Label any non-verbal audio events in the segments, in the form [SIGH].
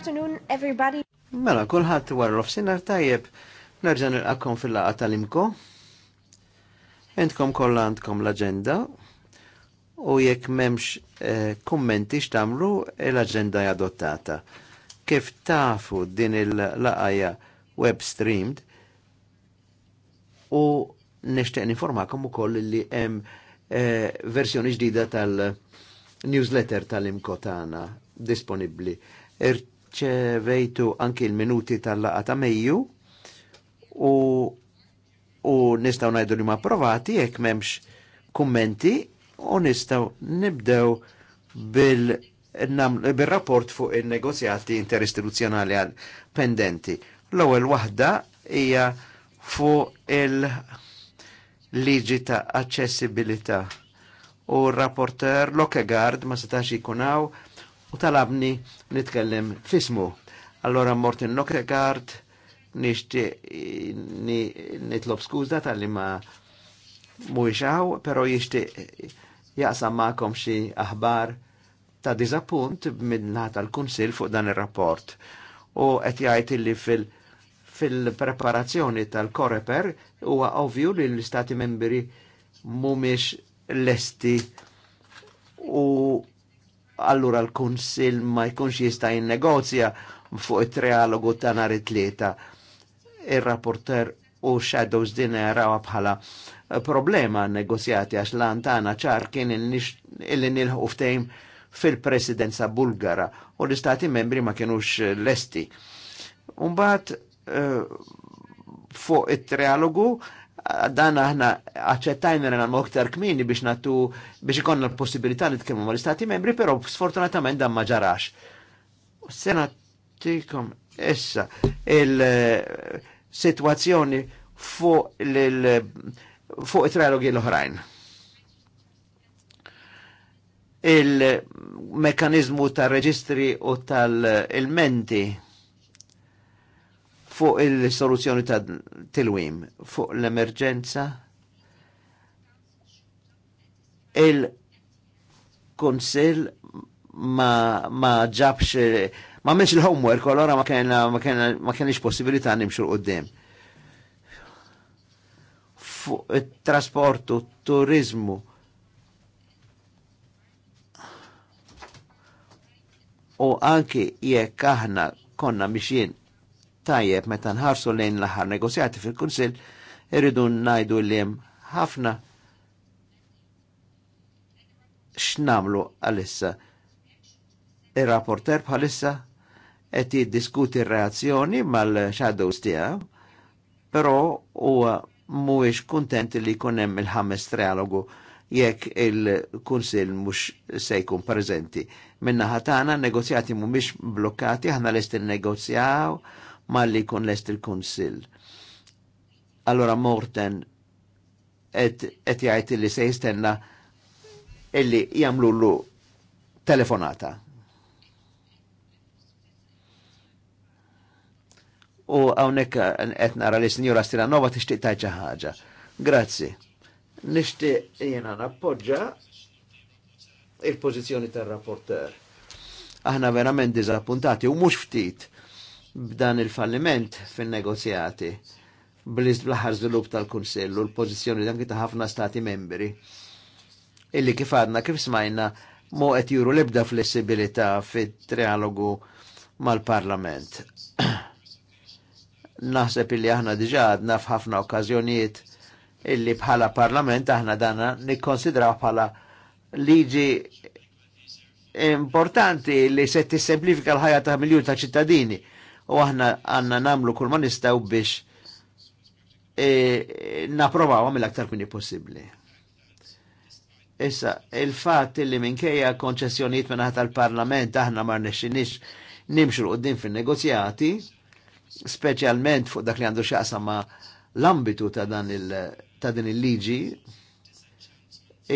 afternoon, everybody. Mela, kullħat war l-ofsinar tajjeb, nerġan il-akkom fil-laqa tal-imko. Entkom kollha għandkom l-agenda u jekk memx kommenti eh, kummenti xtamlu l-agenda jadottata. Kif tafu din il-laqaja web streamed u nishtiq informakom ukoll li hemm eh, versjoni ġdida tal-newsletter tal-imkotana disponibbli ċevejtu anki l-minuti tal-laqa ta' Mejju u, u nistaw najdu li ma' provati jekk memx kummenti u nistaw nibdew bil bil-rapport fuq il-negozjati interistituzjonali għal pendenti. L-ewwel waħda hija fuq il-liġi ta' accessibilità u r-rapporter Lokegard ma setax jikunaw hawn u talabni nitkellem fismu. Allora Morten Nokregard nishti nitlob skuza tal ma muħiċaw, pero jishti jaqsam ma'kom xi aħbar ta' dizappunt minna tal-Kunsil fuq dan ir-rapport. U qed jgħid illi fil-preparazzjoni fil- fil-preparazzjoni tal-Koreper huwa ovvju li l-Istati membri mhumiex lesti u allura l-Kunsil ma jkunx jista' jinnegozja fuq it-trialogu ta' nhar it-tlieta. Ir-rapporter u shadows din rawa bħala eh, problema negozjati għax lantana ċar kien illi nilħu ftejm fil-presidenza bulgara u l-istati membri ma kienux eh, lesti. Umbat uh, eh, fuq it-trialogu dan aħna aċċettajna l moktar kmini biex natu biex ikonna l-possibilità li ma l istati membri, pero sfortunatament dan ma ġarax. Senatikom essa il-situazzjoni fuq fuq it-trialogi l-oħrajn. Il-mekanizmu tal-reġistri u tal-ilmenti. tal reġistri u tal elmenti fuq il soluzjoni ta' tilwim, fuq l-emerġenza, il-konsil ma, ma ġabx, ma menx il-homework, allora ma kena, ma kena, ma kenix possibilità nimxu l-qoddim. Fuq il-trasportu, turizmu, u anki jekk aħna konna mixjien tajjeb meta nħarsu lejn l-aħħar negozjati fil-Kunsill irridu ngħidu li hemm ħafna x'namlu għalissa. Ir-rapporter bħalissa qed jiddiskuti r-reazzjoni mal-shadows tiegħu, però huwa mhuwiex kuntent li jkun hemm il-ħames trialogu jekk il-Kunsil mux se jkun prezenti. Minna ħatana negozjati mumiex blokkati, ħana lesti il-negozjaw malli jkun lest il-Kunsill. Allora Morten et, et jgħid li se jistenna illi jamlu l telefonata. U għawnek qed nara li Sinjura Stilanova tixtieq tajġa ħaġa. Grazzi. Nixtieq jiena nappoġġa il-pożizzjoni tar-rapporter. Aħna verament diżappuntati u mhux ftit b'dan il-falliment fin-negozjati bliż bl-aħħar zilub tal kunsell u l-pożizzjoni dan ta' ħafna stati membri. Illi kif għadna kif smajna mo qed juru l-ebda flessibilità fit-trialogu mal-Parlament. [CLEARS THROAT] Naħseb illi aħna diġa għadna f'ħafna okkażjonijiet illi bħala Parlament aħna dana nikkonsidraw bħala liġi importanti li se tissemplifika l-ħajja ta' miljun ta' ċittadini u aħna għanna namlu kull ma nistaw biex e, għam għamil aktar kuni possibli. Issa, il-fat li minkejja konċessjoniet minna tal-parlament aħna mar nexxinix nimxu l-qoddim fil-negozjati, specialment fuq dak li għandu xaqsa ma l-ambitu ta' dan il ta' din il-liġi,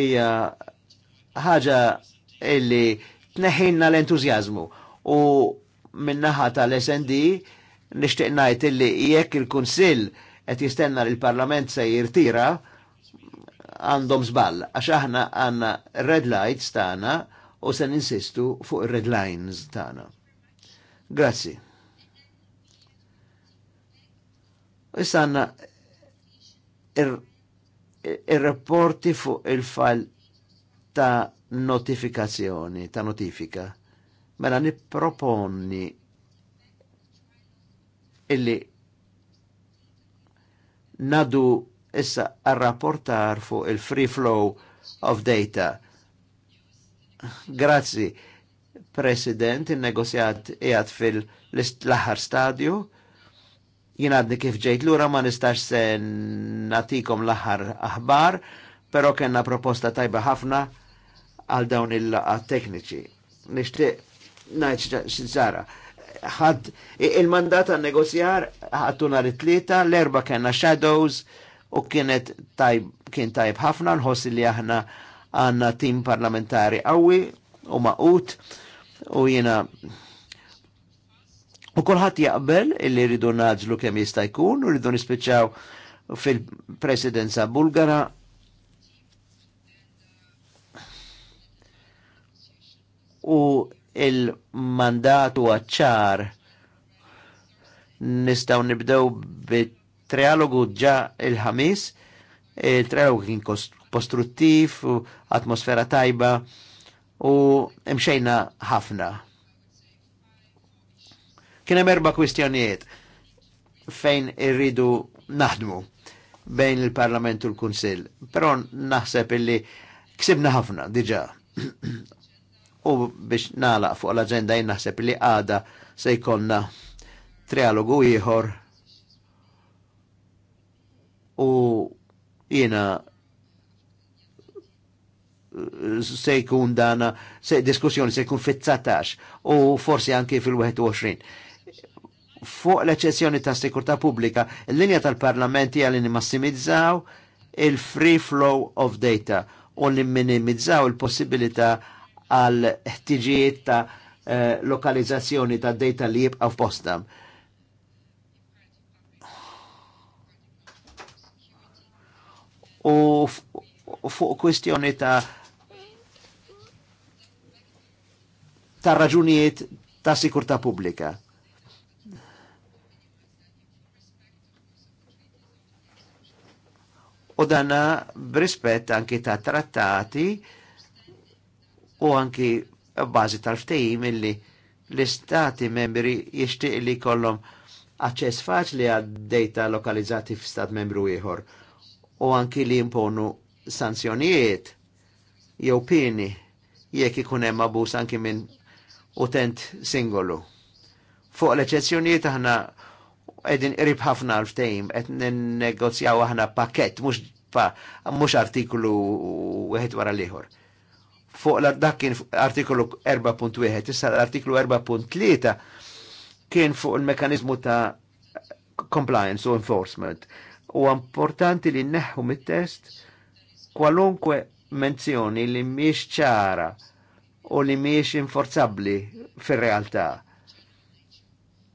hija ħaġa illi tneħinna l-entużjażmu u minnaħa tal-SND nishtiq ngħid illi jekk il-Kunsill qed jistenna li l-Parlament se jirtira għandhom żball għax aħna għandna red lights tagħna u se ninsistu fuq ir-red lines tagħna. Grazzi. Issa għandna ir-rapporti fuq il-fall ta' notifikazzjoni, ta' notifika. Mela nipproponni illi nadu issa għal-rapportar fuq il-free flow of data. Grazzi, President, il-negozjat jgħat fil-laħar stadju. Jina għadni kif ġejt l-ura ma nistax se natikom laħar aħbar, pero kena proposta tajba ħafna għal dawn il-laqat tekniċi. Nishtiq najċ xinċara. Ħad il-mandat għan negozjar ħattu nar it-tlieta, l-erba kena shadows u kienet tajb kien tajb ħafna l-ħossi li aħna għanna tim parlamentari qawwi u maqut u jiena u kulħadd jaqbel illi rridu naġlu kemm jista' jkun u rridu nispeċaw fil-presidenza Bulgara u il-mandatu għacċar nistaw nibdew bit-trialogu ġa il-ħamis, il-trialogu kien kostruttiv, atmosfera tajba u imxejna ħafna. Kien hemm erba' kwistjonijiet fejn irridu naħdmu bejn il-Parlament u l-Kunsill. Però naħseb illi ksibna ħafna diġà [CLEARS THROAT] U biex nalaq fuq l-agenda naħseb li għada se jkollna trialogu ieħor u jiena se jkun dana se diskussjoni se jkun fit-19 u forsi anki fil-21. Fuq l-eċezzjoni ta' sekurta pubblika, l-linja tal parlamenti hija nimassimizzaw il-free flow of data u li minimizzaw il-possibilità għal ħtiġijiet ta' eh, lokalizzazzjoni ta' data li jibqa' f'postam. U fuq kwistjoni ta' ta' raġunijiet ta' sikurta' pubblika. U dana brispet anki ta' trattati u anki bażi tal-ftehim illi l-istati membri jixtieq li kollom aċċess faċli għad data lokalizzati f'stat membru ieħor u anki li imponu sanzjonijiet jew pieni jekk ikun hemm abus anki minn utent singolu. Fuq l-eċezzjonijiet aħna qegħdin qrib ħafna l ftejim qed negozjaw aħna pakett mhux mhux artiklu wieħed wara l-ieħor fuq dak kien artiklu 4.1, issa l-artiklu 4.3 kien fuq il-mekanizmu ta' compliance u enforcement. U importanti li neħu mit-test kwalunkwe menzjoni li miex ċara u li miex inforzabli fir realtà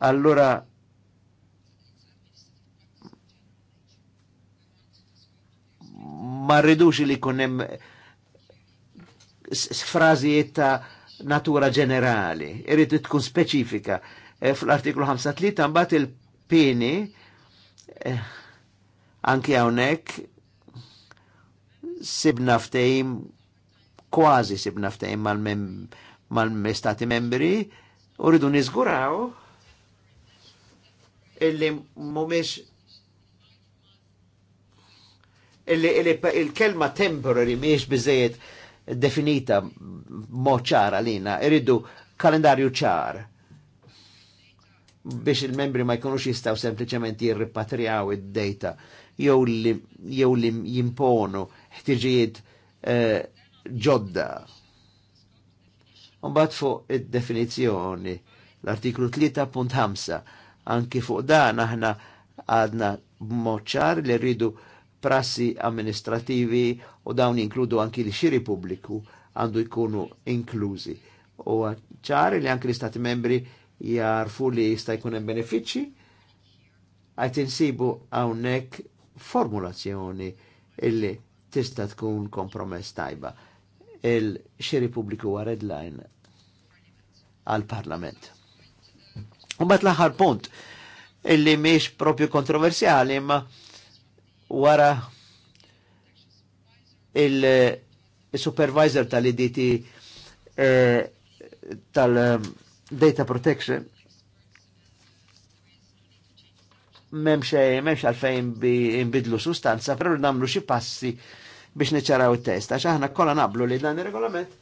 Allura ma rridux li kunem hemm frażijiet ta' natura ġenerali, irrid tkun speċifika. Eh, fl-artiklu 53 mbagħad il pini eh, anki hawnhekk sibna ftehim kważi sibna ftehim mal-Stati mal membri u rridu niżguraw illi mhumiex il-kelma temporary miex biżejjed definita moċar għalina, irridu kalendarju ċar biex il-membri ma jkunux jistaw sempliciment jirripatrijaw id-data jew li, li jimponu ħtiġijiet eh, ġodda. Umbat fuq id-definizjoni l-artiklu 3.5 anki fuq dan aħna għadna moċar li rridu prassi amministrativi u dawn inkludu anki li xiri pubbliku għandu jkunu inklużi. U ċar li anki l-Istati membri jarfu li jista' jkun hemm benefiċċji, għajt insibu hawnhekk formulazzjoni illi tista' tkun kompromess tajba. Il-xiri pubbliku huwa red line għal-Parlament. U bat l-aħħar punt illi miex propju kontroversjali imma wara il-supervisor tal-IDT eh, tal-Data eh, Protection memxie eh, għalfejn imbidlu sustanza, pero namlu xi passi biex neċaraw il testa Għax aħna kolla nablu li dan il-regolament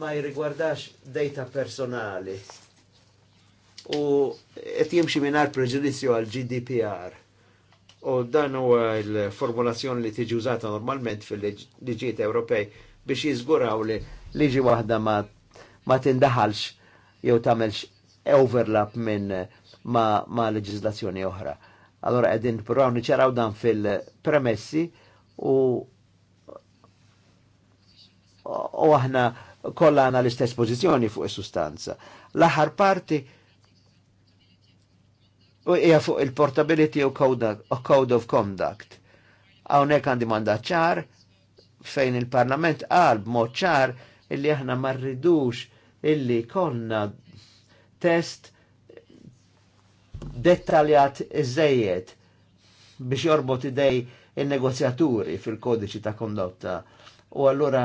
ma jirigwardax data personali u qed jimxi mingħajr preġudizzju għal GDPR u dan huwa l-formulazzjoni li tiġi użata normalment fil-liġijiet Ewropej biex jiżguraw li liġi waħda ma, ma tindaħalx jew tagħmelx overlap minn ma, ma leġiżlazzjoni oħra. Allora qegħdin nippruvaw niċaraw dan fil-premessi u u aħna kollha għandna l-istess pożizzjoni fuq is-sustanza. L-aħħar parti u hija fuq il-portability u code of conduct. Hawnhekk għandi mandat ċar fejn il-Parlament qal b'mod ċar illi aħna ma rridux illi konna test dettaljat iżejjed biex jorbot idej il-negozjaturi fil-kodiċi ta' kondotta. U allura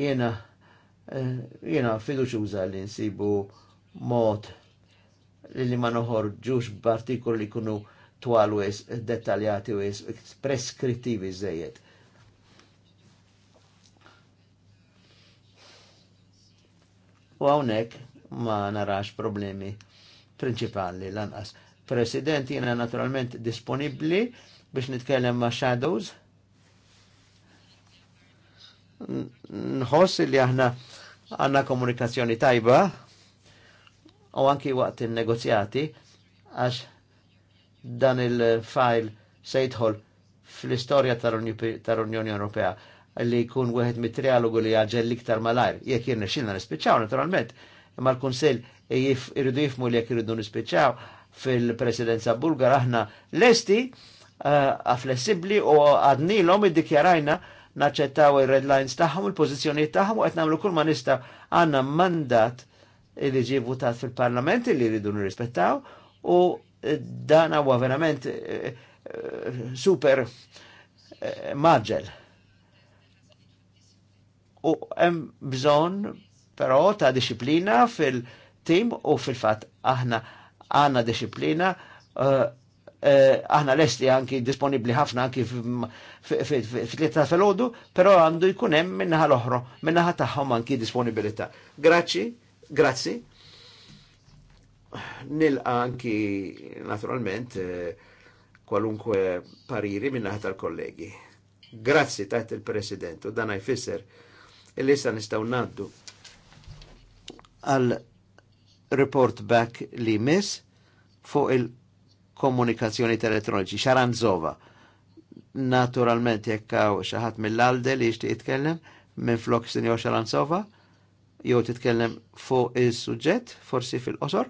jena eh, jena fiduċuża li nsibu mod li ma noħorġux b'artikoli li kunu twal wis, dettaljati wis, preskrittivi zejed. U għawnek ma narax problemi principali lanqas. President jina naturalment disponibli biex nitkellem ma' shadows. Nħoss li aħna għanna komunikazzjoni tajba u anki waqt il-negozjati għax dan il-fajl se jidħol fl-istorja tal-Unjoni Ewropea li jkun wieħed mit-trialogu li għagġel liktar malajr. Jekk jirna xilna nispiċċaw, naturalment, imma l-Kunsel irridu jifmu li jekk irridu nispiċċaw fil-presidenza bulgar aħna lesti għaflessibli eh, u l-om id-dikjarajna naċċettaw il-red lines taħħom, il-pozizjoniet taħħom u għetnamlu kull ma nista għanna mandat li ġi votat fil-parlament li rridu nirrispettaw u dan huwa verament super maġġel. U hemm bżonn però ta' disciplina fil-tim u fil-fatt aħna għandna disciplina aħna lesti anki disponibli ħafna anki fil tlieta fil ħodu però għandu jkun hemm minnaħa l-oħra, minnaħa tagħhom anki disponibilità. Graċi! Grazzi. Nilqa anki naturalment eh, kwalunkwe pariri minnaħat tal-kollegi. Grazzi taħt il-President u dan jfisser il-lista nistaw naddu għal report back li mis fuq il-komunikazzjoni elettroniċi. Xaranzova. Naturalment jekkaw xaħat mill-alde li jishti jitkellem minn flok Sinjor Xaranzova jew titkellem fuq is-suġġett, forsi fil-qosor.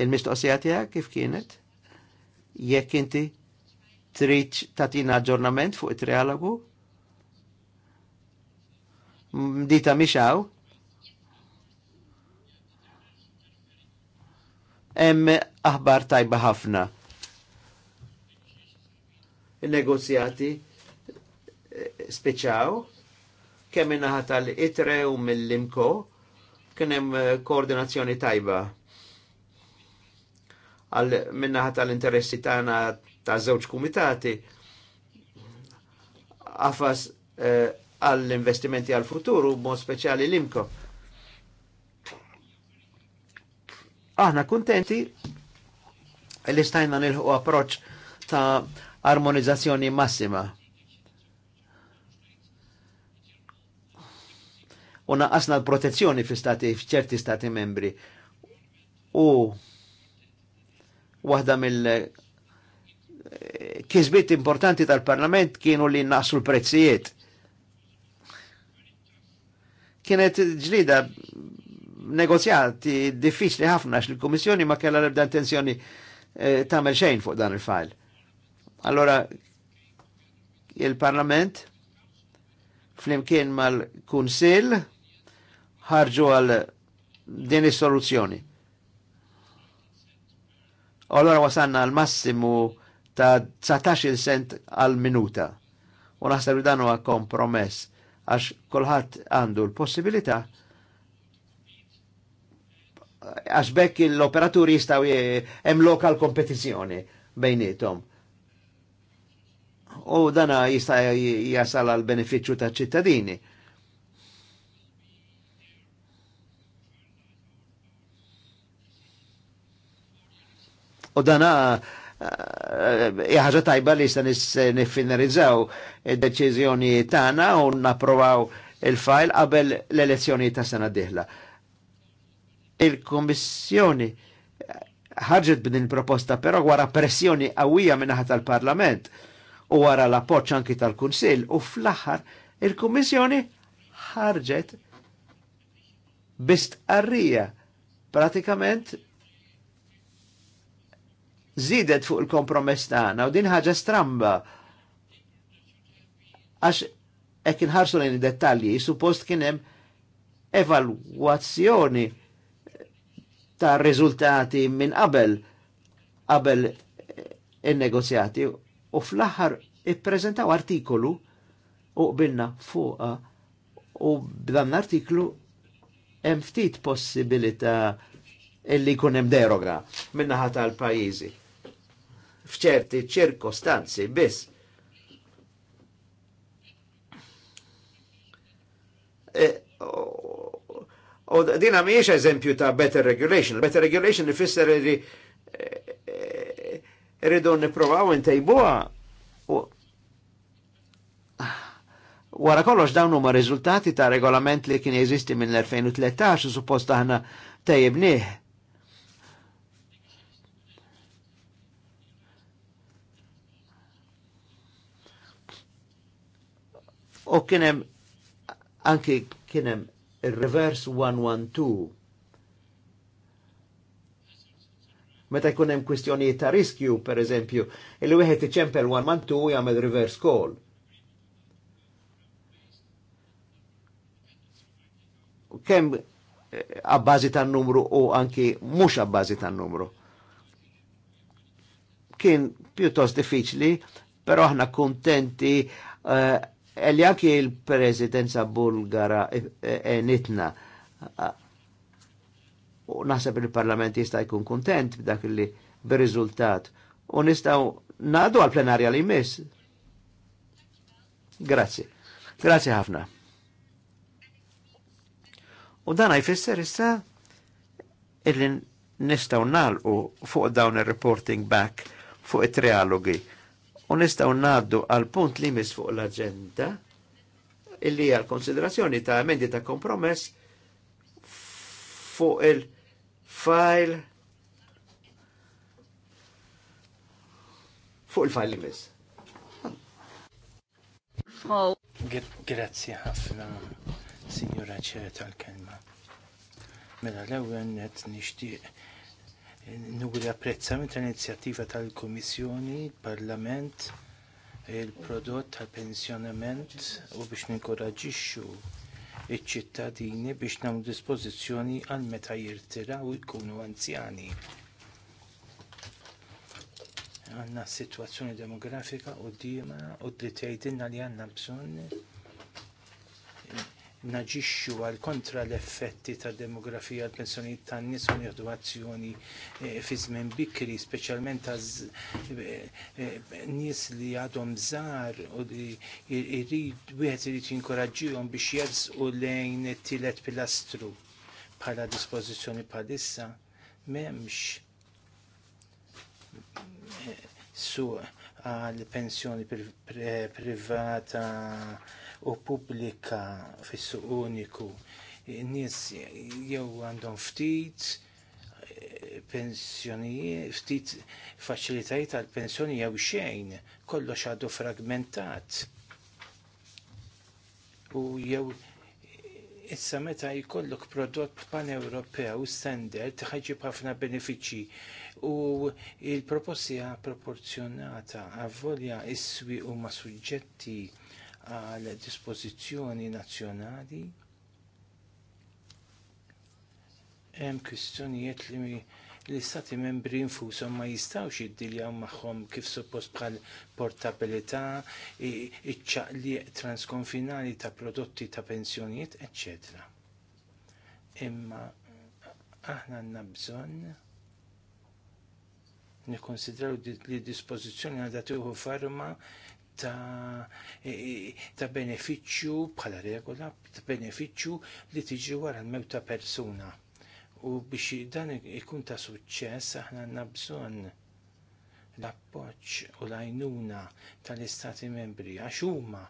Il-mistoqsija tiegħek kif kienet? Jekk inti trid tatina aġġornament fuq it-trialogu? Dita hawn Hemm aħbar tajba ħafna il-negozjati eh, speċaw, kemm innaħa tal-itre u mill-imko, kien hemm eh, koordinazzjoni tajba għal minnaħat tal-interessi tagħna ta' żewġ kumitati għafas eh, għall-investimenti għal futuru mod speċjali l-imko. Aħna kontenti li stajna nilħu approċ ta' armonizzazzjoni massima. U naqqasna l-protezzjoni fi stati f'ċerti stati membri. U waħda mill eh, kizbit importanti tal-Parlament kienu li naqsu l-prezzijiet. Kienet ġlida negozjati diffiċli ħafna x l-Komissjoni ma kellha l-ebda intenzjoni eh, tagħmel xejn fuq dan il-fajl. Allora, il-Parlament flimkien mal-Kunsil ħarġu għal din is-soluzzjoni. Allora wasanna għal massimu ta' 19 sent għal minuta. U naħseb li dan huwa kompromess għax kulħadd għandu l-possibilità għax bekk l-operaturi jistaw jem lokal kompetizjoni bejnietom u dana jista' jasal għal beneficju ta' ċittadini. U dana eh, ħaġa tajba li jista nifinalizzaw id-deċiżjoni tagħna u napprovaw il-fajl qabel l-elezzjoni ta' sena diħla. il komissjoni ħarġet b'din proposta però wara pressjoni qawwija minnaħat tal-Parlament u wara l-appoċ anki tal kunsil u fl-aħħar il-Kummissjoni ħarġet arrija pratikament zidet fuq il-kompromess tagħna u din ħaġa stramba għax hekk inħarsu lejn dettalji suppost kien hemm evalwazzjoni ta' riżultati minn qabel qabel in-negozjati u fl i-prezentaw artikolu u qbilna fuqa u b'dan l-artiklu hemm ftit possibilità illi jkun hemm deroga minnaħa tal-pajjiżi. F'ċerti ċirkostanzi biss. u e, dina miex eżempju ta' better regulation. Better regulation ifisser li irridu niprovaw intajbuha. wara kollox dawn huma riżultati ta' regolament li kien jeżisti minn l-2013 suppost aħna tajibnieh. U kienem anki kienem il-reverse 112 Meta jkun hemm kwistjonijiet ta' riskju, per eżempju, il wieħed iċempel one man two jagħmel reverse call. Kemm għabbażi eh, tan-numru u anki mhux għabbażi tan-numru. Kien pjuttost diffiċli, però aħna kontenti uh, eh, e li anki l-Presidenza Bulgara eh, enitna. Uh, u naħseb il-Parlament jista' jkun kontent b'dak li b'riżultat u nistgħu ngħadu għal plenarja li jmiss. Grazzi. Grazzi ħafna. U dan jfisser issa illi nistgħu nagħlqu fuq dawn ir-reporting back fuq it-trialogi. U nistgħu ngħaddu għal punt li jmiss fuq l-aġenda illi hija l-konsiderazzjoni ta' emendi ta' kompromess fuq il- file fuq il-file l miss. Grazzi ħafna, Signora ċer tal-kelma. Mela l-ewwel net nixtieq nuri apprezzament l-inizjattiva tal komissjoni il-Parlament, il-prodott tal-pensjonament u biex ninkoraġixxu iċ-ċittadini biex nagħmlu dispożizzjoni għal meta jirtiraw ikunu anzjani. Għanna situazzjoni demografika u dima u d tgħidilna li għandna bżonn naġixxu għal kontra l-effetti ta' demografija għall pensjonijiet tan nies u nieħdu azzjoni eh, fi żmien bikri, speċjalment ta' eh, eh, nies li għadhom żgħar u li jrid wieħed irid jinkoraġġihom biex jersqu lejn it-tielet pilastru bħala dispożizzjoni bħalissa m'hemmx suq għal pensjoni privata pri u pubblika fis-suq uniku. Nies jew għandhom ftit eh, pensjonijiet, ftit faċilitajiet għal pensjoni jew xejn, kollox għadu fragmentat. U jew eh, issa meta jkollok prodott pan-Ewropew standard ħaġib ħafna benefiċċji u il-proposti proporzjonata għavolja iswi huma suġġetti għal dispożizzjoni nazzjonali hemm kwistjonijiet li l-istati membri infushom ma jistgħux jiddiljaw magħhom kif suppost bħal portabilità, iċċaqliq transkonfinali ta' prodotti ta' pensjonijiet, etc. Imma aħna għandna bżonn nikkonsidraw li dispożizzjoni għadha tieħu farma ta', e, e, ta beneficju bħala regola ta' beneficju li tiġi wara l mewta persuna. U biex dan ikun ta' suċċess aħna għandna bżonn l-appoġġ u l-għajnuna tal-Istati Membri għax huma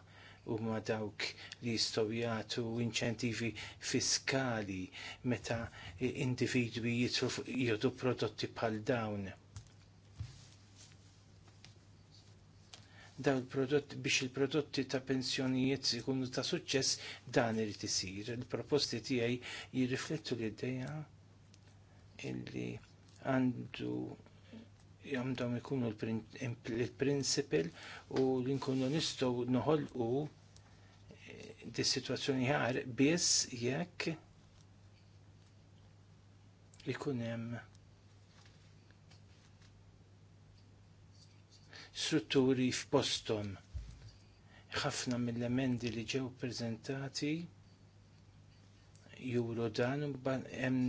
huma dawk li jistgħu jagħtu inċentivi fiskali meta individwi jitru jodu prodotti bħal dawn dawn prodotti biex il-prodotti ta' pensjonijiet ikunu ta' suċċess dan irid isir. Il-proposti tiegħi jirriflettu l-idea illi għandu għandhom ikunu l-principal u l-inkunu nistgħu noħolqu eh, di situazzjoni ħar biss jekk ikunem. hemm strutturi f'postom. Ħafna mill-emendi li ġew prezentati juru dan hemm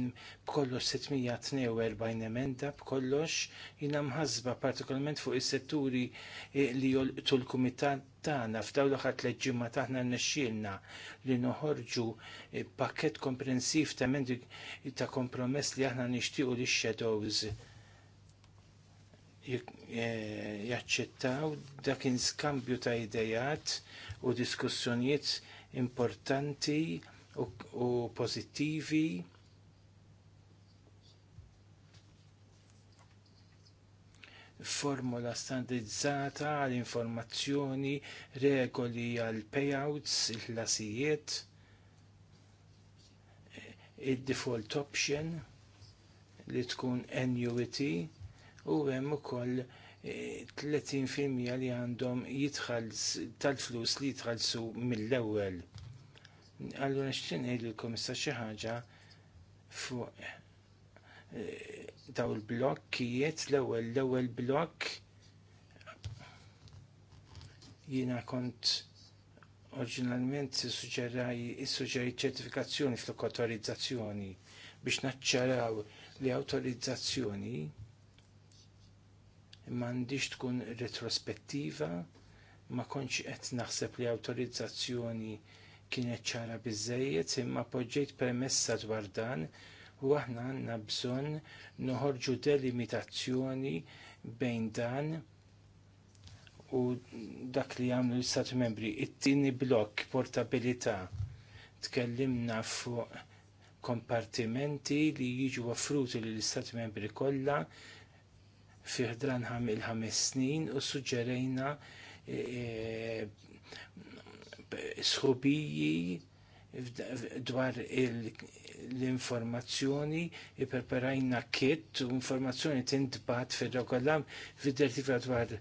kollox 642 emenda b'kollox jina mħazba partikolarment fuq is-setturi eh, li jolqtu l-kumitat tagħna f'daw l-aħħar tliet ġimgħat aħna li noħorġu eh, pakkett komprensiv ta' emendi ta' kompromess li aħna nixtiequ lix shadows Eh, jaċċettaw dak skambju ta' idejat u diskussjonijiet importanti u, u pozittivi. Formola standardizzata għal informazzjoni, regoli għal payouts, il-klasijiet, eh, il-default option li tkun annuity u hemm ukoll 30% eh, li għandhom jitħalls tal-flus li jitħallsu mill-ewwel. Allura x'tin ngħidilkom issa xi ħaġa fuq eh, daw il-blokkijiet, l-ewwel l-ewwel blokk jiena kont oriġinalment suġġeraj ċertifikazzjoni fl autorizzazzjoni biex naċċaraw li awtorizzazzjoni għandix tkun retrospettiva, ma konċ qed naħseb li awtorizzazzjoni kienet ċara biżżejjed, imma poġġejt permessa dwar dan u aħna għandna bżonn noħorġu delimitazzjoni bejn dan u dak li għamlu l istat membri. It-tieni blokk portabilità tkellimna fuq kompartimenti li jiġu offruti lill istati membri kollha fih dran il-ħames snin u suġġerejna e, e, sħubiji dwar l-informazzjoni i kit u informazzjoni tintbat fil-regolam fil-dertiva dwar e,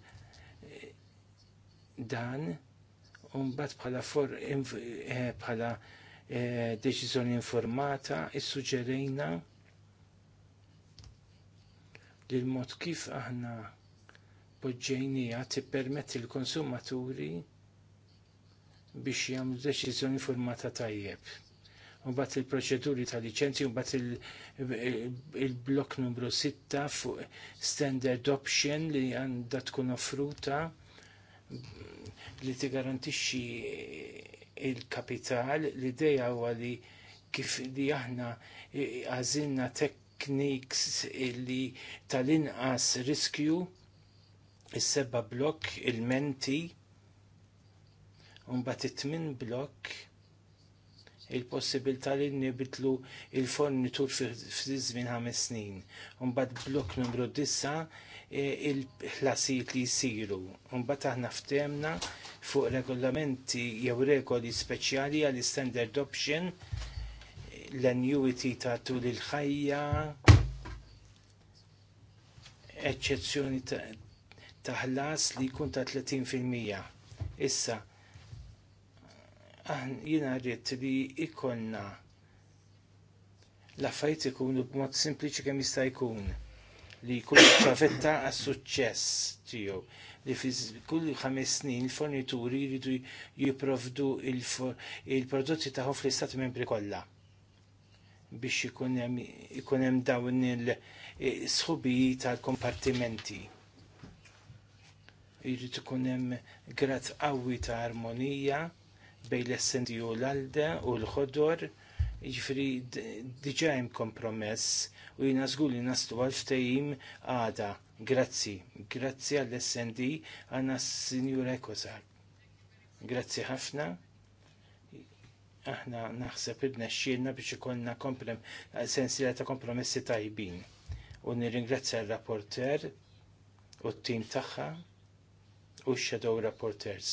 dan unbat bħala for bħala deċizjoni informata issuġġerejna li l-mod kif aħna poġġejnija tippermetti l-konsumaturi biex jagħmlu deċiżjoni formata tajjeb u il-proċeduri ta' liċenzji, u bat il-blok numru 6 fuq standard option li għandha tkun offruta li ti garantixxi il-kapital, l idea huwa li kif li aħna għażilna tek tekniks illi tal-inqas riskju is-seba blok il-menti unbat it-tmin blok il-possibilità li nibitlu il-fornitur fi żmien ħames snin. Unbat blok numru disa e, il-ħlasijiet li jsiru. Unbat aħna ftemna fuq regolamenti jew regoli speċjali għall standard option l-annuity ta' tul il-ħajja, eċċezzjoni ta' ħlas li jkun ta' 30%. Issa, jina rrit li ikonna l-affajt ikunu b'mod sempliċi kemm jista' jkun li kull [COUGHS] ċavetta għas suċċess tiegħu li fi kull ħames snin il-fornituri jridu jipprovdu il-prodotti tagħhom fl-istati membri kollha biex ikun hemm dawn il-sħubiji e, tal-kompartimenti. Irrid ikun hemm grad qawwi ta' armonija bejn l-essendi u l-alde u l-ħodor, jiġifieri diġà hemm kompromess u jiena żgur li naslu għal ftehim għada. Grazzi, grazzi għall-essendi għana s-Sinjura Grazzi ħafna aħna naħseb irnexxielna biex ikollna sensiela ta' kompromessi tajbin. U nirringrazzja r-rapporter u t-tim tagħha u x-shadow rapporters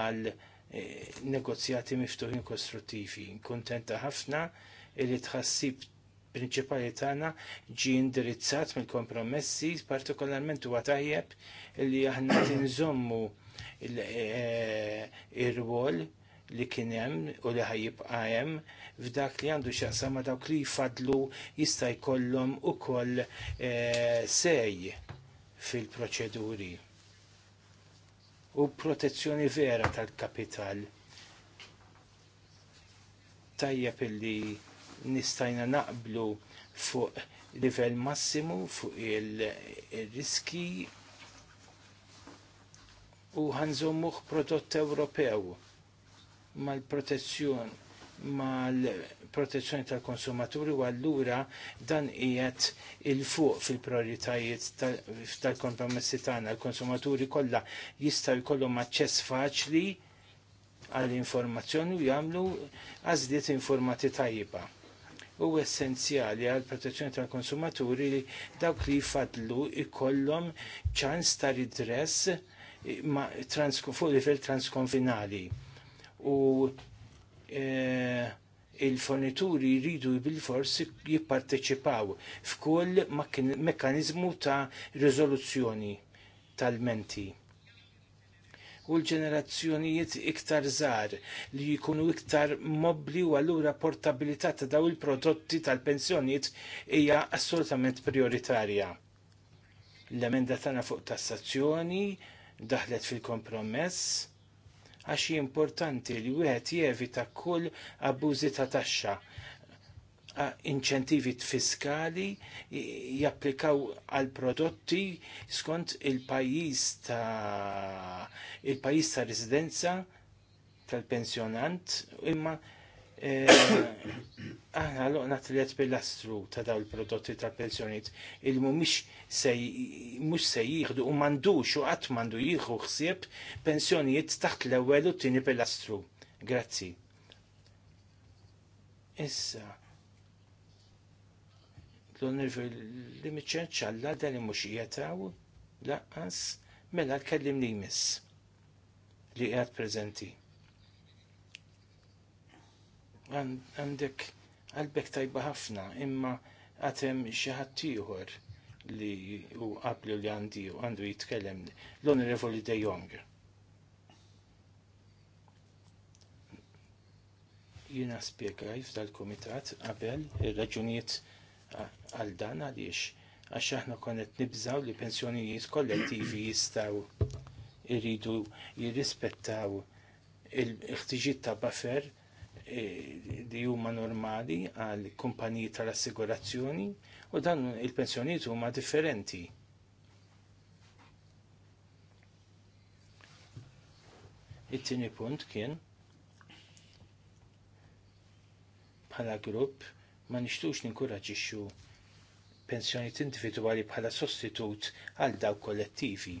għal eh, negozjati miftuħin kostruttivi. Kontenta ħafna li tħassib prinċipali tagħna ġi indirizzat mill-kompromessi, partikolarment huwa tajjeb li aħna tinżommu il eh, rwol il li kien hemm u li ħajibqa' hemm f'dak li għandu xaqsa ma' dawk li jfadlu jista' jkollhom ukoll e, sej fil-proċeduri. U protezzjoni vera tal-kapital. Tajjeb li nistajna naqblu fuq livell massimu fuq il-riski il u ħanżommuħ prodott Ewropew mal-protezzjoni mal-protezzjoni tal-konsumaturi u allura dan qiegħed il-fuq fil-prioritajiet tal-kompromessi tagħna. L-konsumaturi kollha jista' jkollhom aċċess faċli għall-informazzjoni u jagħmlu għażliet informati tajba. U essenzjali għall protezzjoni tal-konsumaturi li dawk li jfadlu ikollhom ċans ta' ridress fuq livell transkonfinali u e, il-fornituri jridu bil-fors jipparteċipaw f'kull mekkanizmu ta' riżoluzzjoni tal-menti. U l-ġenerazzjonijiet iktar żgħar li jkunu iktar mobbli u allura portabilità ta' daw il-prodotti tal-pensjonijiet hija assolutament prioritarja. L-emenda tagħna fuq tassazzjoni daħlet fil-kompromess għax importanti li wieħed jevita kull abbużi ta' taxxa. Inċentivi fiskali japplikaw għal prodotti skont il-pajjiż ta' il ta' residenza tal-pensjonant imma Eh, [COUGHS] aħna l-oqna tliet bil-lastru ta' daw il-prodotti ta' pensjoniet il-mu mux se jieħdu u mandux u għat mandu jieħu xsieb pensjoniet taħt l-ewel u t-tini bil-lastru. Grazzi. Issa, l-Univer li miċċenċ dan li mux jietaw laqqas mela l-kellim li jmiss li għad prezenti għandek għalbek tajba ħafna, imma għatem xaħatijuħor li u qablu li għandi u għandu jitkellem l-Onorevoli De Jong. Jina spiegaj f'dal-komitat qabel ir-raġunijiet għal dan għaliex għax aħna konet nibżaw li pensjonijiet kollettivi jistaw irridu jirrispettaw il-ħtiġiet ta' baffer li e, huma normali għal kumpaniji tal-assigurazzjoni u dan il-pensjoniet huma differenti. It-tieni punt kien bħala grupp ma nixtux ninkoraġixxu pensjoniet individwali bħala sostitut għal daw kollettivi.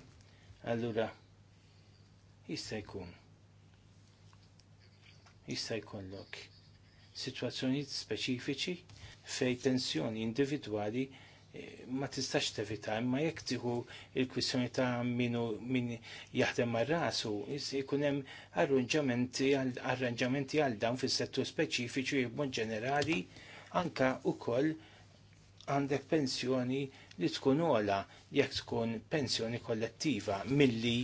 Allura, jista' jkun jista' jkollok Sitwazzjonijiet speċifiċi fej tensjoni individwali eh, ma tistax tevita, imma jekk tieħu il-kwissjoni ta' minu min jaħdem mar rasu, ikun hemm arranġamenti għal dawn fis-settur speċifiċi b'mod ġenerali anka wkoll għandek pensjoni li tkun ola jekk tkun pensjoni kollettiva milli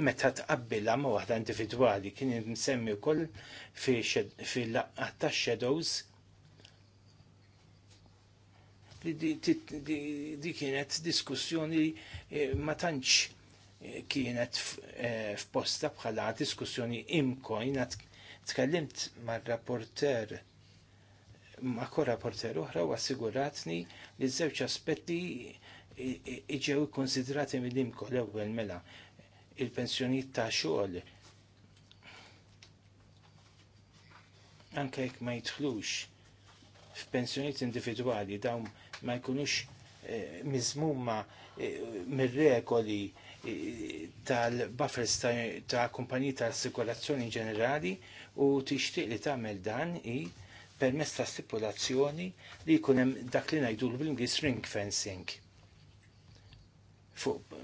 meta tqabbilha ma' waħda individwali kien insemmi wkoll fil laqqa tax-shadows di kienet diskussjoni e, ma tantx e, kienet e, f'posta bħala diskussjoni imkojn tkellimt mar-rapporter ma' rapporter oħra u assiguratni li żewġ aspetti iġew konsidrati mill-imko l-ewwel mela il-pensjonijiet ta' xogħol anke jekk ma jidħlux f'pensjonijiet individwali dawn ma jkunux eh, miżmuma eh, mir-regoli eh, tal-buffers ta' kumpaniji tal-assikolazzjoni ġenerali u tixtieq li tagħmel dan i permess ta' stipulazzjoni li jkun hemm dak li ngħidu bl-Ingliż ring fencing fuq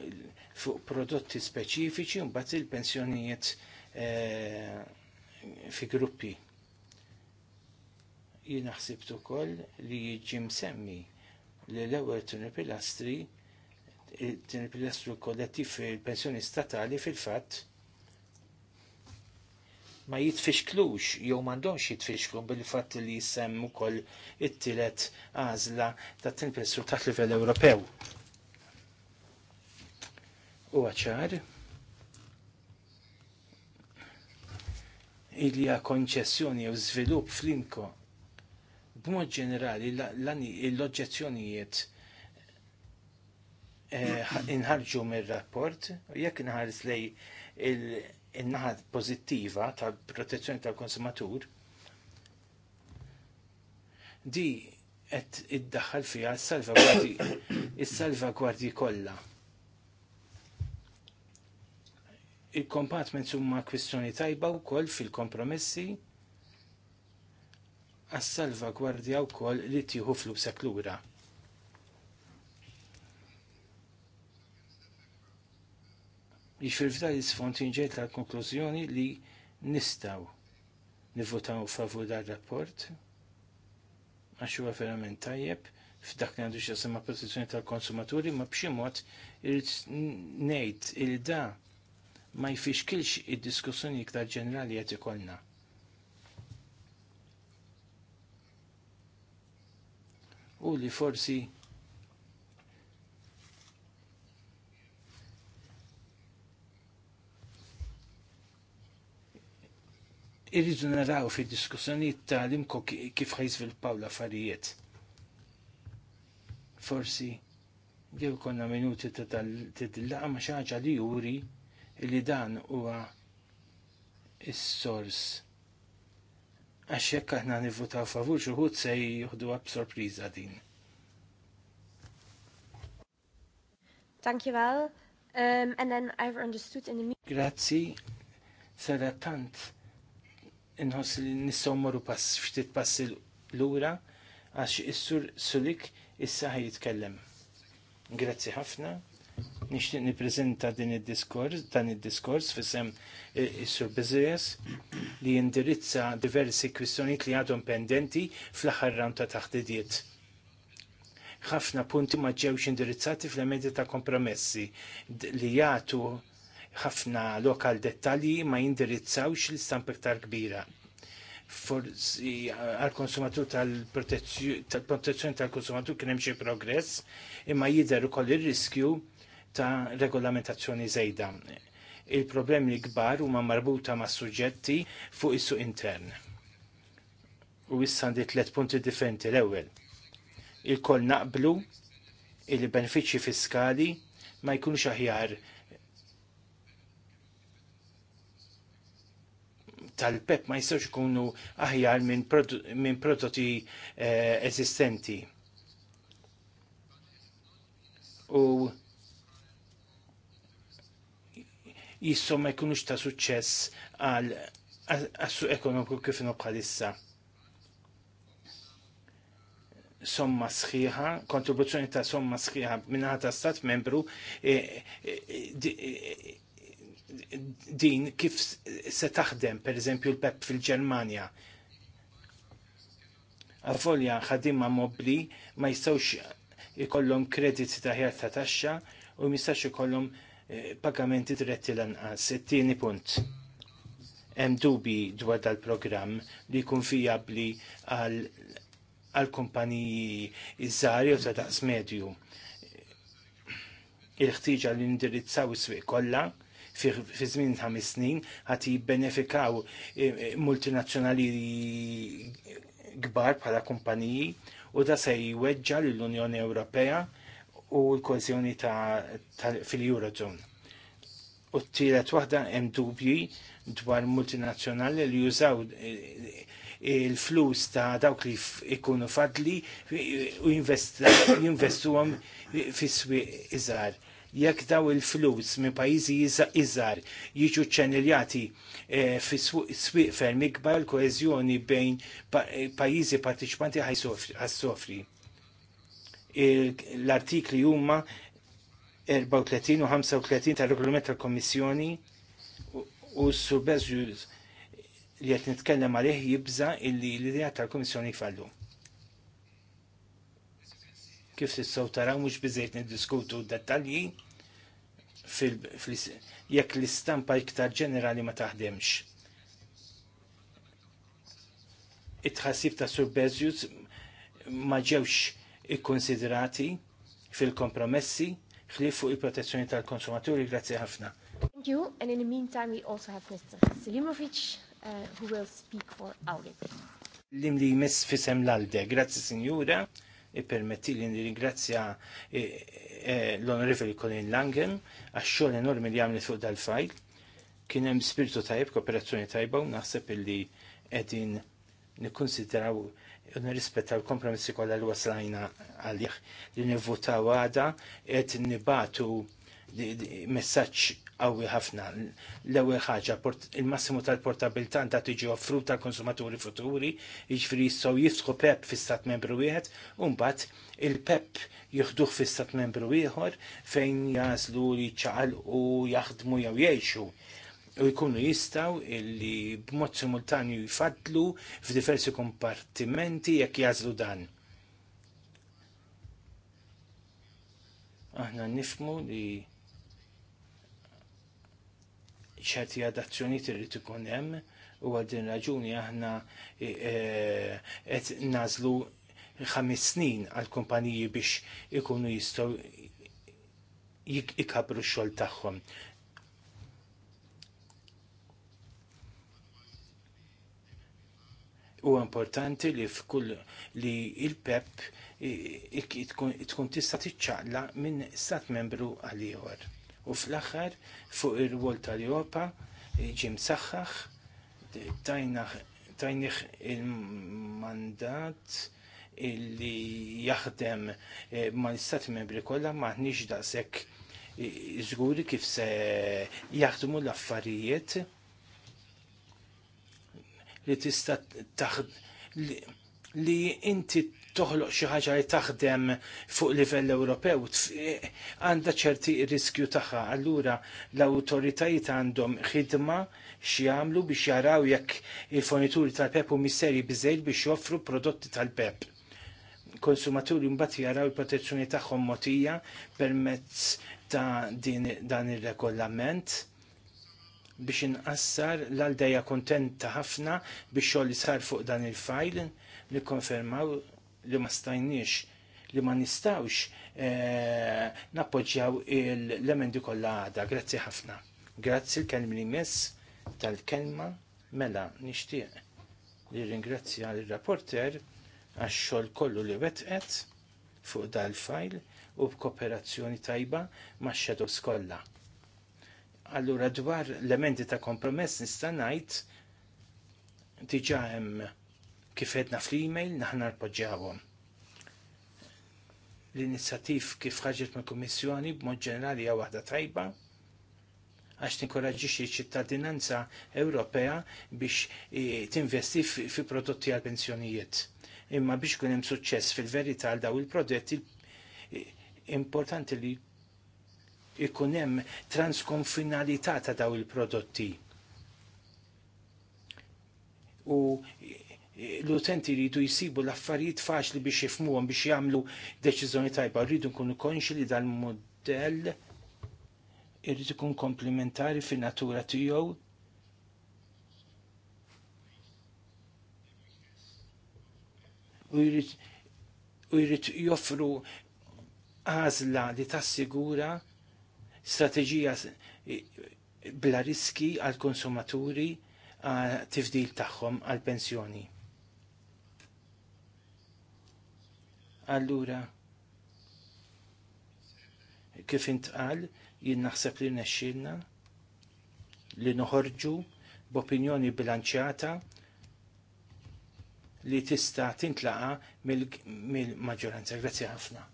fuq prodotti speċifiċi mbagħad il-pensjonijiet e, fi gruppi. Jien ħsibt ukoll li jiġi msemmi li l-ewwel tuni pilastri tuni pilastru kollettiv fil-pensjoni statali fil-fatt ma jitfixklux jew m'għandhomx jitfixklu bil-fatt li jsemmu ukoll it-tielet għażla ta' tinpressu taħt livell Ewropew u għacħar ilja konċessjoni u zvilup flinko b'mod ġenerali l-oġġezzjonijiet eh, inħarġu mir-rapport u jekk inħarġ lej il-naħa pozittiva tal-protezzjoni tal-konsumatur di qed iddaħħal fiha s-salvagwardji [COUGHS] is-salvagwardji kollha il kompatment huma kwistjoni tajba wkoll fil-kompromessi għas-salva gwardja wkoll li tieħu flusek lura. fda jiġifieri f'dan isfond ġejt l konklużjoni li nistaw nivvotaw favur dar rapport għax huwa verament tajjeb f'dak li għandu xi ma' protezzjoni tal-konsumaturi ma' b'xi mod irid ngħid il da' ma kilx id-diskussjoni iktar ġenerali qed ikollna. U li forsi irridu naraw fi diskussjonijiet tal-imko kif ħajżviluppaw l-affarijiet. Forsi jew konna minuti ta' tal-tillaqa ma' xi li juri li dan huwa is-sors għax jekk aħna nivvutaw favur xuħud se jieħduha b'sorpriża din. Thank you well. Um, and then I've understood in the Grazzi, sara tant inħoss li morru pass ftit passi l-ura għax is-sur sulik issa ħaj jitkellem. Grazzi ħafna. Nixtieq nippreżenta din id-diskors, dan id-diskors fisem eh, is-Sur Bezies li jindirizza diversi kwistjonijiet li għadhom pendenti fl-aħħar round ta' taħdidiet. Ħafna punti ma ġewx indirizzati fl medja ta' kompromessi li jagħtu ħafna lokal dettalji ma jindirizzawx l-istamp iktar kbira. Forsi eh, għal-konsumatur tal-protezzjoni tal-konsumatur kien hemm xi progress, imma jidher ukoll ir-riskju ta' regolamentazzjoni żejda. Il-problemi l-kbar huma marbuta ma' suġġetti fuq is-suq intern. U issa għandi tliet punti differenti l-ewwel. Il-koll naqblu il-benefiċċji fiskali ma jkunux aħjar tal-PEP ma jistawx ikunu aħjar minn prodotti eh, eżistenti. U jissom ma jkunux ta' suċċess għal għassu ekonomiku kif bħalissa. Somma sħiħa, kontribuzzjoni ta' somma sħiħa minna ta' stat membru e, e, e, din kif se taħdem, per eżempju, l-PEP fil-Germania. Avolja ħadimma mobli ma jistawx ikollhom kredit ta' ħjar ta' taxxa u mistax ikollhom Eh, pagamenti diretti lanqas. It-tieni punt. Hemm dubi dwar dal-programm li jkun fijabli għal kumpaniji żgħar jew ta' daqs medju. Il-ħtiġa li indirizzaw is-swieq kollha fi żmien ħames snin ħadd jibbenefikaw eh, eh, multinazzjonali kbar bħala kumpaniji u da se jweġġa lill-Unjoni Ewropea u l-kozjoni fil-Eurozone. U t-tielet waħda hemm dubji dwar multinazzjonali li jużaw eh, eh, il-flus ta' dawk li ikunu fadli u jinvestu għom fi swieq iżgħar. Jekk daw il-flus minn pajjiżi iżgħar jiġu ċċeniljati eh, fi swieq ferm ikbar l koezjoni bejn pajjiżi partiċipanti ħaj sofri l-artikli huma 34 u 35 tal-regolament tal komissjoni u s-subbeżjus li qed nitkellem għalih jibża illi l-idea tal komissjoni fallu. Kif tistgħu taraw mhux biżejt niddiskutu dettalji jekk l-istampa iktar ġenerali ma taħdemx. It-tħassib ta' Sur Bezjus ma ġewx ikkonsiderati fil-kompromessi ħlif fuq il-protezzjoni tal-konsumaturi. Grazzi ħafna. Thank you, and in the meantime we also have Mr. Selimovic uh, who will speak for Audit. Lim li jmiss fisem l-alde, grazzi signora, i permetti li ringrazzja eh, eh, l-onorevoli Colin Langen għax-xogħol enormi li għamli fuq dal-fajl. Kien hemm spiritu tajb, kooperazzjoni tajba u naħseb illi qegħdin nikkonsidraw nirrispetta l-kompromissi kolla l waslajna għalih li nivvuta għada qed nibatu messaġġ qawwi ħafna. L-ewwel ħaġa il-massimu tal-portabilità ta' tiġi offruta tal konsumaturi futuri, iġfri jistgħu jiftħu PEP fi stat membru wieħed, u mbagħad il-PEP jieħduh fi stat membru ieħor fejn jażlu li ċaqal u jaħdmu jew jgħixu u jkunu jistaw illi b'mod simultanju jfadlu f'diversi kompartimenti jekk jażlu dan. Aħna nifmu li ċerti adazzjoniet irrid ikun hemm u għal din raġuni aħna e, e, qed nażlu ħamis snin għal kumpaniji biex ikunu jistgħu ikabru x-xogħol tagħhom. U importanti li f'kull li il-PEP tkun tista' tiċċaqla minn stat membru għal ieħor. U fl-aħħar fuq ir-rwol tal-Ewropa ġim saħħaħ tajniħ il-mandat illi jaħdem eh, ma l istat membri kollha maħniex daqshekk żguri kif se jaħdmu l-affarijiet li tista li inti toħloq xi ħaġa li taħdem fuq livell Ewropew għandha ċerti riskju tagħha. Allura l-awtoritajiet għandhom ħidma x'jagħmlu biex jaraw jekk il-fornituri tal-PEP u misseri biżejl biex joffru prodotti tal-PEP. Konsumaturi mbagħad jaraw il-protezzjoni tagħhom mogħtija permezz ta' din dan ir-regolament biex inqassar l-għaldeja kontenta ħafna biex xogħol sar fuq dan il-fajl li konfermaw li ma stajniex li ma nistawx eh, nappoġġjaw l-emendi kollha għada. Grazzi ħafna. Grazzi l-kelmi li mess tal-kelma mela nixtieq li ringrazzja l-rapporter għax xogħol kollu li wetqet fuq dal-fajl u b'kooperazzjoni tajba ma' xedos kollha Allura dwar l-emendi ta' kompromess nista' ngħid diġà hemm kif edna fl-email naħna rpoġġawhom. L-inizjattiv kif ħarġet ma' kummissjoni b'mod ġenerali hija waħda tajba għax tinkoraġġixxi ċittadinanza Ewropea biex e, tinvesti fi prodotti għal pensjonijiet. Imma biex kun hemm suċċess fil-verità għal daw il-prodotti e, importanti li ikun hemm transkonfinalità ta' daw il-prodotti. U l-utenti jridu jisibu l-affarijiet faċli biex jifmuhom biex jagħmlu deċiżjoni tajba, rridu nkunu konxi li dal-modell irrid ikun komplementari fin-natura tiegħu u jrid joffru għażla li tassigura strateġija bla riski għal konsumaturi tifdil tagħhom għal pensjoni. Allura, kif intqal, jien naħseb li nexxilna li noħorġu b'opinjoni bilanċjata li tista tintlaqa mill-maġġoranza. Grazzi ħafna.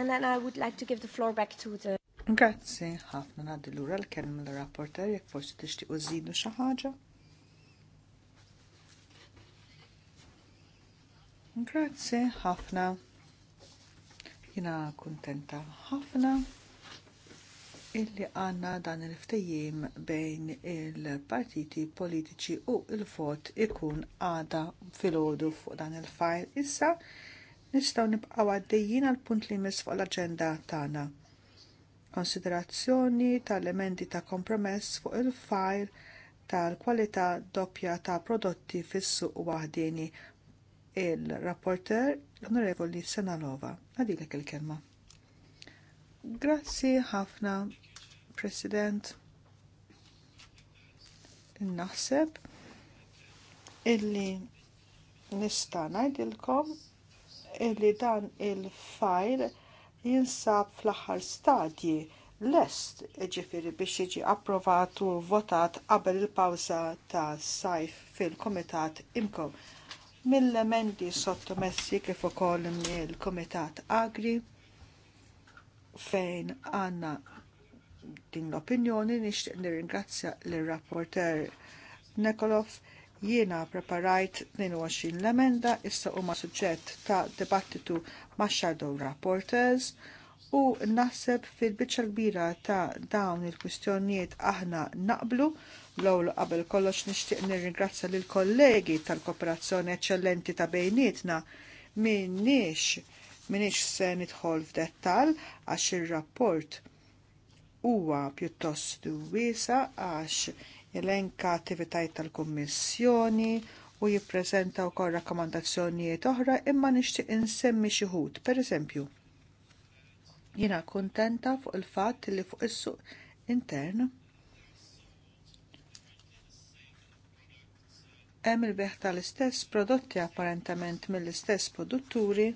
And then I would like to give the floor back to the Grazzi, ħafna ngħaddi lura l-kelma l-rapporter jekk forsi tixtieq użidu xi ħaġa. Grazzi, ħafna. Jina kuntenta ħafna illi għanna dan il ftejim bejn il-partiti politiċi u il-vot ikun għada fil-ħodu fuq dan il-fajl issa nistaw nibqaw għaddejjin għall punt li mis fuq l-agenda tagħna konsiderazzjoni tal-elementi ta' kompromess fuq il-fajl tal-kwalità doppja ta' prodotti fis-suq waħdini il-rapporter l-Onorevoli Senalova. Għadilek il-kelma. Grazzi ħafna, President. Naħseb illi nista' ngħidilkom illi dan il file jinsab fl-aħħar stadji lest ġifiri biex jiġi approvat u votat qabel il-pawza ta' sajf fil-komitat imkom. Mill-emendi sottomessi kif ukoll mill-komitat agri fejn għanna din l-opinjoni nixtieq nirringrazzja l-rapporter Nekolov Jiena preparajt 22 l-emenda issa huma suġġett ta' dibattitu ma' shadow rapporters u naħseb fil-biċċa kbira ta' dawn il-kwistjonijiet aħna naqblu l-ewwel qabel kollox nixtieq nirringrazzja l kollegi tal-kooperazzjoni eċċellenti ta' bejnietna minniex minniex se nidħol f'dettall għax ir-rapport huwa pjuttost wiesa għax jelenka attivitajiet tal-Kummissjoni u jippreżenta wkoll rakkomandazzjonijiet oħra imma nixtieq insemmi xi ħud. Pereżempju, jiena kuntenta fuq il-fatt li fuq is-suq intern hemm il tal-istess prodotti apparentament mill-istess produtturi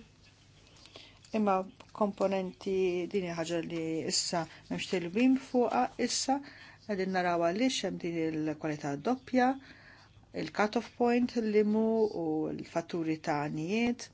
imma komponenti din ħaġa li issa memx tilbim fuqha issa għedin naraw għaliex hemm din il-kwalità doppja, il-cut-off point li mu u l-fatturi ta' għanijiet.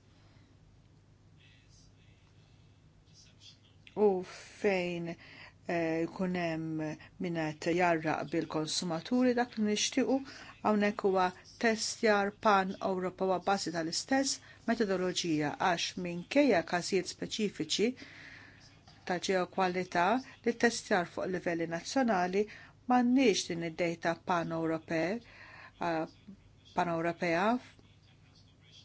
U fejn eh, jkun e, hemm min qed jarraq bil-konsumaturi dak li nixtiequ hawnhekk huwa testjar pan Ewropa u bażi tal-istess metodoloġija għax minkejja każijiet speċifiċi ta' kwalità li testjar fuq livelli nazzjonali m'għandniex din id-data pan-Ewropea pan-Ewropea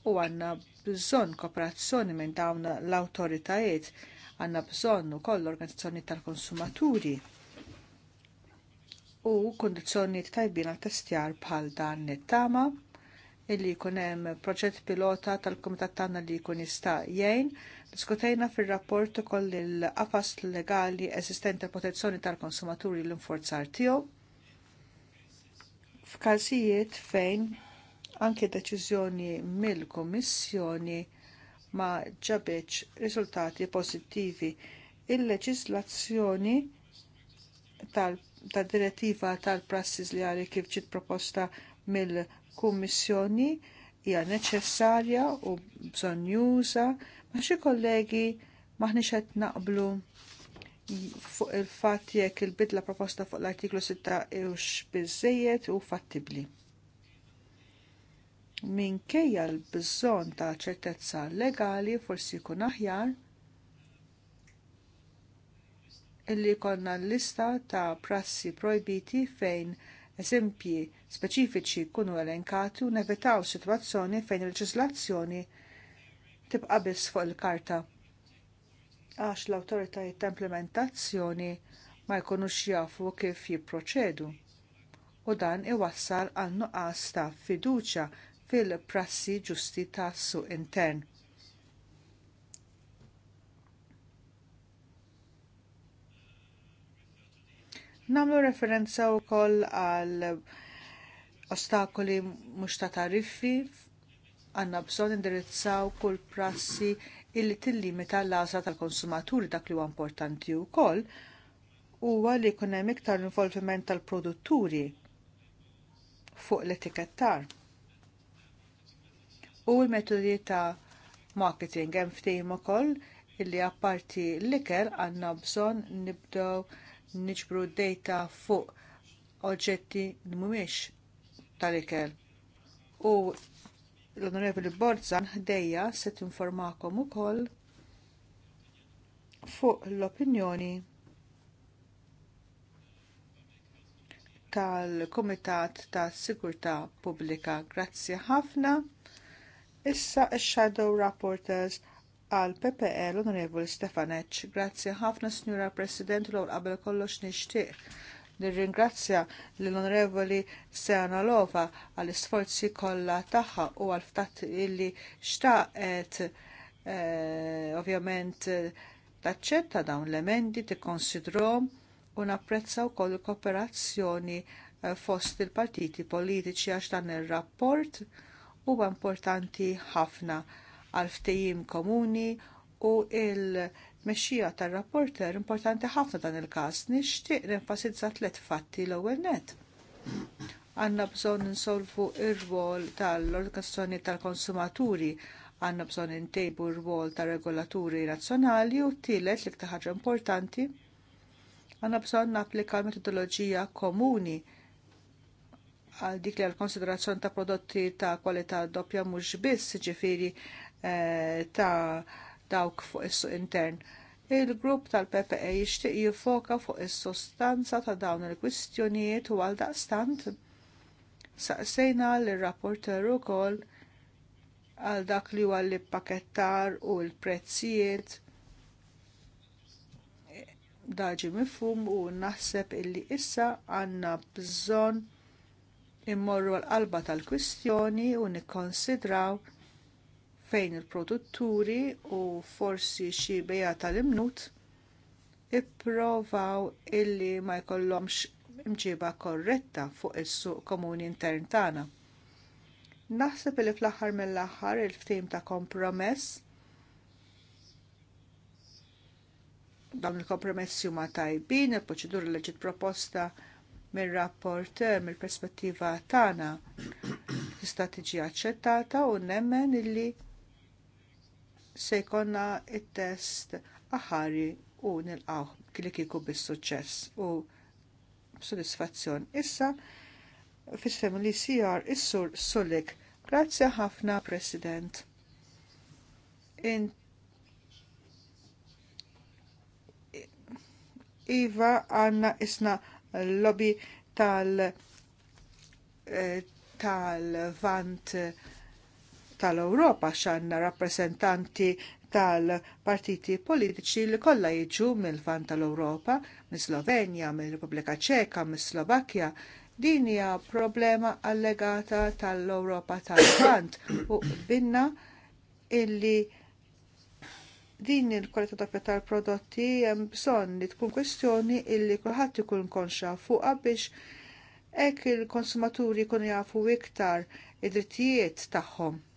u għandna bżonn kooperazzjoni minn dawn l-awtoritajiet għandna bżonn ukoll l-organizzazzjoni tal-konsumaturi u kundizzjonijiet tajbin għal testjar bħal dan nittama illi jkun hemm proġett pilota tal-Kumitat tagħna li jkun jista' jgħin. Diskutejna fir-rapport ukoll il-qafas legali eżistenti protezzjoni tal-konsumaturi l-infurzar tiegħu. F'każijiet fejn anke deċiżjoni mill-Kummissjoni ma ġabitx riżultati pożittivi il-leġislazzjoni tal-direttiva tal-prassis li għali kif ġiet proposta mill kummissjoni hija neċessarja u bżonjuża ma xi kollegi maħniex qed naqblu fuq il-fatt jekk il-bidla proposta fuq l-artiklu 6 hux biżejjed u fattibbli. Minkejja l-bżonn ta' ċertezza legali forsi jkun aħjar illi konna l-lista ta' prassi projbiti fejn eżempji speċifiċi jkunu elenkati u nevitaw sitwazzjoni fejn il-leġislazzjoni tibqa biss fuq il-karta. Għax l-autoritajiet ta' implementazzjoni ma jkunux jafu kif jipproċedu. U dan iwassal għal nuqqas ta' fiduċja fil-prassi ġusti tas-suq intern Namlu referenza u koll għal ostakoli mux ta' tariffi, għanna bżon indirizzaw kull prassi illi tillimita l-għasa tal-konsumaturi dak li huwa importanti u koll, huwa li jkun hemm iktar involviment tal-produtturi fuq l-etikettar. U l-metodi ta' marketing hemm ftejmu ukoll illi apparti l-iker għandna bżonn nibdew niġbru data fuq oġġetti li mhumiex tal-ikel. U l-Onorevoli Borzan ħdejja se tinformakom ukoll fuq l-opinjoni tal-Kumitat tas Sigurtà Pubblika. Grazzi ħafna. Issa ix-Shadow Rapporters għal PPL e l-Onorevoli Stefanec. Grazzi ħafna, Signora President, l qabel kollox nixtieq. Nirringrazzja l-Onorevoli Lova għall isforzi kollha tagħha u għal ftat illi xtaqet eh, ovvjament taċċetta dawn l-emendi, konsidrom u napprezza wkoll il-kooperazzjoni eh, fost il-partiti politiċi għax dan ir rapport huwa importanti ħafna għal ftejim komuni u il-mexxija tar-rapporter importanti ħafna dan il-każ nixtieq nenfasizza tliet fatti l-ewwel net Għandna bżonn insolvu r rwol tal-organizzazzjoni tal-konsumaturi, għandna bżonn intejbu r rwol tar regolaturi nazzjonali u t-tielet li ħaġa importanti, Għandna bżonn napplika metodoloġija komuni għal dik li għal konsiderazzjoni ta' prodotti ta' kwalità doppja mhux biss ġifieri Eh, ta' dawk fuq is-suq intern. Il-grupp tal-PPE jixtieq jiffoka fuq is-sostanza ta' dawn il-kwistjonijiet u għal daqstant saqsejna l-rapporter ukoll għal dak li huwa l-pakkettar u l-prezzijiet daġi mifhum u naħseb illi issa għandna bżonn immorru l-qalba tal-kwistjoni u nikkonsidraw fejn il-produtturi u forsi xi bejja tal-imnut ipprovaw illi ma jkollhomx imġiba korretta fuq is-suq komuni intern tagħna. Naħseb li fl-aħħar mill-aħħar il-ftim ta' kompromess dawn il-kompromessi huma tajbin, il-proċedura li ġiet proposta mir rapporteur mill-perspettiva tagħna tista' tiġi aċċettata u nemmen illi se jkollna t test aħari u nilqgħu kili kieku bis-suċċess u b'sodisfazzjon. Issa fis li CR is-sur Sulik. Grazzi ħafna, President. In Iva għanna isna lobby tal eh, tal-vant tal-Ewropa xanna rappresentanti tal-partiti politiċi li kollha jiġu mill-fan tal-Ewropa, mill-Slovenja, mill-Repubblika Ċeka, mill-Slovakkja, din hija problema allegata tal-Ewropa tal fant u binna illi din il-kwalità doppja tal-prodotti hemm bżonn li tkun kwestjoni illi kulħadd ikun konxa fuqha biex hekk il-konsumaturi jkunu jafu iktar id-drittijiet tagħhom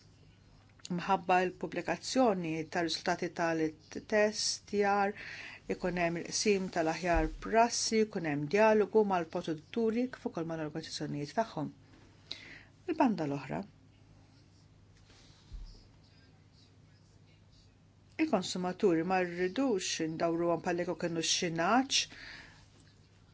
mħabba l-publikazzjoni tar riżultati tal-test jar ikun hemm il-qsim tal-aħjar prassi, ikun hemm dialogu mal-produtturi kif ukoll mal-organizzazzjonijiet tagħhom. Il-banda l-oħra. Il-konsumaturi ma rridux indawru għan palliko kienu xinaċ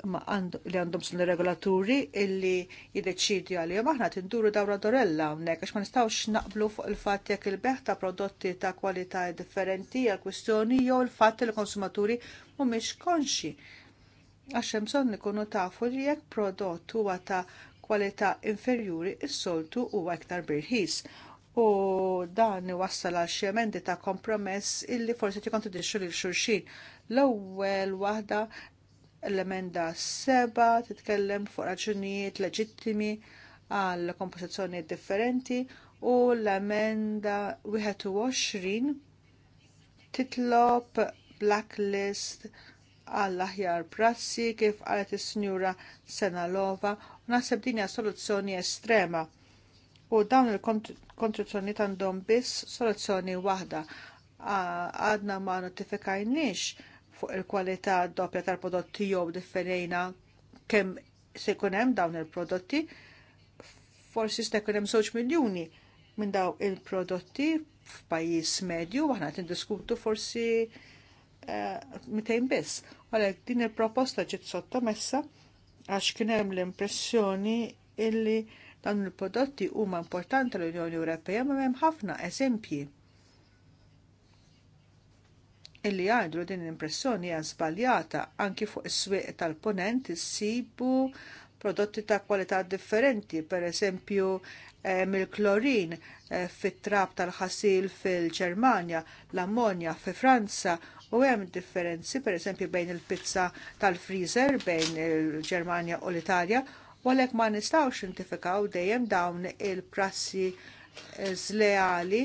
li għandhom sunni regolaturi illi jiddeċidi għalihom maħna tinduru dawra dorella hawnhekk għax ma nistgħux naqblu fuq il-fatt jekk il-beħ ta' prodotti ta' kwalità differenti għal kwistjoni jew il-fatt li l-konsumaturi mhumiex konxi. Għax hemm bżonn ikunu tafu li jekk prodott huwa ta' kwalità inferjuri is-soltu huwa iktar birħis. U dan iwassal għal xi emendi ta' kompromess illi forsi tikkontidixxu lil xulxin l-ewwel waħda L-emenda seba titkellem fuq raġunijiet leġittimi għal kompożizzjoni differenti u l-emenda 21 titlob blacklist għall aħjar prassi kif għalet is-Sinjura Senalova u naħseb din hija soluzzjoni estrema. U dawn il kontruzzjoni għandhom biss soluzzjoni waħda. Għadna ma notifikajniex fuq il-kwalità doppja tal-prodotti jew differejna kemm se jkun hemm dawn il-prodotti, forsi se jkun hemm żewġ miljuni minn daw il-prodotti f'pajjiż medju, aħna qed indiskutu forsi eh, mitejn biss. Għalhekk din il-proposta ġiet sottomessa għax kien hemm l-impressjoni illi dawn il-prodotti huma importanti l-Unjoni Ewropea ma hemm ħafna eżempji illi għandru din l-impressjoni hija żbaljata anki fuq is-swieq tal-punent issibu prodotti ta' kwalità differenti, per esempio eh, mill-klorin eh, fit-trab tal-ħasil fil-Ġermanja, l-ammonja fi Franza, u hemm differenzi per esempio bejn il-pizza tal-freezer bejn il-Ġermanja u l-Italja, u għalhekk ma nistgħux intifikaw dejjem dawn il-prassi eh, zleali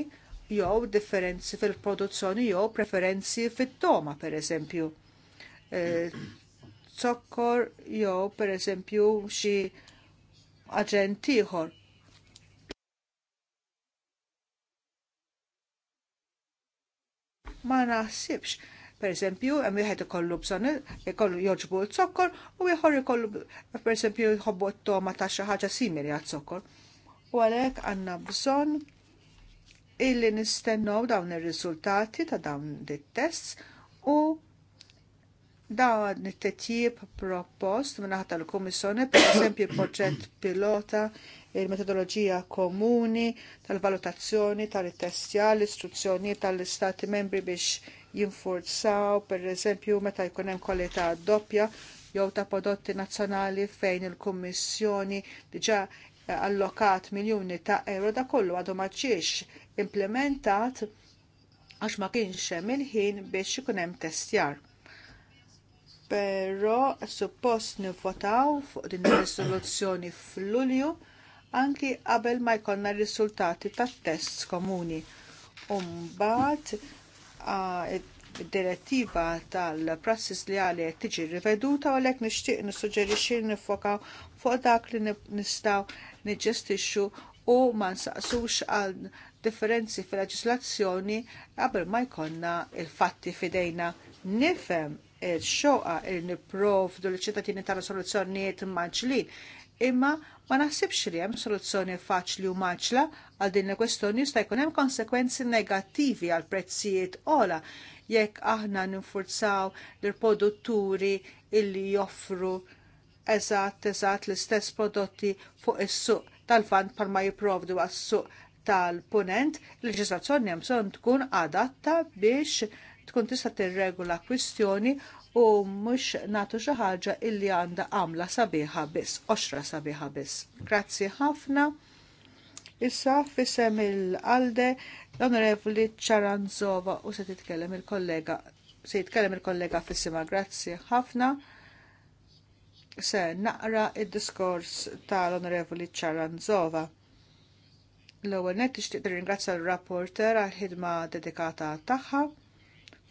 jew differenzi fil-produzzjoni jew preferenzi fit-toma per eżempju. Eh, zokkor jew per eżempju xi aġent ieħor. Ma naħsibx per eżempju, hemm wieħed ikollu bżonn ikollu joġbu l-zokkor u ieħor ikollu per eżempju jħobbu t-toma ta' xi ħaġa simili għat-zokkor. U għalhekk għandna bżonn illi nistennow dawn ir-riżultati ta' dawn it-tests u dawn it-tetjib propost minnaħat tal-Komissjoni, per eżempju il-proġett pilota, il-metodoloġija komuni, tal-valutazzjoni, tal-testja, l-istruzzjoni tal-istati membri biex jinforzaw, per eżempju, meta jkun hemm kwalità doppja jew ta' prodotti nazzjonali fejn il-Kummissjoni diġà allokat miljuni ta' euro da kollu għadu maċiex implementat għax ma kienx hemm il-ħin biex ikun hemm testjar. Però suppost nivvotaw fuq din ir-risoluzzjoni f'Lulju anki qabel ma jkollna r-risultati tat-tests komuni. U mbagħad id-direttiva tal-prassis li għali tiġi riveduta u għalhekk nixtieq nissuġġerixxi nifokaw fuq dak li nistgħu niġġestixxu u ma nsaqsux għal differenzi fil-leġislazzjoni qabel ma jkollna il-fatti fidejna. Nifhem il-xoqa il nipprovdu l-ċittadini tara soluzzjonijiet maġlin, imma ma naħsibx li hemm soluzzjoni faċli u maċla għal din il-kwestjoni jista' jkun hemm konsekwenzi negattivi għal prezzijiet ola jekk aħna ninfurzaw l-produtturi illi joffru eżatt eżatt l-istess prodotti fuq is-suq tal bħal palma jipprovdu għas-suq tal-punent, il-leġislazzjoni hemm bżonn tkun adatta biex tkun tista' tirregola kwistjoni u mhux nagħtu xi ħaġa illi għandha għamla sabiħa biss, oxra sabiħa biss. Grazzi ħafna. Issa fisem il-qalde l-Onorevoli Ċaranzova u se titkellem il-kollega se jitkellem il-kollega fissima, grazzi ħafna. Se naqra id-diskors tal-Onorevoli Ċaranzova. L-ewwel nett tixtieq ringrazzja l-rapporter għal ħidma dedikata tagħha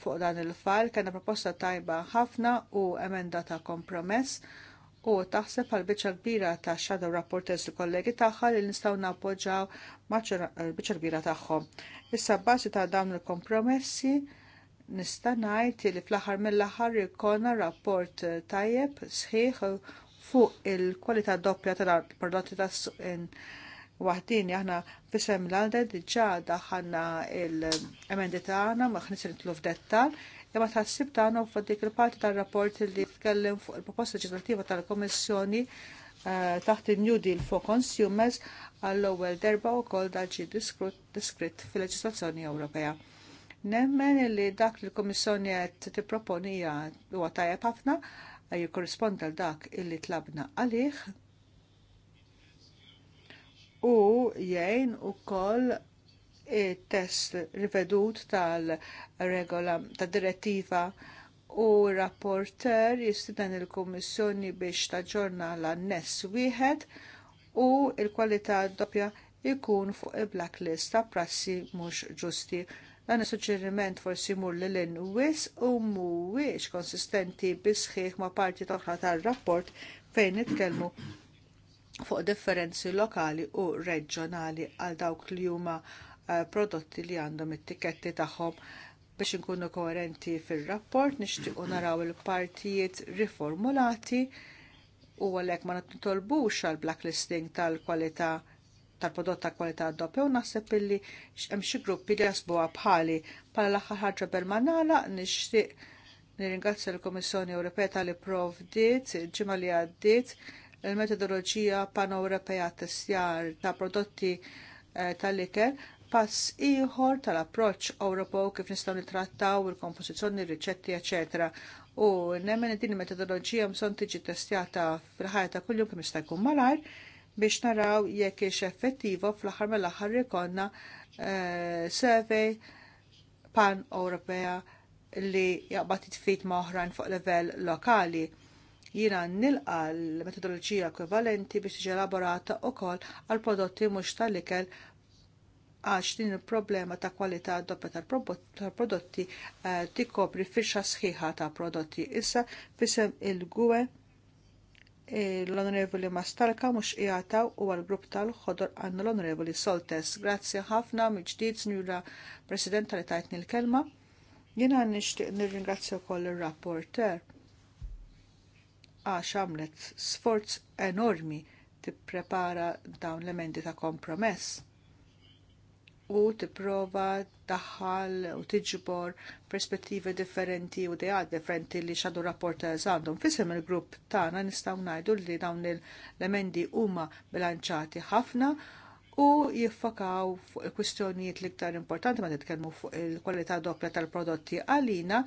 fuq dan il-fall kena proposta tajba ħafna u emenda ta' kompromess u taħseb għal biċċa kbira ta' shadow rapporters il-kollegi tagħha li nistgħu nappoġġaw eh, biċċa kbira tagħhom. Issa bażi ta' dawn il-kompromessi nista' ngħid li fl-aħħar mill-aħħar jkollna rapport tajjeb sħiħ fuq il-kwalità doppja tal-prodotti tas-suq waħdini aħna fisem l-għalda diġa daħanna l emendi tagħna ma ħnis nitlu f'dettal imma taħsib tagħna u dik il-parti tar-rapport li tkellem fuq il-proposta leġislattiva tal komissjoni eh, taħt il-New Deal for Consumers għall-ewwel derba wkoll kol daġi diskritt fil-leġislazzjoni Ewropea. Nemmen li dak li l-Kommissjoni qed tipproponi huwa tajjeb ħafna jikkorrisponda l dak illi tlabna għalih u jgħin ukoll it-test rivedut tal-regola tad-direttiva u rapporter dan il kummissjoni biex taġġorna l-anness wieħed u il-kwalità doppja jkun fuq il-blacklist ta' prassi mhux ġusti. Dan is-suġġeriment forsi mur lil in wis u mhuwiex konsistenti bisħieħ ma' parti toħra tar-rapport fejn nitkellmu fuq differenzi lokali u reġjonali għal dawk li huma eh, prodotti li għandhom it-tiketti tagħhom biex inkunu koerenti fir-rapport nixtiequ naraw il-partijiet riformulati u għalhekk ma nitolbux għal blacklisting tal-kwalità tal-prodott ta' kwalità doppja u naħseb illi hemm xi gruppi li jasbuha bħali bħala l-aħħar ħaġa permanala nixtieq nirringrazzja l kummissjoni Ewropea tal-li ġimgħa li għaddiet il-metodoloġija pan-Ewropea tas-sjar ta' prodotti eh, tal liker pass ieħor tal-approċċ Ewropew kif nistgħu nittrattaw il-kompożizzjoni, ir-riċetti, eċetera. U nemmen din il-metodoloġija mson tiġi testjata fil-ħajja ta' kuljum kif jista' jkun malajr biex naraw jekk hiex effettiva fl-aħħar mill-aħħar ikollna eh, survey pan-Ewropea li jaqbad titfit ma' oħrajn fuq livell lokali Jiena nilqa l-metodoloġija ekwivalenti biex tiġi elaborata wkoll għal prodotti mhux tal-ikel għax din il-problema ta' kwalità doppja tal-prodotti eh, tikkopri firxa sħiħa ta' prodotti. Issa fisem il-gwe l-Onorevoli Mastalka mhux jgħataw u għal-grupp tal-ħodor għandu l-Onorevoli Soltes. Grazzi ħafna mi ġdid Sinjura President tal tajtni l-kelma. Jena nishtiq nirringrazzja wkoll ir rapporter għax għamlet sforz enormi tipprepara dawn l-emendi ta' kompromess u tipprova taħħal u tiġbor perspettivi differenti u dejad differenti li xadu rapport għandhom. Fisem il-grupp tagħna nistgħu ngħidu li dawn l-emendi huma bilanċati ħafna u jiffakaw fuq il-kwistjonijiet l-iktar importanti ma titkellmu fuq il-kwalità doppja tal-prodotti għalina,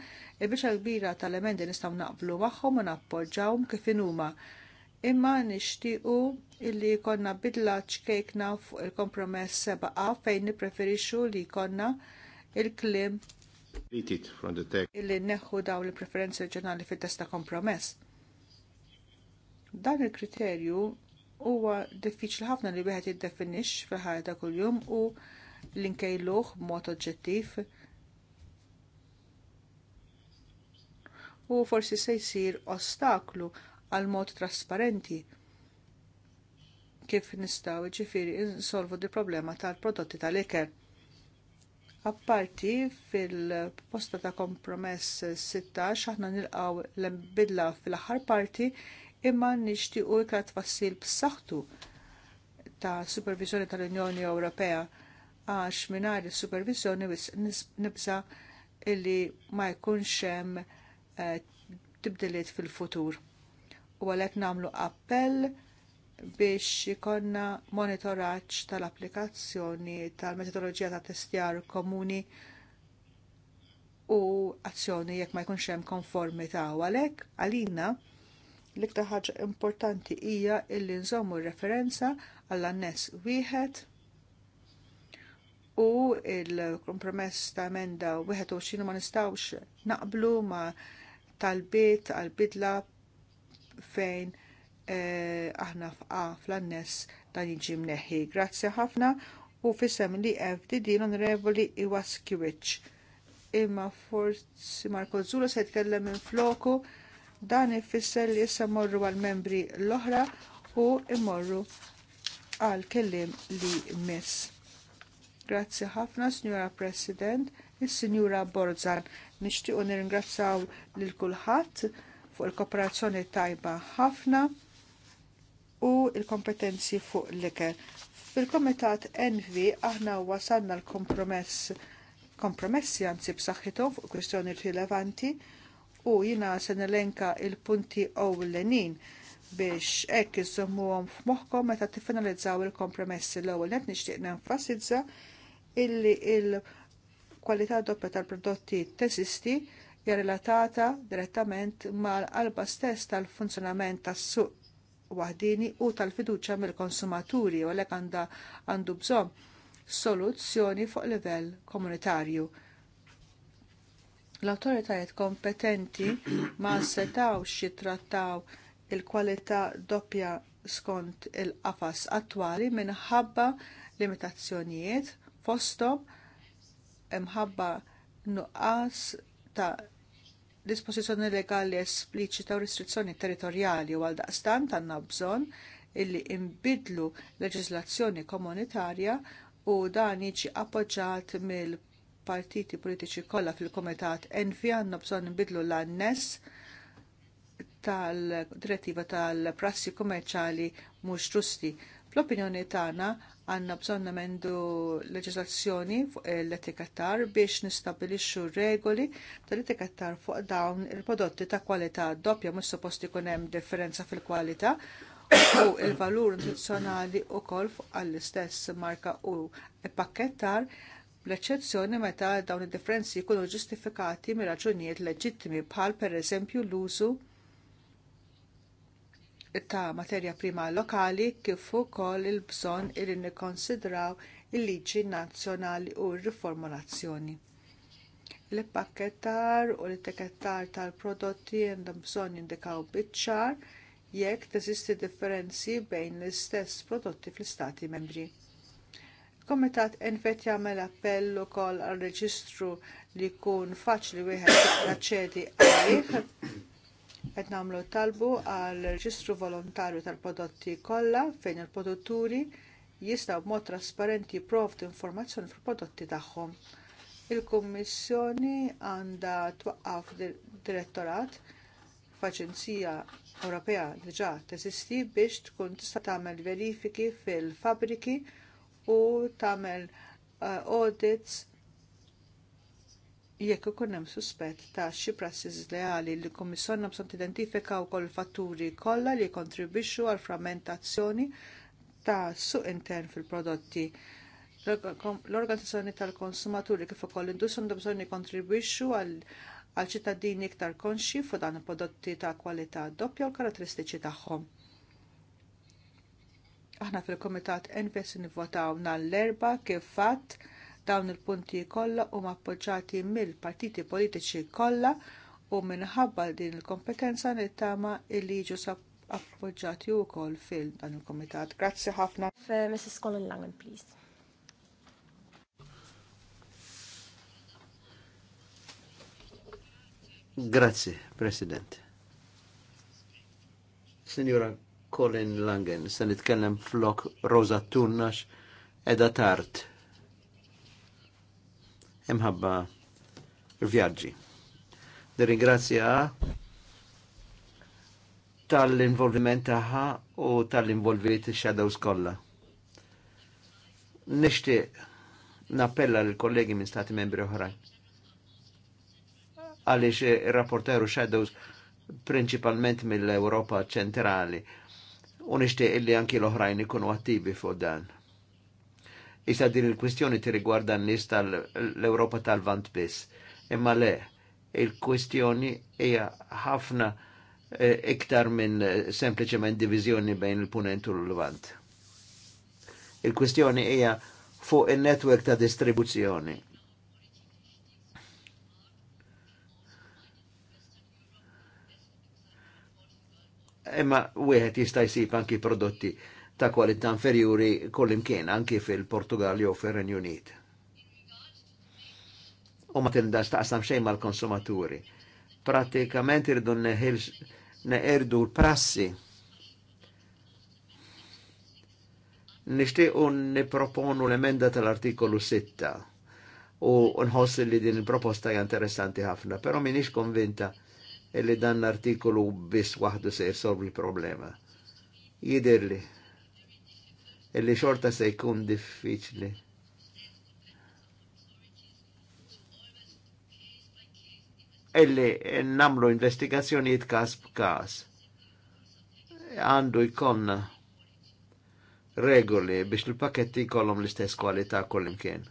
il-biċa kbira tal-emendi nistgħu naqblu magħhom u nappoġġawhom kif huma. Imma nixtiequ illi jkollna bidla ċkejkna fuq il-kompromess sebaqa fejn nippreferixxu li jkollna il-klim illi neħħu dawn il-preferenzi reġjonali fit-testa kompromess. Dan il-kriterju huwa diffiċli ħafna li wieħed jiddefinix fil-ħajja ta' kuljum u l-inkejluh b'mod oġġettiv u forsi se jsir ostaklu għal mod trasparenti kif nistgħu ġifiri insolvu di problema tal-prodotti tal-iker. Apparti fil-posta ta' kompromess 16 aħna nilqaw l-bidla fil-aħħar parti imma nixtiequ iktar tfassil b'saħħtu ta' supervizjoni tal-Unjoni Ewropea għax mingħajr is-supervizjoni nibsa illi ma jkunx hemm eh, tibdiliet fil-futur. U għalhekk nagħmlu appell biex ikonna monitoraġġ tal-applikazzjoni tal-metodoloġija ta' testjar komuni u azzjoni jekk ma jkunx hemm konformità u għalhekk għalina L-iktar ħaġa importanti hija illi nżommu referenza għall annes wieħed u il-kompromess ta' emenda 21 ma nistawx naqblu ma tal-bit għal-bidla fejn eh, aħna fqa fl-annes dan jiġi mneħi. Grazzi ħafna u fissem li FDD l-onorevoli Iwaskiewicz imma forsi Marko Zulu se jitkellem minn floku Dan ifisser li issa morru għal-membri l-oħra u immorru għal-kellim li miss. Grazzi ħafna, Signora President, il-Signora Borzan. Nishtiqu nirringrazzaw lil kulħadd fuq il-kooperazzjoni tajba ħafna u il-kompetenzi fuq l-iker. Fil-Komitat NV aħna wasalna l-kompromess kompromessi għanzi b'saħħithom fuq kwistjoni rilevanti u jina se nelenka il-punti ewlenin biex hekk iżommuhom f'moħħkom meta tiffinalizzaw il-kompromessi l-ewwel qed nixtieq nenfasizza illi il-kwalità doppja tal-prodotti teżisti hija relatata direttament mal-qalba stess tal-funzjonament tas-suq waħdini u tal-fiduċja mill-konsumaturi u għalhekk għandu bżonn soluzzjoni fuq livell komunitarju l-autoritajiet kompetenti ma setgħu jitrattaw il-kwalità doppja skont il-qafas attwali minħabba limitazzjonijiet fosthom imħabba nuqqas ta' disposizjoni legali espliċita u restrizzjoni territorjali u għaldaqstant għandna bżonn illi imbidlu leġiżlazzjoni komunitarja u dan jiġi appoġġat mill partiti politiċi kollha fil-Komitat Envi għandna bżonn nbidlu l-annes tal-direttiva tal-prassi kummerċali mhux ġusti. Fl-opinjoni tagħna għandna bżonn namendu leġislazzjoni fuq l-etikettar biex nistabilixxu regoli tal-etikettar fuq dawn il-prodotti ta' kwalità doppja mhux suppost ikun hemm differenza fil-kwalità u il-valur nutrizzjonali wkoll fuq għall-istess marka u pakkettar bl-eċċezzjoni meta dawn id-differenzi jkunu ġustifikati mir raġunijiet leġittimi bħal pereżempju l-użu ta' materja prima lokali kif ukoll il-bżonn il nikkonsidraw il-liġi nazzjonali u r-riformulazzjoni. L-pakkettar u l-etikettar tal-prodotti għandhom bżonn jindikaw biċ-ċar jekk teżisti differenzi bejn l-istess prodotti fl-istati membri Komitat infett jagħmel appell ukoll għal reġistru li jkun faċli wieħed jaċċedi għalih qed nagħmlu talbu għal reġistru volontarju tal-prodotti kollha fejn il-produtturi jistgħu b'mod trasparenti jipprovdu informazzjoni fil-prodotti tagħhom. Il-Kummissjoni għandha twaqqaf direttorat f'Aġenzija Ewropea diġà teżisti biex tkun tista' tagħmel verifiki fil-fabriki u tagħmel uh, audits jekk ikun hemm suspett ta' xi prassis leali li l-Kummissjoni bżonn tidentifika wkoll fatturi kollha li jikkontribwixxu għal frammentazzjoni ta' suq intern fil-prodotti. L-organizzazzjoni tal-konsumaturi kif ukoll l-industri għandhom bżonn jikkontribwixxu għal ċittadini iktar konxi fuq dan il-prodotti ta' kwalità doppja u karatteristiċi tagħhom. Aħna fil-Komitat NPS nivvotaw l-erba kif fatt dawn il-punti kollha huma appoġġati mill-partiti politiċi kollha u minħabba din il-kompetenza nittama il-liġu u wkoll fil dan il-komitat. Grazzi ħafna. Mrs. Colin Langen, please. Grazzi, President. Signora Colin Langen, se nitkellem flok Rosa Tunnax edha tart. Imħabba vjaġġi. Nirringrazzja tal-involviment taħħa u tal-involvit ix-shadows kollha. Nixtieq nappella l kollegi minn stati membri oħrajn. Għaliex rapporteru shadows prinċipalment mill-Europa ċentrali u nixtieq illi anki l-oħrajn ikunu attivi fuq dan. Issa din il-kwistjoni tirrigwarda n-nies tal-Ewropa tal-Vant biss. Imma le, il-kwistjoni hija ħafna eh, iktar minn eh, sempliċement diviżjoni bejn il-punent u l vant Il-kwistjoni hija fuq in netwerk ta' distribuzzjoni imma wieħed jista' jsib anki prodotti ta' kwalità inferjuri kollimkien anki fil-Portugal jew fir-Renju Unit. U ma tindax taqsam xejn mal-konsumaturi. Pratikament irdu neqerdu l-prassi. Nixtiequ niproponu l-emenda tal-artikolu 6 u nħoss li din il-proposta hija interessanti ħafna, però minix konvinta illi dan l-artikolu biss waħdu se jisolv il-problema. Jidirli, illi xorta se jkun diffiċli. Illi namlu investigazzjoni kas b'kas. Għandu jkonna regoli biex l paketti kollom l-istess kwalità kollimkien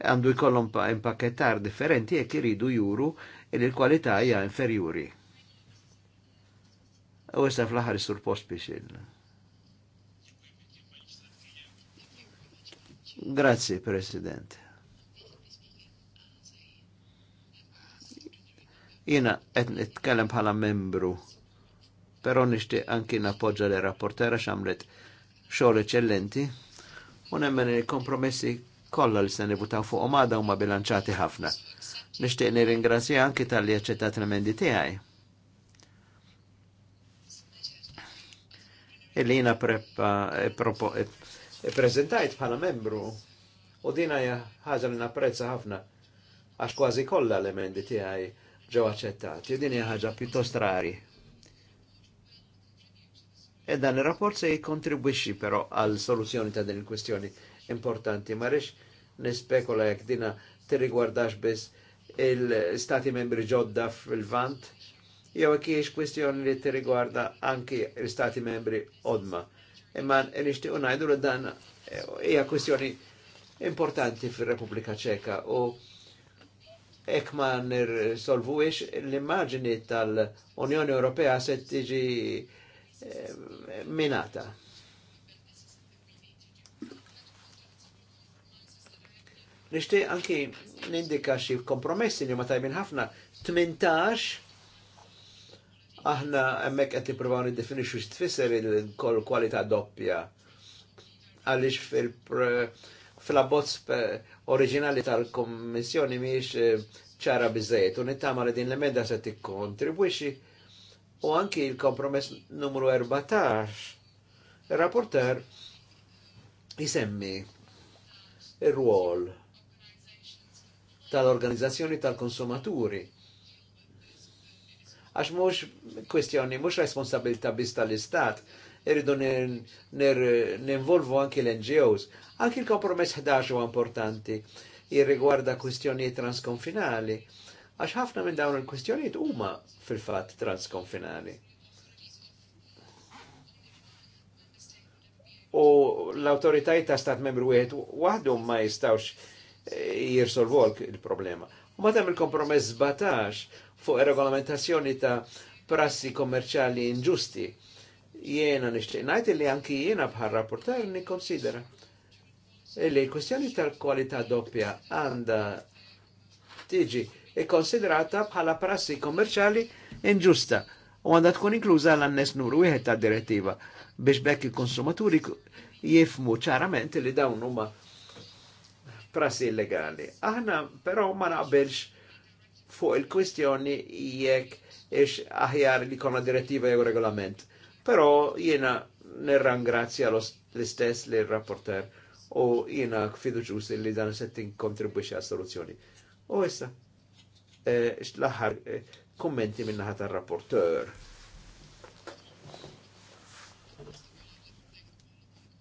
għandu jkollhom impakettar differenti jekk iridu juru il l-kwalità hija inferjuri. U issa fl-aħħar sur post biex il. Grazzi, President. Jina qed nitkellem bħala membru, però nixtieq anki nappoġġa li rapportera x'għamlet xogħol eċċellenti u nemmen il-kompromessi kollha li se ta' fuq omada huma bilanċati ħafna. Nixtieq nirringrazzja anki tal-li aċċettat l-emendi tiegħi. Illi jiena preżentajt e e, e bħala membru u dina hija ħaġa li napprezza ħafna għax kważi kollha l-emendi tiegħi ġew aċċettati u din hija ħaġa pjuttost rari. E dan ir-rapport se jikkontribwixxi però għal soluzzjoni ta' din il-kwestjoni importanti. Ma rex nispekola jek dina t-rigwardax bis il-stati membri ġodda fil-vant, jew kiex kwestjoni li t-rigwarda anki l-stati membri odma. Imma nishtiqu unajdu l dan eh, hija kwestjoni importanti fil-Repubblika Ċeka u ek ma nir nirsolvuix l immagini tal-Unjoni Ewropea se tiġi eh, minata. Nishtiq anki nindika xi kompromessi li ma tajbin ħafna. 18 aħna hemmhekk qed nippruvaw niddefinixxu x'tfisser il-kol kwalità doppja. Għaliex fil-abbozz oriġinali tal-Kommissjoni mhijiex eh, ċara bizzejt, u nittama li din l-emenda se tikkontribwixxi u anki il-kompromess numru 14 il-rapporter jisemmi il-ruol tal-organizzazzjoni tal-konsumaturi. Għax mux kwestjoni, mux responsabilta biss tal-istat, irridu ninvolvu anki l-NGOs. Anki l-kompromess 11 u importanti jirrigwarda kwestjoni transkonfinali, għax ħafna minn dawn il-kwestjonijiet huma fil fat transkonfinali. U l autoritajt ta' stat membru wieħed waħdu ma jistawx jirsolvolk il-problema. U matem il-kompromess batax fuq regolamentazzjoni ta' prassi kommerċali inġusti, jena nishtiq najt li anki jena bħar rapportar nikkonsidera. Illi l-kwestjoni tal-kwalità doppja għanda tiġi konsiderata bħala prassi kommerċali inġusta u għanda tkun inkluża l-annes numru wieħed ta' direttiva biex bekk il-konsumaturi jifmu ċarament li dawn huma prassi illegali. Aħna però ma naqbilx fuq il-kwistjoni jekk ix aħjar li konna direttiva jew regolament. Però jiena nirrangrazzja l-istess li rapporter u jiena fiduċus li dan settin kontribuċi għal soluzzjoni. U issa, eh, laħar kommenti eh, minna kummenti rapporter tar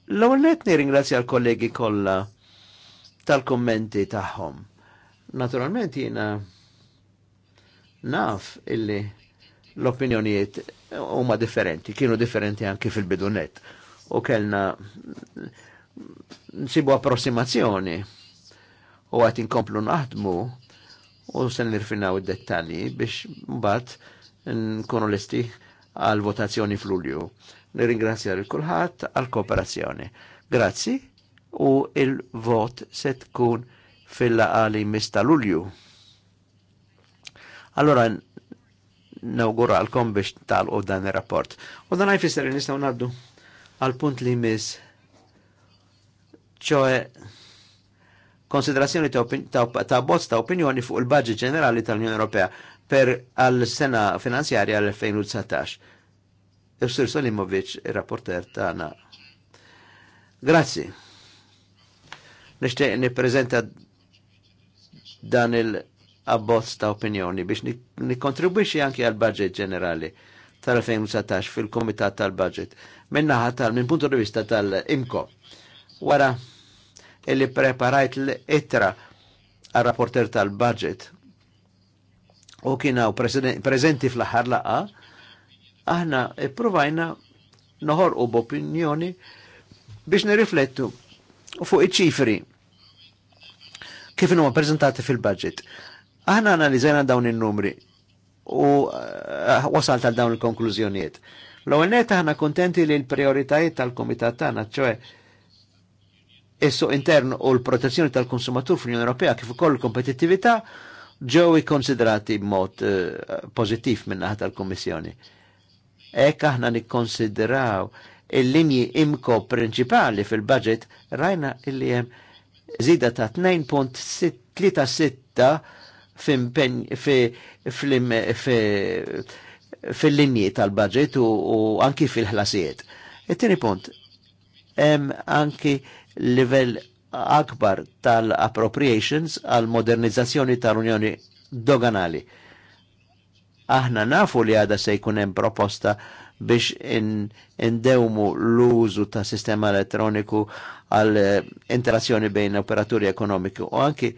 L-għonet nirringrazzja l-kollegi kolla tal-kommenti tagħhom. Naturalment jina naf illi l-opinjonijiet huma differenti, kienu differenti anki fil-bidunet u kellna nsibu approssimazzjoni u għat inkomplu naħdmu u sen nirfinaw id-dettali biex mbagħad nkunu lesti għal votazzjoni fl-Ulju. Nirringrazzja l kulħadd għal kooperazzjoni. Grazzi u il-vot se tkun fil-laqali mista lulju. Allora, nawguralkom biex talqu dan il-rapport. U dan għajfisser li nistaw naddu għal-punt li mis ċoħe konsiderazzjoni ta', ta, ta bozz ta' opinjoni fuq il-budget ġenerali tal-Unjoni Ewropea per għal-sena finanzjarja l-2019. Ifsir Solimovic, il-rapporter na. Grazzi. Nishtiq nippreżenta dan il-abbozz ta' opinjoni biex nikontribwixi anki għal budget ġenerali tal-2019 fil-Komitat tal-Budget minna tal minn puntu di vista tal-IMCO. Wara illi preparajt l-ittra għal rapporter tal-Budget u kienaw prezenti fl-ħar laqa, aħna provajna noħor u b'opinjoni biex nirriflettu fuq iċ-ċifri kif huma prezentati fil-budget. Aħna analizzajna dawn in-numri u eh, wasalt għal dawn il-konklużjonijiet. L-ewwel net aħna kontenti li l-prioritajiet tal-Kumitat tagħna, ċoħe issu intern u l-protezzjoni tal-konsumatur fl-Unjoni Ewropea kif ukoll l kompetittività ġew ikkonsidrati b'mod uh, eh, minn-naħa tal-Kummissjoni. Ek aħna nikkonsidraw il-linji imko prinċipali fil-budget rajna illi hemm zida ta' 2.36 fil-linji tal-budget u anki fil-ħlasijiet. It-tieni punt, hemm anki livell akbar tal-appropriations għal modernizzazzjoni tal-Unjoni doganali. Aħna nafu li għada se jkun hemm proposta biex indewmu in l-użu ta' sistema elettroniku għal eh, interazzjoni bejn operaturi ekonomiku u anki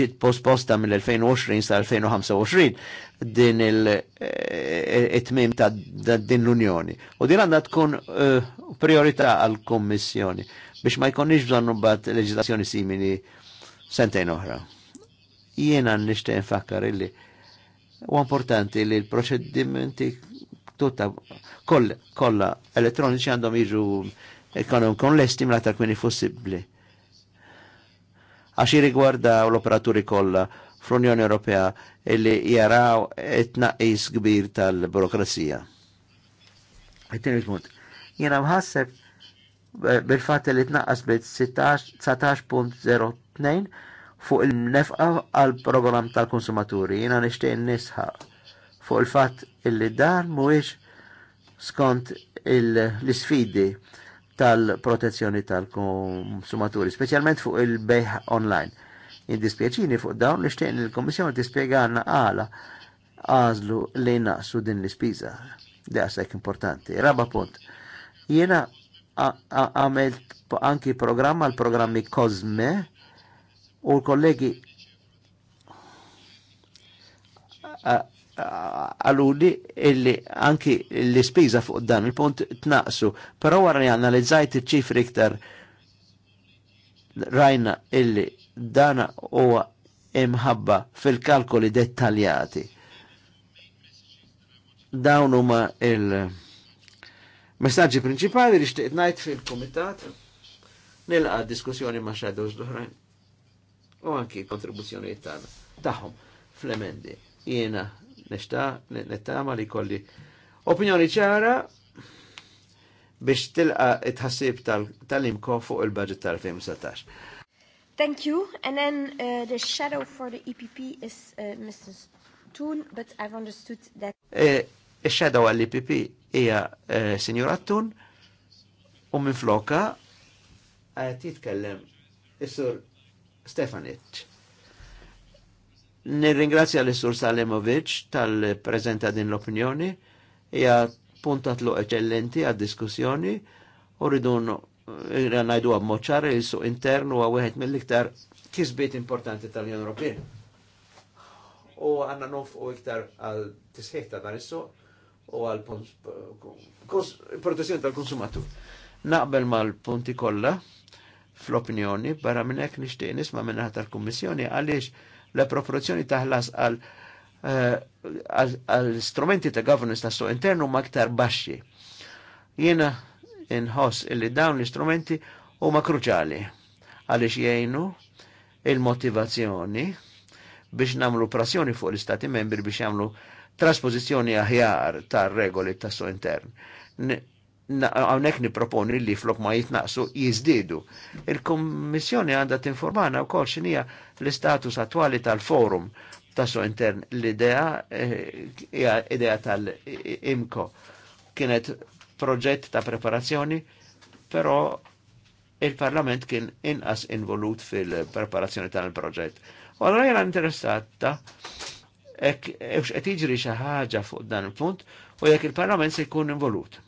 ġit posposta mill-2020 sa' 2025 din il-tmim eh, ta' din l-Unjoni. U din għandha tkun uh, priorità għal kommissjoni biex ma jkonniex bżonn bat leġislazzjoni simili sentejn oħra. Jiena nixtieq nfakkar illi U importanti li l-proċedimenti tutta koll, kolla elettroniċi għandhom jiġu ekonom kon lesti mla ta' kmini fossibli. Għaxi rigwarda l-operaturi kolla fl-Unjoni Ewropea illi jaraw etnaqis kbir tal-burokrasija. Għettini punt. Jena mħasseb eh, bil-fat li tnaqqas bil 16.02 fuq il-nefqa għal program tal-konsumaturi. Jina nishtiq nisħa fuq il-fat illi dan mhuwiex skont l-sfidi tal-protezzjoni tal-konsumaturi, specialment fuq il-bejħ online. Indispieċini fuq dawn li xtejn il-Komissjoni tispjegana għala għażlu li naqsu din l-ispiża. Da sekk importanti. Raba punt. Jiena għamilt anki programma l-programmi Cosme u l-kollegi għaludi illi anki l spiza fuq dan il-punt tnaqsu, però wara li analizzajt il ċifri iktar rajna illi dana huwa imħabba fil-kalkoli dettaljati. Dawn huma il-messaġġi principali li najt ngħid fil-kumitat nilqa' diskussjoni ma' shadows doħrajn u anki kontribuzzjoni tagħna tagħhom fl-emendi. Jiena nittama li kolli opinjoni ċara biex tilqa it-ħassib tal-imko fuq il-budget tal-2017. Thank you. And then uh, the shadow for the EPP is uh, Mr. Toon, but I've understood that... E, il-shadow għall-EPP hija e, Signora Toon u minn floka għet jitkellem Isur Stefanic. Nirringrazzja l-Sur Salimovic tal-prezenta din l-opinjoni, hija punta tlu eccellenti għad-diskussjoni u rridu ngħidu għab il su internu għu għed mill-iktar kisbiet importanti tal-Unjoni Ewropea. U għanna nofqu iktar għal tisħiħ dan is-suq u għal protezzjoni tal-konsumatur. Naqbel mal-punti kollha fl-opinjoni barra minn hekk nixtieq nisma' minn tal-Kummissjoni għaliex la proporzjoni taħlas eh, għal għal strumenti ta' governance ta' suq internu ma' ktar baxxi. Jiena inħoss illi dawn l-istrumenti huma kruċali għaliex jgħinu il-motivazzjoni biex namlu prassjoni fuq l-istati membri biex jamlu trasposizjoni aħjar tar regoli tas so intern għawnek niproponi li flok ma jitnaqsu jizdidu. Il-Kommissjoni għanda tinformana u kol xinija l-istatus attuali tal-forum tasso intern l-idea eh, hija idea tal imko Kienet proġett ta' preparazzjoni, però il-Parlament kien inqas involut fil-preparazzjoni tal-proġett. U għallora jena interessata ek, ek, ek, ek, ek, ek, ek, ek, ek, ek, ek, ek, ek, ek, ek,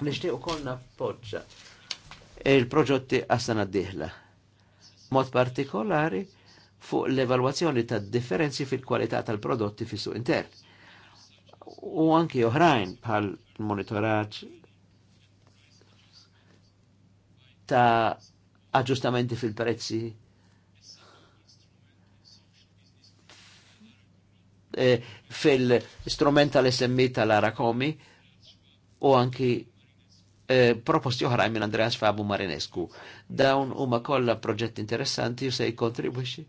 Nishtiq ukoll poġġa il proġotti għas-sena Mod partikolari fuq l-evalwazzjoni ta' differenzi fil-kwalità tal-prodotti fis suq intern. U anki oħrajn bħal monitoraġġ ta' aġġustamenti fil-prezzi eh, fil-strument l smi tal-Arakomi u anki Eh, proposti oħra minn Andreas Fabu Marinescu. Dawn huma kollha proġett interessanti u se jkontribwixxi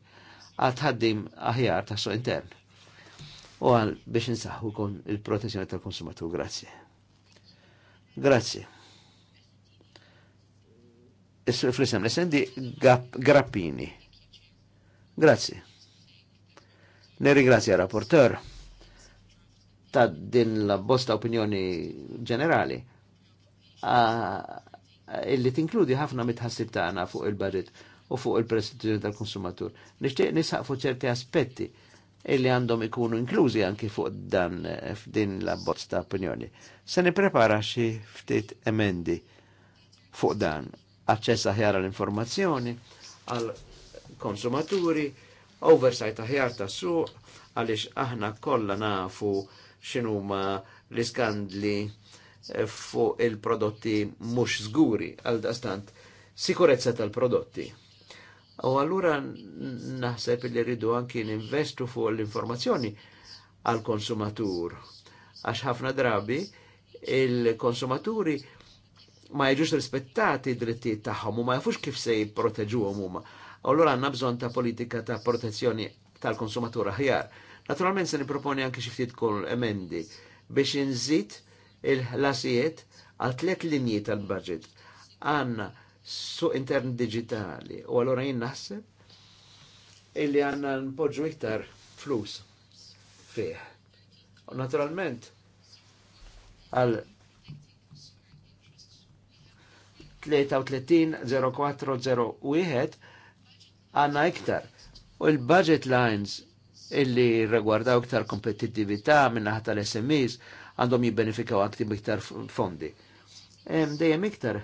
għal tħaddim aħjar tas so intern. U għal biex nsaħħu kon il-protezzjoni tal-konsumatur. Grazzi. Grazzi. Fl-isem l-essendi Grappini. Grazzi. Nirringrazzja rapporteur ta' din la bosta opinjoni ġenerali Ah, illi tinkludi ħafna mitħassib tagħna fuq il-barit u fuq il-prestazzjoni tal-konsumatur. Nixtieq nisaq fuq ċerti aspetti illi għandhom ikunu inklużi anki fuq dan f'din l-abbozz ta' opinjoni. Se nipprepara xi ftit emendi fuq dan aċċess aħjar l-informazzjoni għal konsumaturi, oversight aħjar ta' suq għaliex aħna kollha nafu x'inhuma l-iskandli fuq il-prodotti mux zguri għal dastant sikurezza tal-prodotti. U allura naħseb li rridu anki ninvestu fuq l-informazzjoni għal konsumatur. Għax ħafna drabi il-konsumaturi ma jiġux rispettati drittijiet tagħhom u ma jafux kif se jipproteġuhom huma. Allura għandna bżonn ta' politika ta' protezzjoni tal-konsumatur aħjar. Naturalment se niproponi anki xi ftit kol emendi biex inżid il-ħlasijiet għal tliet linji tal-budget. Għanna su intern digitali u għallura jinn naħseb illi għanna npoġġu iktar flus fih. U naturalment għal 33-04-01 għanna iktar. U il-budget lines illi regwardaw iktar kompetittività minna ħata l-SMEs għandhom jibbenefikaw aktim b'iktar fondi. Hemm dejjem iktar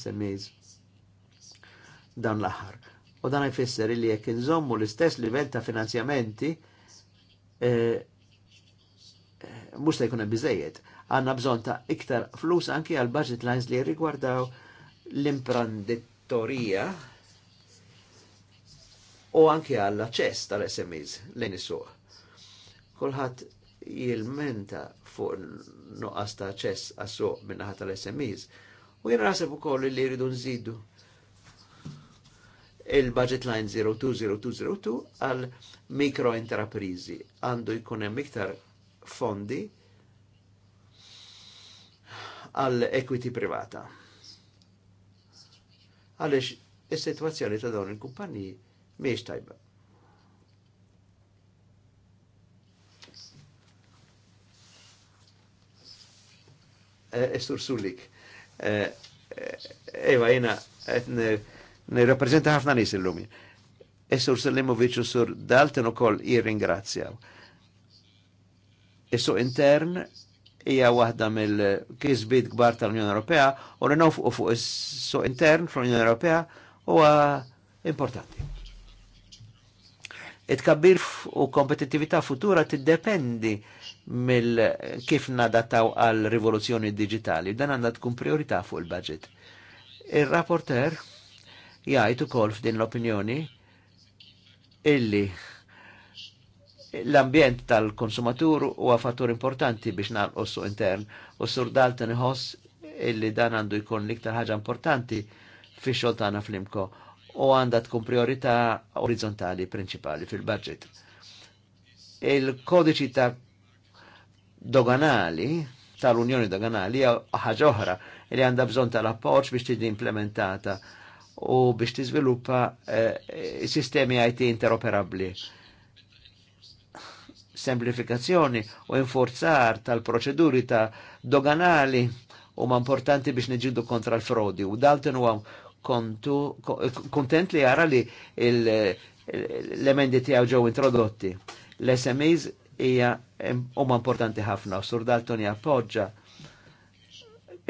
SMEs dan l-aħħar. U dan jfisser li jekk inżommu l-istess livell ta' finanzjamenti mux eh, eh, mhux se jkun hemm bżon bżonn ta' iktar flus anki għal budget lines li rigwardaw l-imprendittorija u anki għall aċċess tal-SMEs l is-suq. Kulħadd jilmenta fuq nuqqas ta' ċess għassu ħata l smes U jena u koll li jridu nżidu il-budget line 02002 għal mikro intraprizi għandu jkunem miktar fondi għal equity privata. Għalix, il-situazzjoni ta' dawn il kumpanji miex tajba. Eh, estursulik. Ewa, eh, eh, jena, nirrapprezenta ħafna nis il lumi Estur Sulimovic u sur Dalton u koll jirringrazzjaw. Issu intern ija wahda mill-kisbit gbar tal-Unjoni Ewropea u li fuq fuq is intern fl-Unjoni Ewropea u importanti. It-kabbir u kompetittività futura tiddependi dependi mill kif nadataw għal rivoluzzjoni digitali. Dan għandha tkun priorità fuq il-budget. Il-rapporter jgħid ukoll f'din l-opinjoni illi l-ambjent tal-konsumatur huwa fattur importanti biex nagħlqu intern u sur Dalton iħoss illi dan għandu jkun l-iktar ħaġa importanti fi xogħol tagħna flimko u għandha tkun priorità orizzontali prinċipali fil-budget. Il-kodiċi ta' doganali tal-Unjoni Doganali ħaġa oħra li għandha bżonn tal-appoġġ biex tiġi implementata u biex tiżviluppa eh, sistemi IT interoperabbli. Semplifikazzjoni u inforzar tal-proċeduri ta' doganali huma importanti biex neġidu kontra l-frodi u dalten huwa kontent li jara li l-emendi tijaw ġew introdotti. L-SMEs hija huma importanti ħafna. Sur Dalton jappoġġa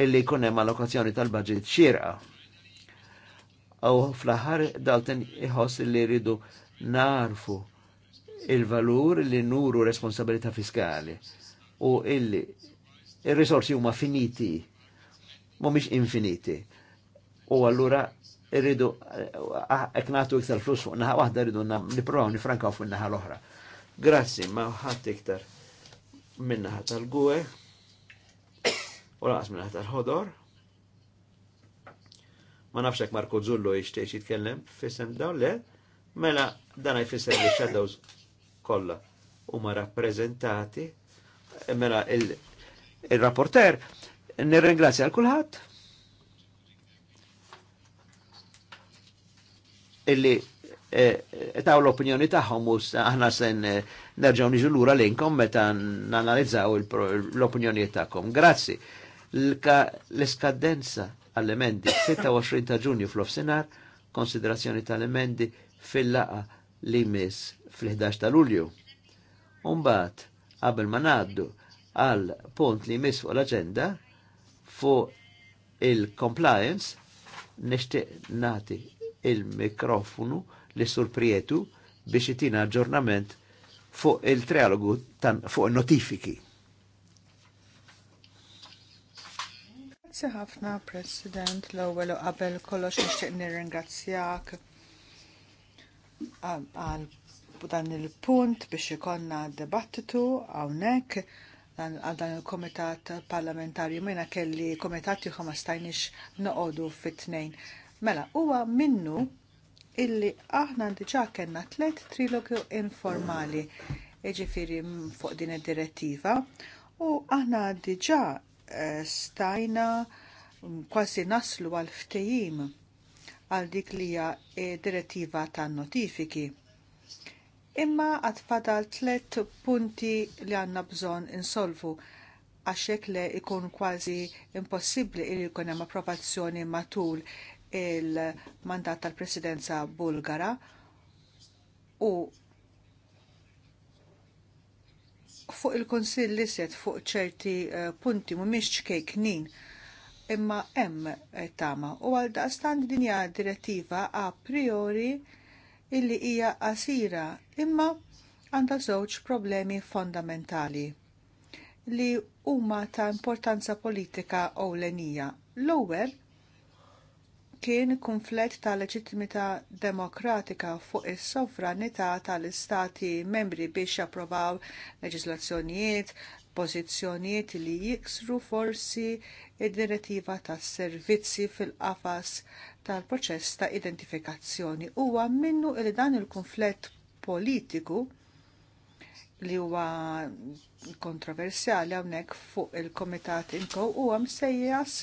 illi jkun hemm allokazzjoni tal baġit xierqa. U fl-aħħar Dalton iħoss li rridu narfu il-valur li nuru responsabilità fiskali u illi il-risorsi huma finiti, mhumiex infiniti. U allura irridu eknatu eh, iktar flus fuq naħa waħda rridu nipprovaw nifrankaw fuq naħa l-oħra. Grazzi, ma ħadd iktar minna ħadd tal-gwe u laqas minna ħadd tal-ħodor. Ma nafx hekk Marko Zullu jixtieq jitkellem fisem dawn le, mela dan jfisser li shadows kollha huma rappreżentati mela il-rapporter nirringrazzja għal kulħadd illi Eh, taw l-opinjoni tagħhom u aħna sen nerġaw niġu l-inkom meta nanalizzaw l-opinjoni tagħkom. Grazzi. L-iskadenza għall-emendi 26 [COUGHS] ta' ġunju fl-ofsinar, konsiderazzjoni tal-emendi fil-laqa li mis fl-11 ta' lulju. Umbat, qabel ma naddu għal punt li mis fuq l-agenda fuq il-compliance, nishtiq nati il-mikrofonu li surprietu biex itina aġġornament fuq il-trialogu fuq il-notifiki. Grazie ħafna, President, l-ewwel u qabel kollox nixtieq nirringrazzjak għal dan il-punt biex ikonna dibattitu hawnhekk għal dan il-komitat parlamentari minna kelli komitati ma stajniex noqogħdu fit-tnejn. Mela, huwa minnu illi aħna diġà kellna tliet trilogu informali ġifiri fuq din id-direttiva u aħna diġà eh, stajna kważi naslu għal ftehim għal dik li hija eh, direttiva tan notifiki. Imma għad fadal tlet punti li għanna bżon insolvu għaxek li ikun kważi impossibli li jkun hemm approvazzjoni matul il-mandat tal-presidenza bulgara u fuq il konsil li set fuq ċerti eh, punti mhumiex ċkejknin imma hemm eh, tama u għal daqstan dinja direttiva a priori illi hija qasira imma għandha żewġ problemi fondamentali li huma ta' importanza politika ewlenija. L-ewwel kien kunflett ta' leġittimità demokratika fuq is-sovranità tal-istati membri biex japprovaw leġislazzjonijiet, pożizzjonijiet li jiksru forsi id-direttiva tas servizzi fil-qafas tal-proċess ta' identifikazzjoni. Huwa minnu li dan il-kunflett politiku li huwa kontroversjali hawnhekk fuq il-Komitat Inko huwa msejjas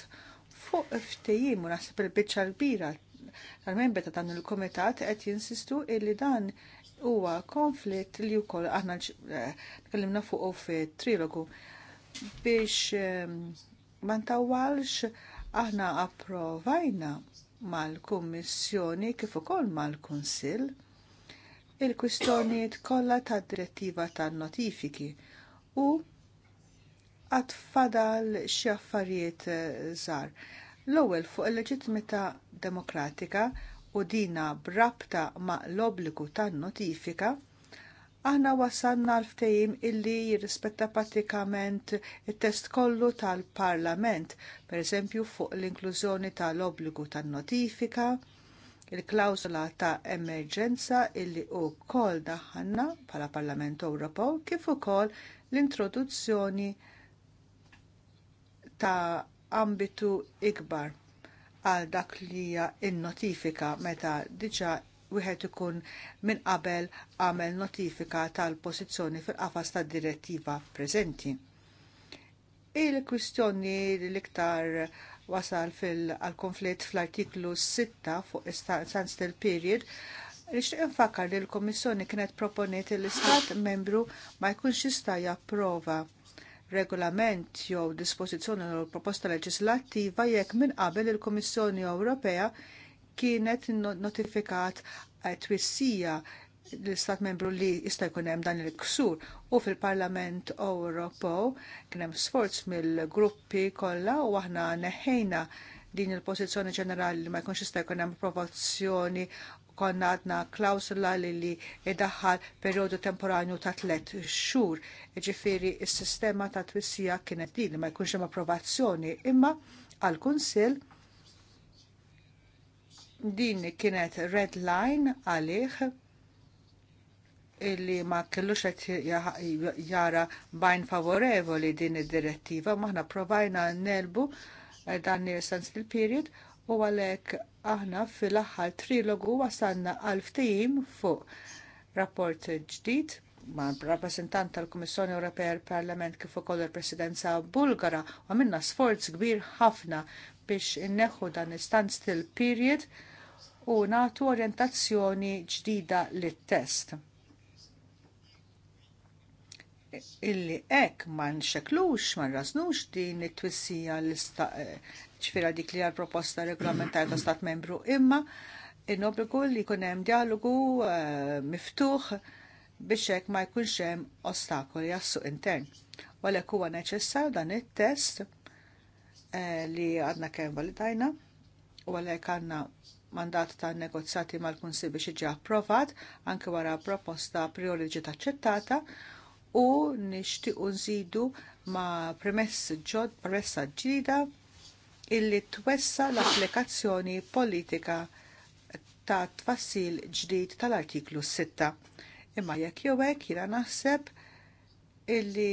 fuq ftejim u naħseb il-biċċa l-bira tal men ta' dan il-komitat qed jinsistu illi dan huwa konflitt li wkoll aħna eh, tkellimna fuq fit-trilogu biex ehm, ma ntawwalx aħna approvajna mal-Kummissjoni kif ukoll mal-Kunsill il-kwistjonijiet kollha tad-direttiva tan-notifiki u għat fadal xi affarijiet eh, żgħar. L-ewwel fuq il-leġittimità demokratika u dina brabta ma' l-obbligu tan-notifika aħna wasanna l-ftehim illi jirrispetta pratikament it-test kollu tal-Parlament, pereżempju fuq l-inklużjoni tal-obbligu tan-notifika, il-klawsola ta' emerġenza illi wkoll daħħalna bħala Parlament Ewropew kif ukoll l-introduzzjoni ta' ambitu ikbar għal dak li hija n notifika meta diġà wieħed ikun minn qabel għamel notifika tal-pożizzjoni fil-qafas tad-direttiva preżenti. Il-kwistjoni l-iktar wasal fil-konflitt fl-artiklu 6 fuq standstill period Nixtieq infakar li l kummissjoni kienet proponiet l-Istat membru ma jkunx jista' japprova regolament jew dispożizzjoni jew proposta leġislattiva jekk minn qabel il-Kummissjoni Ewropea kienet notifikat eh, twissija l-Istat membru li jista' jkun hemm dan il-ksur u fil-Parlament Ewropew kien hemm sforz mill-gruppi kollha u aħna neħħejna din il-pożizzjoni ġenerali li ma jkunx jista' jkun hemm approvazzjoni Konna għadna klawsula li li idaħħal perjodu temporanju ta' tlet xhur. Ġifiri, s-sistema ta' twissija kienet din li ma jkunx hemm approvazzjoni imma għal kunsill din kienet red line għalih illi ma kellux qed jara bajn favorevoli din id-direttiva maħna provajna nelbu eh, dan il-sensitive period u għalhekk aħna fil-aħħar trilogu wasalna għal ftehim fuq rapport ġdid ma' rappresentant tal-Kummissjoni Ewropea parlament kif ukoll il-Presidenza Bulgara u għamilna sforz kbir ħafna biex inneħħu dan il-standstill period u nagħtu orjentazzjoni ġdida lit-test. Illi hekk ma nxekklux, ma nrażnux din it-twissija ċfira dik li għal proposta regolamentar ta' stat membru, imma in-obbligu li jkun hemm dialogu eh, miftuħ biex hekk ma jkunx hemm ostakoli għas-suq intern. Walek huwa neċessar dan it-test eh, li għadna kemm validajna u għalhekk għandna mandat ta' negozjati mal-Kunsil biex iġi approvat anke wara proposta priori ġiet aċċettata u nixtiequ nżidu ma' premess ġod premessa ġdida illi twessa l-applikazzjoni politika ta' tfassil ġdid tal-artiklu 6. Imma jekk jew hekk jiena naħseb illi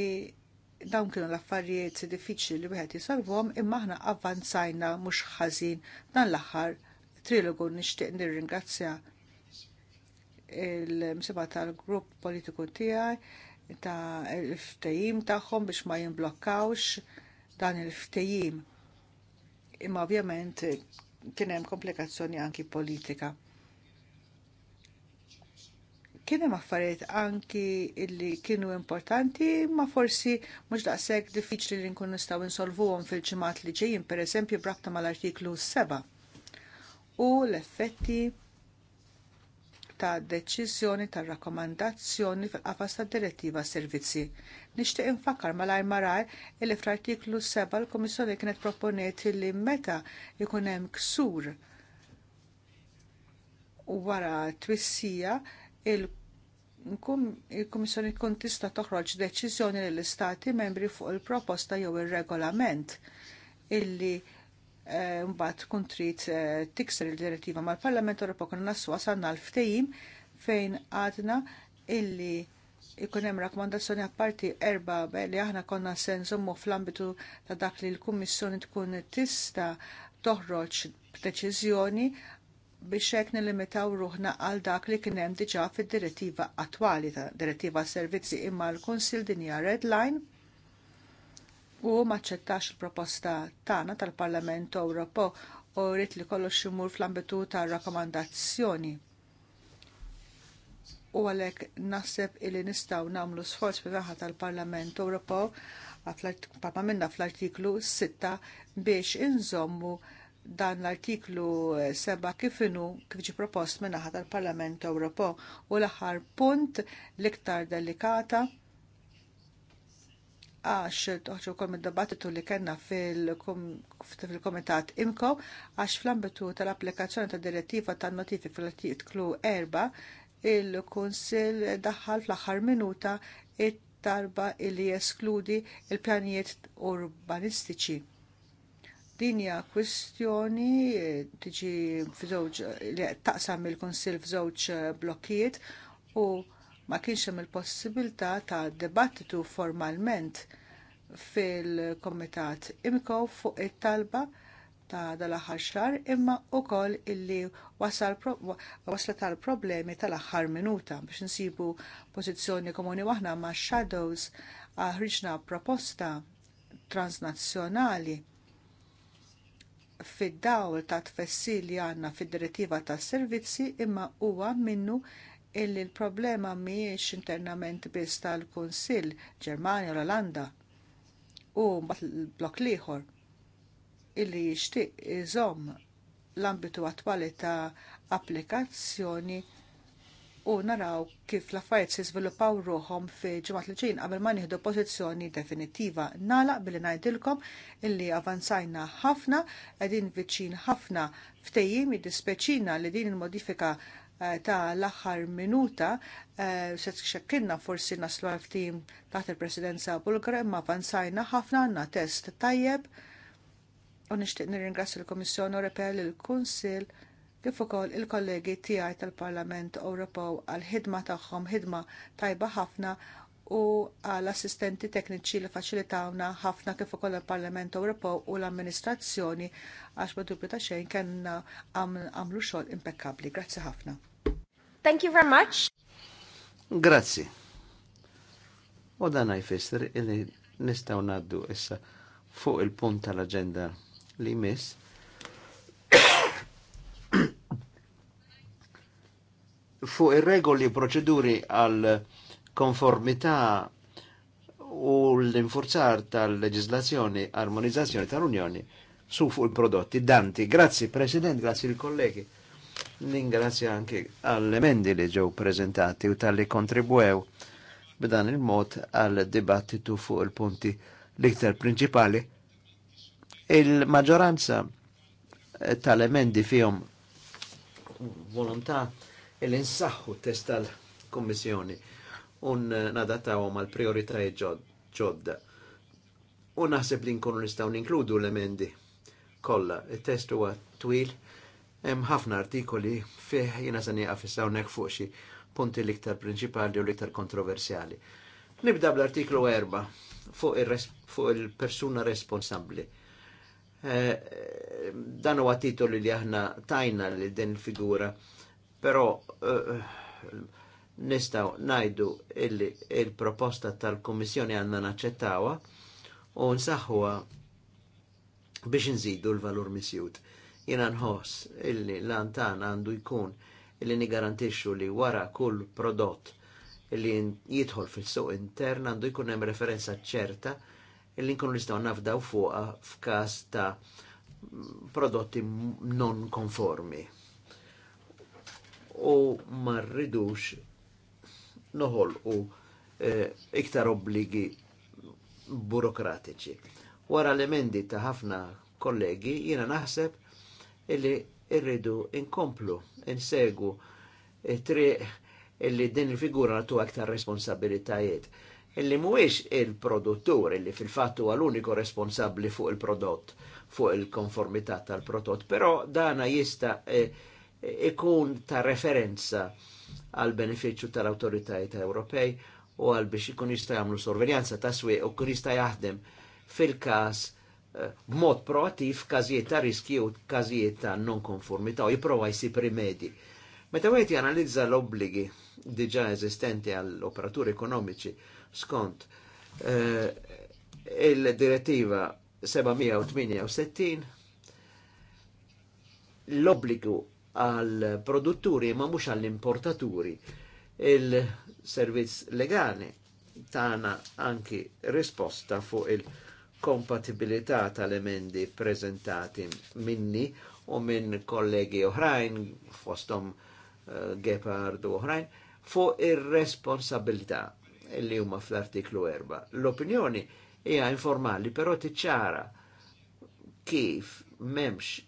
dawn kienu l-affarijiet diffiċli li wieħed jisolvhom imma aħna avvanzajna mhux ħażin dan l-aħħar trilogu nixtieq nirringrazzja il-msiba tal-grupp politiku tiegħi ta' il-ftehim tagħhom biex ma jimblokkawx dan il-ftehim imma ovvjament eh, kien hemm komplikazzjoni anki politika. Kien hemm affarijiet anki illi kienu importanti ma forsi mhux daqshekk diffiċli li nkun nistgħu insolvuhom fil-ġimgħat li ġejjin pereżempju brabta mal-artiklu 7 u l-effetti ta' deċiżjoni tar rakkomandazzjoni fil-qafas tad direttiva servizzi. Nixtieq infakkar malajr marar illi fl-artiklu 7 l-Komissjoni kienet proponeti li meta jkun hemm ksur wara twissija il il-Kummissjoni tkun tista' toħroġ deċiżjoni lill istati membri fuq il-proposta jew ir-regolament illi Eh, mbagħad tkun trid eh, tikser il-direttiva mal-Parlament Ewropa kun nassu wasalna l-ftehim fejn għadna illi ikun hemm rakkomandazzjoni apparti erba li aħna konna se nżommu fl-ambitu ta' dak li l-Kummissjoni tkun tista toħroġ b'deċiżjoni biex hekk nilimitaw ruħna għal dak li kien hemm diġà fid-direttiva attwali ta' direttiva servizzi imma l-Kunsil din hija red line u ma ċettax il-proposta tagħna tal-Parlament Ewropo u rrit li kollox imur fl-ambitu tar rakkomandazzjoni. U għalhekk naħseb illi nistgħu nagħmlu sforz fil-raħa tal-Parlament Ewropo għatma minna fl-artiklu 6 biex inżommu dan l-artiklu 7 kif inhu kif ġi propost min-naħa tal-Parlament Ewropo u l-aħħar punt l-iktar delikata għax toħġu kol mid-dibattitu li kena fil-komitat IMCO għax fl-ambitu tal-applikazzjoni ta' direttiva ta' notifi fil-artiklu 4 il kunsill daħħal fl-aħħar minuta it-tarba li jeskludi il-pjanijiet urbanistiċi. Dinja kwestjoni eh, tiġi f'żewġ li taqsam il kunsill f'żewġ eh, blokkijiet u ma kienx hemm il-possibilità ta' dibattitu formalment fil-Komitat Imko fuq it-talba ta' dal-aħħar xahar imma wkoll illi waslet għal problemi tal-aħħar minuta biex insibu pożizzjoni komuni waħna ma' Shadows ħriġna proposta transnazzjonali fid-dawl ta' tfessil li għandna fid-direttiva tas servizzi imma huwa minnu illi l-problema mhijiex internament biss tal-Kunsill Ġermanja u l-Olanda u mbagħad l-blok liħor illi jixtieq iżomm l-ambitu attwali ta' applikazzjoni u naraw kif l-affarijiet se jiżviluppaw ruhom fi ġimgħat li ġejjin qabel ma nieħdu pożizzjoni definittiva. nalaq billi ngħidilkom illi avanzajna ħafna, qegħdin viċin ħafna ftejjim id-dispeċina li din il-modifika Eh, ta' l-aħħar minuta eh, se xekkilna forsi naslu għal-ftim taħt il-presidenza bulgara imma avanzajna ħafna għandna test tajjeb u nixtieq nirringrazzja l-Komissjoni Ewropea l kunsill kif ukoll il-kollegi tiegħi tal-Parlament Ewropew għall ħidma tagħhom ħidma tajba ħafna u għal assistenti tekniċi li faċilitawna ħafna kif ukoll il-Parlament Ewropew u l-amministrazzjoni għax ma dubju ta' xejn kellna għamlu xogħol impeccabbli. Grazzi ħafna. Thank you very much. Grazzi. U dan jfisser li nistaw naddu issa fuq il-punt tal agenda li miss [COUGHS] fuq ir-regoli proċeduri għal konformità u l-infurzar tal-leġislazzjoni, armonizzazzjoni tal-Unjoni su fuq il-prodotti danti. Grazzi President, grazzi il-kollegi. Ningrazzja anche għall-emendi li ġew prezentati u tal-li kontribuew b'dan il-mod għal dibattitu fuq il-punti l-iktar principali. il maġoranza eh, tal-emendi fihom volontà il-insaħħu test tal-Kommissjoni un eh, nadattawhom mal prioritajiet ġodda. U naħseb li nkunu nistgħu ninkludu l-emendi kollha. Il-test huwa twil, hemm ħafna artikoli fih jiena se għafissaw hawnhekk fuq xi punti l-iktar prinċipali u l-iktar kontroversjali. Nibda bl-artiklu 4 fuq il-persuna responsabli. responsabbli. Eh, dan huwa titoli li aħna tajna li din il-figura, però eh, nistaw najdu il-proposta il proposta tal komissjoni għanna naċċettawa u nsaħħuha biex nżidu l-valur misjut. Jena nħoss illi l-antan għandu jkun illi nigarantixxu li wara kull prodott illi jidħol fil-suq intern għandu jkun hemm referenza ċerta illi nkunu nistgħu nafdaw fuqha f'każ ta' prodotti non konformi. U ma rridux noħol u eh, iktar obbligi burokratiċi. Wara l-emendi ta' ħafna kollegi jiena naħseb illi irridu inkomplu, insegu eh, triq illi din il-figura tu aktar responsabilitajiet. Illi mhuwiex il-produttur illi fil fattu huwa l-uniku responsabbli fuq il-prodott, fuq il-konformità tal-prodott, però dana jista' eh, ikun ta' referenza għal beneficju tal-autoritajiet Ewropej u għal biex ikun jista' jagħmlu sorveljanza ta' swieq u kun jista' jaħdem fil-każ eh, b'mod proattiv każijiet ta' riski u każijiet ta' non-konformità u jipprova jsib rimedji. Meta wieħed janalizza l-obbligi diġà eżistenti għall operaturi ekonomiċi skont eh, il-direttiva 768 l-obbligu għal produtturi ma mhux għall importaturi il-servizz legali tana anki risposta fuq il-kompatibilità tal-emendi prezentati minni u minn kollegi oħrajn, fostom uh, eh, Gepard u oħrajn, fuq ir-responsabilità li huma fl-artiklu 4. L-opinjoni hija informali, però tiċċara kif memx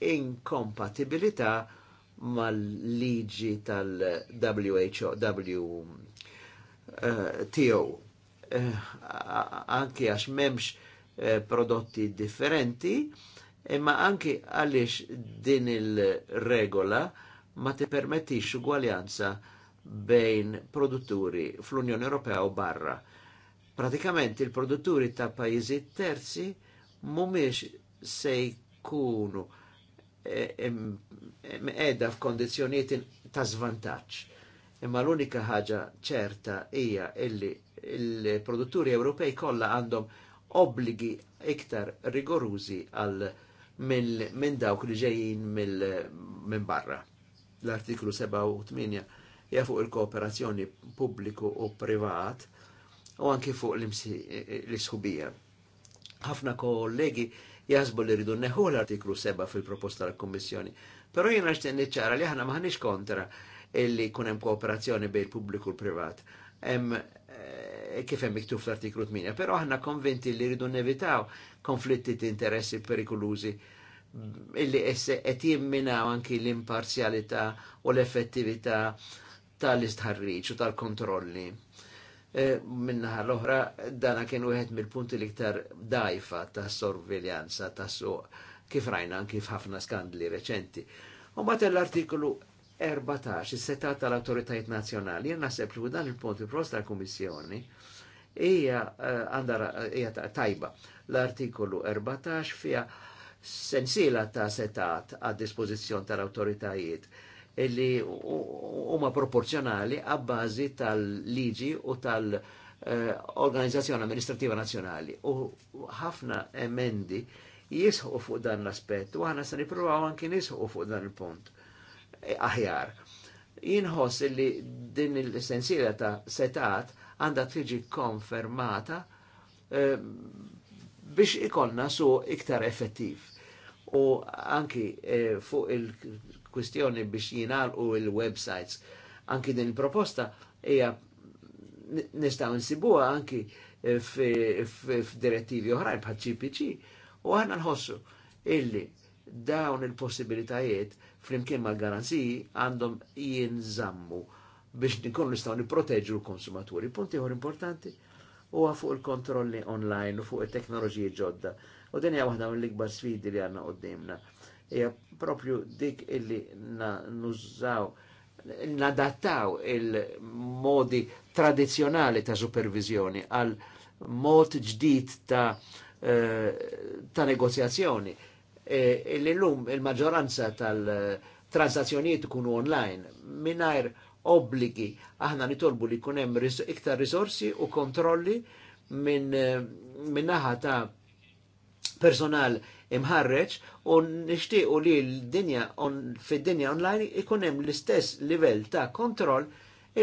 inkompatibilità mal-liġi tal-WHO, WTO. Eh, eh, anki għax memx eh, prodotti differenti, imma anki għalix din il-regola ma ti permettix ugwaljanza bejn produtturi fl-Unjoni Ewropea u barra. Pratikament il-produtturi ta' pajizi terzi mumiex se jkunu mqedha f'kondizzjonijiet ta' zvantaċ. Imma l-unika ħaġa ċerta hija illi il-produtturi Ewropej kollha għandhom obbligi iktar rigorużi għal minn dawk li ġejjin minn barra. L-artiklu 78 8 hija fuq il-kooperazzjoni pubbliku u privat u anki fuq l-isħubija. Ħafna kollegi jasbu li rridu neħu l-artiklu 7 fil-proposta tal-Kommissjoni. Però jena xten ċara li aħna maħniex kontra illi kun hemm kooperazzjoni bejn pubbliku u privat. Eh, kif hemm miktub fl-artiklu 8, però aħna konvinti li rridu nevitaw konflitti ta' interessi perikolużi illi qed jimminaw anki l-imparzjalità u l-effettività tal-istħarriġ u tal-kontrolli. tal kontrolli E, minnaħa l-oħra dana kien wieħed mill-punti l-iktar dajfa ta' sorveljanza ta' suq kif rajna kif ħafna skandli reċenti. U bat l artiklu 14, is-setat tal autoritajt nazzjonali, jenna naħseb li dan il-punt il-prost tal-Kummissjoni hija e, għandha hija tajba. l artiklu 14 fija sensiela ta' setat għad dispożizzjon tal-autoritajiet illi huma proporzjonali għabbażi tal-liġi u tal-Organizzazzjoni Amministrativa Nazzjonali. U ħafna emendi jisħu fuq dan l-aspett u għana se nipruvaw anki nisħu fuq dan il-punt. E, aħjar. Jinħoss li din il-sensiela ta' setat għanda tiġi konfermata e, biex ikonna su iktar effettiv. U anki e, fuq il kwistjoni biex jinalqu il-websites. Anki din il-proposta hija nistaw nsibuha anki eh, f'direttivi oħrajn bħal CPC u għanna nħossu illi dawn il-possibilitajiet flimkien mal-garanziji għandhom jinżammu biex nikonu nistaw niproteġu l-konsumaturi. Punti ħor importanti u fuq il-kontrolli online u fuq il-teknoloġiji ġodda. U din hija waħda mill-ikbar sfidi li għandna qudiemna hija propju dik illi nużaw nadattaw il-modi tradizjonali ta' supervizjoni għal mod ġdid ta', eh, ta negozjazzjoni. Illum e, il-maġġoranza tal-transazzjonijiet ikunu online minnajr obbligi aħna nitolbu li kunem ris iktar risorsi u kontrolli minn eh, min ta' personal imħarreċ u nixtiequ li l-dinja fid-dinja online ikun hemm l-istess livell ta' kontroll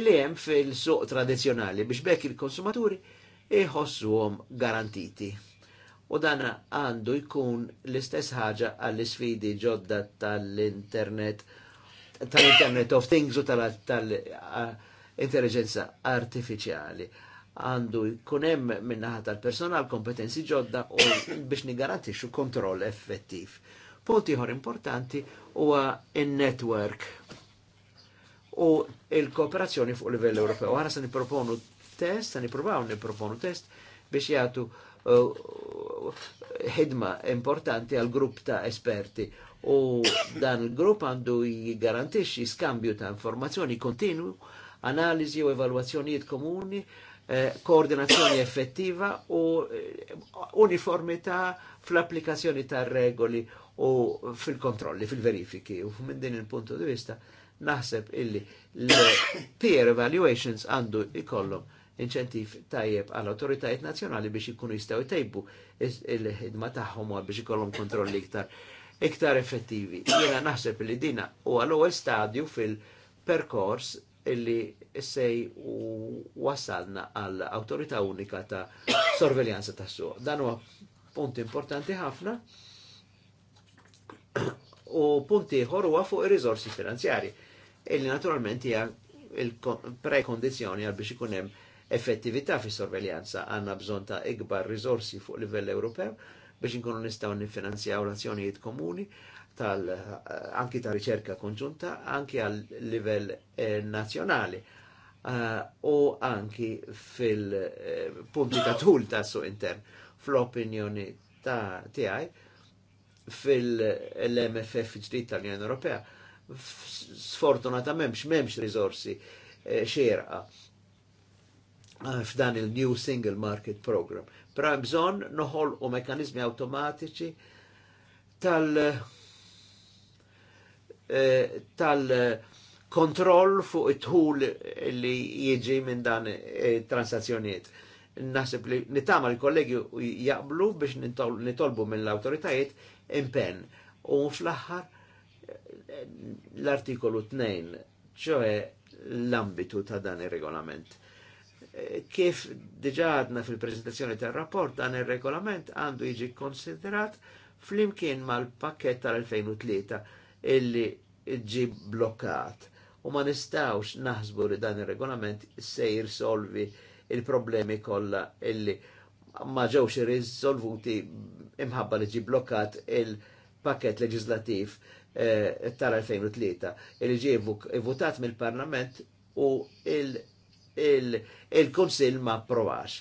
li hemm fil-suq tradizjonali biex bekk il-konsumaturi iħossuhom garantiti. U dan għandu jkun l-istess ħaġa għall-sfidi ġodda tal-internet tal-internet of things u tal-intelligenza artificiali għandu jkunem minnaħa tal-personal kompetenzi ġodda u biex nigarantixu kontroll effettiv. Punti ieħor importanti huwa in-network u il-kooperazzjoni fuq livell Ewropew. Għana se niproponu test, se nipprovaw niproponu test biex jagħtu uh, ħidma uh, importanti għal grupp ta' esperti u dan il-grupp għandu jgarantixxi skambju ta' informazzjoni kontinu, analiżi u evalwazzjonijiet komuni Eh, koordinazzjoni effettiva u eh, uniformità fl-applikazzjoni tar regoli u fil-kontrolli, fil-verifiki. U minn din il punto di vista naħseb illi l-peer evaluations għandu ikollhom inċentiv tajjeb għall autoritajiet nazzjonali biex ikunu jistaw jtejbu il-ħidma taħħom biex ikollhom kontrolli iktar iktar effettivi. Jena naħseb li dina u għal ewwel stadju fil-perkors illi sej u wasalna għall autorità unika ta' sorveljanza ta' suq. Dan huwa punt importanti ħafna u punt ieħor huwa fuq ir-riżorsi finanzjari illi naturalment hija il-prekondizjoni għal biex ikun hemm effettività fi sorveljanza għandna bżonn ta' ikbar riżorsi fuq livell Ewropew biex inkunu nistgħu nifinanzjaw l-azzjonijiet komuni tal eh, anki ta' riċerka konġunta, anki għal livell eh, nazjonali eh, u uh, anki fil-punti eh, ta' tħul ta' su intern fl-opinjoni ta' tiegħi fil-MFF ġdid tal-Unjoni Ewropea. Sfortunata memx, memx rizorsi eh, f'dan il-New Single Market Program. Pra bżon noħol u mekanizmi automatiċi tal- uh, tal-kontroll fuq it-tul li jiġi minn dan eh, transazzjonijiet. Nasib li nittama l-kollegi jaqblu biex nitolbu minn l-autoritajiet impen. U fl-aħħar eh, l-artikolu 2, ċoħe l-ambitu ta' dan il-regolament. Eh, kif diġadna għadna fil-prezentazzjoni tal rapport dan il-regolament għandu jiġi konsiderat fl-imkien mal-pakket tal-2003 illi ġi blokkat. U ma nistawx naħsbu li dan il-regolament se jirsolvi il-problemi kollha illi ma ġewx irrisolvuti imħabba li ġi blokkat il-pakket leġislativ eh, tal-2003 illi ġi votat mill-Parlament u il-Konsil ma provax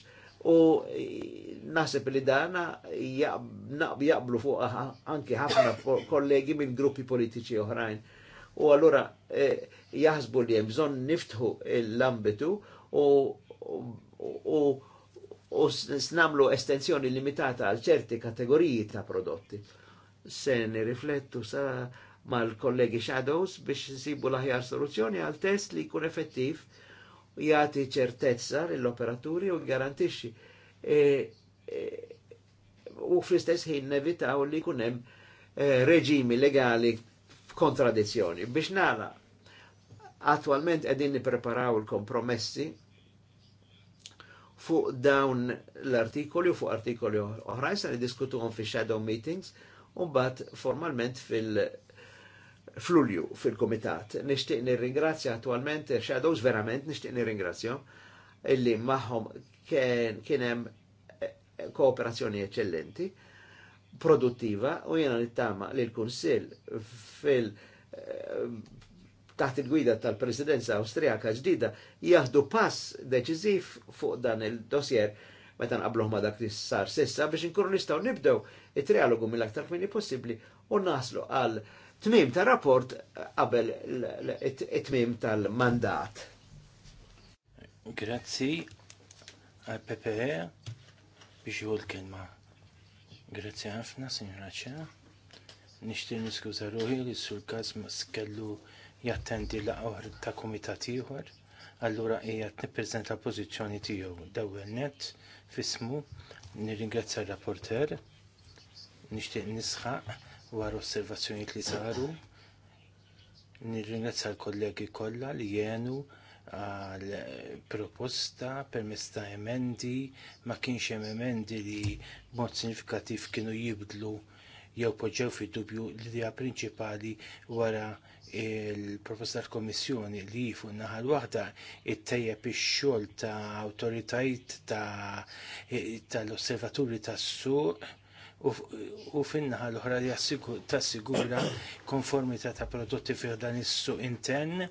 u eh, naħseb li dana jaqblu fuq anki ħafna kollegi minn gruppi politiċi oħrajn. U allura eh, jaħsbu li hemm bżonn niftħu l-ambitu u u snamlu estensjoni limitata għal ċerti kategoriji ta' prodotti. Se riflettu sa mal-kollegi Shadows biex nsibu l-aħjar soluzzjoni għal test li jkun effettiv jagħti ċertezza lill-operaturi u garantixxi. E, e, u fl-istess ħin nevitaw li jkun hemm e, reġimi legali kontradizzjoni. Biex nara, attualment qegħdin nipreparaw il-kompromessi fuq dawn l-artikoli u fuq artikoli oħrajn se niddiskutuhom fi shadow meetings u bat formalment fil- flulju fil-komitat. Nishtiq nir-ringrazzja attualment, shadows verament nishtiq nir ringrazzja illi maħom kienem eh, kooperazzjoni eccellenti, produttiva u jena nittama li l-Kunsil fil- eh, taħt il-gwida tal-presidenza Austriaka ġdida jaħdu pass deċiżiv fuq dan il-dossier meta nqabluh ma dak li sar sissa biex inkunu nistgħu nibdew it-trialogu mill-aktar kmini possibbli u naslu għal tmim ta' rapport qabel it-tmim tal-mandat. Grazzi għal PPE biex jgħu l-kelma. Grazzi ħafna, signora ċena. Nishtin niskuza ruħi li sul każ ma skellu jattendi la oħra ta' kumitat ieħor. Allura jgħat nippreżenta l-pożizzjoni tiegħu dawel net fismu nirringrazzja l rapporter nixtieq nisħaq wara osservazzjonijiet li saru. Nirringrazzja l-kollegi kollha li jenu għal proposta permezz ta' emendi, ma kienx hemm emendi li b'mod sinifikattiv kienu jibdlu jew poġġew fi dubju l-idea prinċipali wara il-proposta tal-Komissjoni li jifu naħal waħda it-tejjeb ix-xogħol ta' awtoritajiet e-, tal-osservaturi ta tas-suq u fin-naħa l-oħra jassiku ta' sigura konformità ta' prodotti fi dan is-suq intern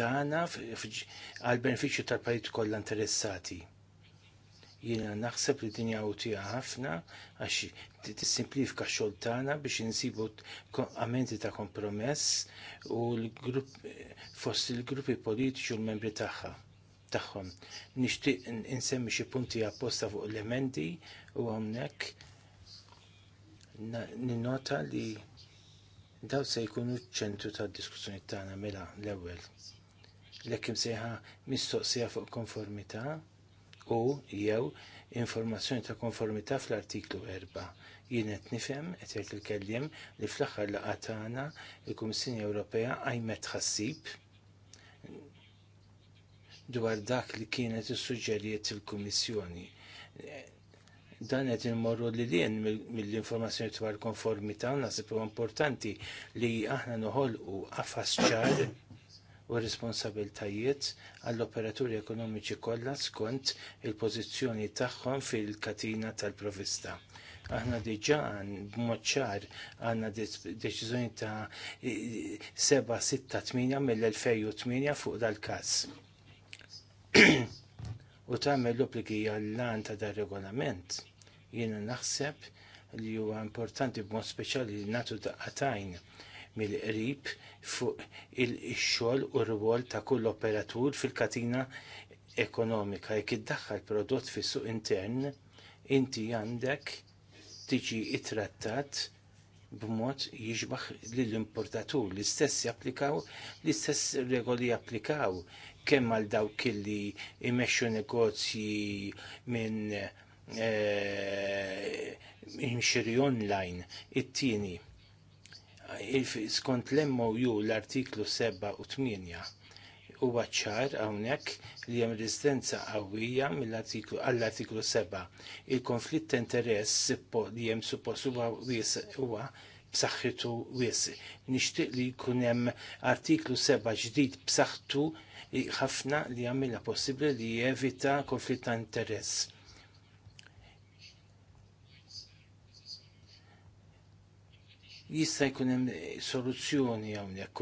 tagħna għal benefiċċju tal-pajjiż kollha interessati. Jiena naħseb li dinja tija ħafna għax tissimplifika x-xogħol tagħna biex insibu amendi ta' kompromess u l-grupp fost il-gruppi politiċi u l-membri tagħha tagħhom. Nixtieq insemmi xi punti apposta fuq l-emendi u hawnhekk ninnota li daw se jkunu ċentru tad diskussjoni tagħna mela l-ewwel. Lekkim sejħa mistoqsija fuq konformità u jew informazzjoni ta' konformità fl-artiklu 4. Jien qed nifhem qed jgħid il-kelliem li fl-aħħar laqgħa tagħna il-Kummissjoni Ewropea għajmet ħassib dwar dak li kienet issuġġeriet il-Kummissjoni dan qed immorru li lien mill-informazzjoni dwar konformità naħseb huwa importanti li aħna noħolqu qafas ċar u responsabiltajiet għall-operaturi ekonomiċi kollha skont il-pożizzjoni tagħhom fil-katina tal-provista. Aħna diġà b'mod ċar għandna deċiżjoni ta' 7-6-8 mill-2008 fuq dal-każ. [CLEARS THROAT] u tagħmel l-obbligi għall-lan ta' dar regolament Jiena naħseb li huwa importanti b'mod speċjali li nagħtu daqatajn mill-qrib fuq il-xogħol u r-rwol ta' kull operatur fil-katina ekonomika. Jekk iddaħħal prodott fis-suq intern, inti għandek tiġi ittrattat b'mod jiġbaħ lill-importatur. L-istess japplikaw, l-istess regoli japplikaw kemm għal dawk li imexxu negozji minn Eh, imxiri online. It-tieni, skont l-MOU l-artiklu 7 u 8 u għacċar għawnek li jem resistenza għawija għall-artiklu 7. Il-konflitt interess interess li jem suppost huwa huwa b'saħħitu wies. Nixtieq li jkun hemm artiklu 7 ġdid b'saħħtu ħafna li għamilha possibbli li jevita konflitt ta' interess jista' jkun hemm soluzzjoni hawnhekk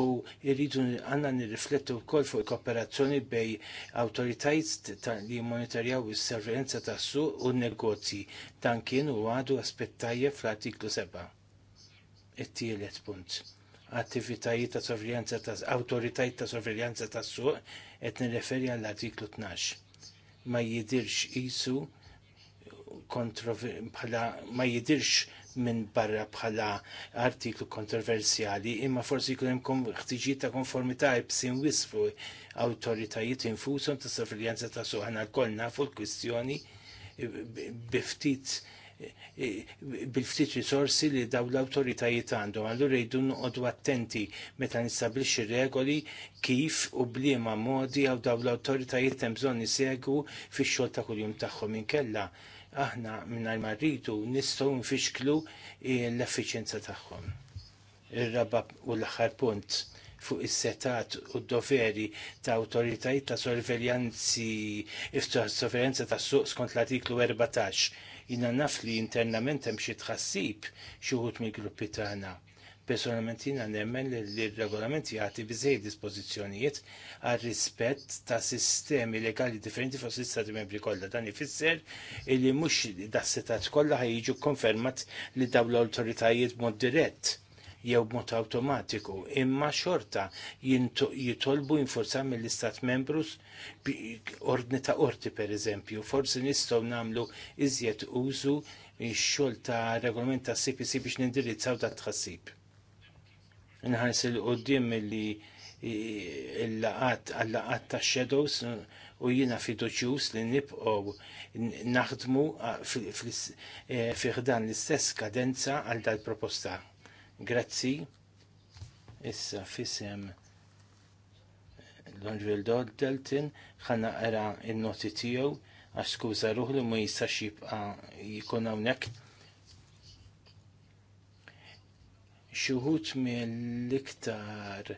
u rridu għanna nirriflettu wkoll fuq kooperazzjoni bej awtoritajiet li monitorjaw is-servenza tas-suq u n-negozji dan kien u għadu aspettajja fl-artiklu 7. tielet punt. Attivitajiet ta' sorveljanza ta' awtoritajiet ta' sorveljanza tas-suq qed nirreferi għall-artiklu 12. Ma jidirx isu bħala ma jidirx minn barra bħala artiklu kontroversjali, imma forsi jkun hemm ħtiġijiet ta' konformità bsin wisfu awtoritajiet infushom ta' sorveljanza ta' suħana lkoll nafu l-kwistjoni eh, biftit eh, bil-ftit risorsi li daw l-autoritajiet għandhom. Allura jridu noqogħdu attenti meta nistablixxi regoli kif u bliema modi għaw daw l-autoritajiet hemm bżonn isegwu fix-xogħol ta' kuljum tagħhom inkella aħna mingħajr ma rridu nistgħu nfixklu l-effiċjenza tagħhom. Ir-raba u l-aħħar punt fuq is-setat u d-doveri ta' awtoritajiet ta' sorveljanzi sorveljanza ta' suq skont l-artiklu 14. Jina naf li internament hemm xi tħassib xi wħud mill-gruppi tagħna Personalment jina nemmen li l regolamenti jagħti biżżejjed dispożizzjonijiet għal rispett ta' sistemi legali differenti fost l-istati membri kollha. Dan ifisser li mhux das-setat kollha ħajġu konfermat li dawn l-awtoritajiet mod dirett jew b'mod awtomatiku, imma xorta jitolbu jinforza mill-istat membrus ordni ta' orti per eżempju. Forsi nistgħu nagħmlu iżjed użu x-xogħol ta' regolament ta' CPC biex nindirizzaw dat tħassib nħares il-qoddim li il-laqat għal-laqat ta' shadows u jina fiduċjus li nibqgħu naħdmu fiħdan eh, l-istess kadenza għal dal proposta. Grazzi. Issa fisem l-Onġvil Deltin ħana era il-noti tiegħu għax skuża ruħlu ma jistax jibqa' jkun hawnhekk xuħut mill-iktar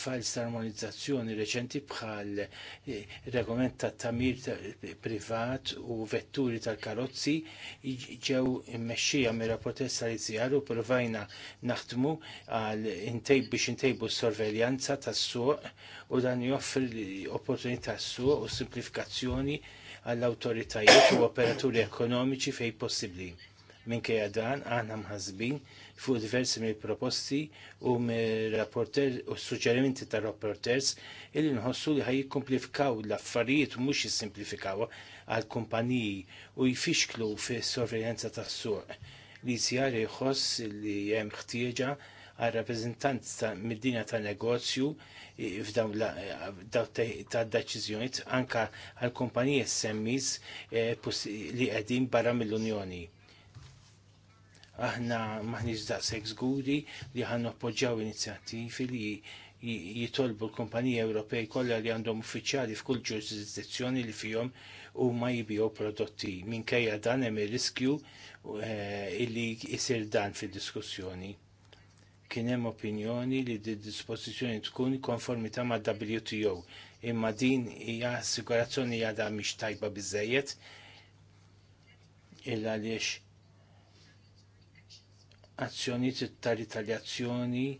files ta' armonizzazzjoni reċenti bħal eh, regolament ta' tamir privat u vetturi tal-karozzi ġew immexxija mir rapportessa li zjaru provajna naħdmu għal intejb biex intejbu s-sorveljanza tas-suq u dan joffri opportunità tas-suq u simplifikazzjoni għall awtoritajiet u operaturi ekonomiċi fejn possibbli Minkejja dan għanna mħazbin fuq diversi mill proposti u rapporter u suġġerimenti ta' rapporters illi nħossu li ħajjikkomplifikaw l-affarijiet mhux jissimplifikaw għal kumpaniji u jfixklu fis sorveljanza tas-suq li sjar jħoss li hemm ħtieġa għal rappreżentant ta' mid-dinja ta' negozju f'dawn ta' deċiżjonijiet anka għal kumpaniji SMEs eh, li qegħdin barra mill-Unjoni Aħna maħniġ daqseg zguri li ħan appoġġaw inizjattivi li jitolbu l-kumpaniji Ewropej kollha li għandhom uffiċjali f'kull ġurisdizzjoni li fihom u ma jibiju prodotti. Minkejja dan hemm ir-riskju eh, illi jisir dan fid-diskussjoni. Kien hemm opinjoni li d dispożizzjoni tkun konformità ma' WTO imma din hija assigurazzjoni għadha mhix tajba biżejjed illa għaliex azzjoni ta' ritaljazzjoni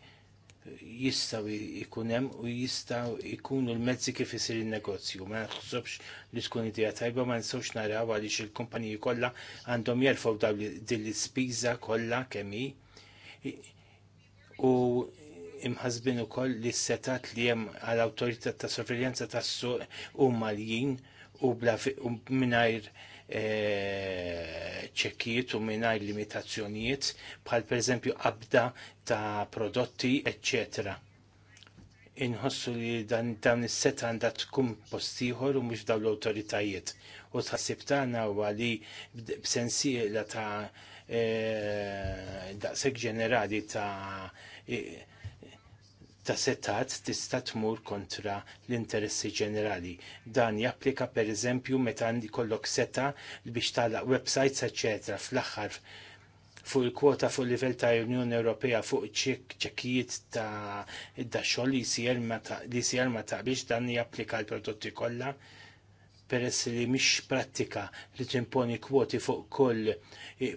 jistaw ikunem u jistaw ikunu l-mezzi kif isir il-negozju. Ma naħsobx li tkun idea tajba ma nistawx naraw għaliex il-kumpaniji kollha għandhom jerfgħu daw din l-ispiża kollha kemmi. U imħasbin ukoll li s-setat li hemm għall awtorità ta' sorveljanza tas-suq huma maljin u bla mingħajr Eh, ċekkijiet u mingħajr limitazzjonijiet bħal pereżempju qabda ta' prodotti, eccetera. Inħossu li dan, dan is-set għandha tkun postiħor u mhux dawn l-awtoritajiet. U tħassib tagħna huwa li b'sensiela ta' eh, daqshekk ġenerali ta' eh, ta' setat tista' tmur kontra l-interessi ġenerali. Dan japplika pereżempju meta jkollok seta biex tagħlaq websites eċetera fl-aħħar fuq il-kwota fuq livell ta' Unjoni Ewropea fuq ċekkijiet ta' id-daxxol li jsir ma biex dan japplika l-prodotti kollha peress li mhix prattika li timponi kwoti fuq kull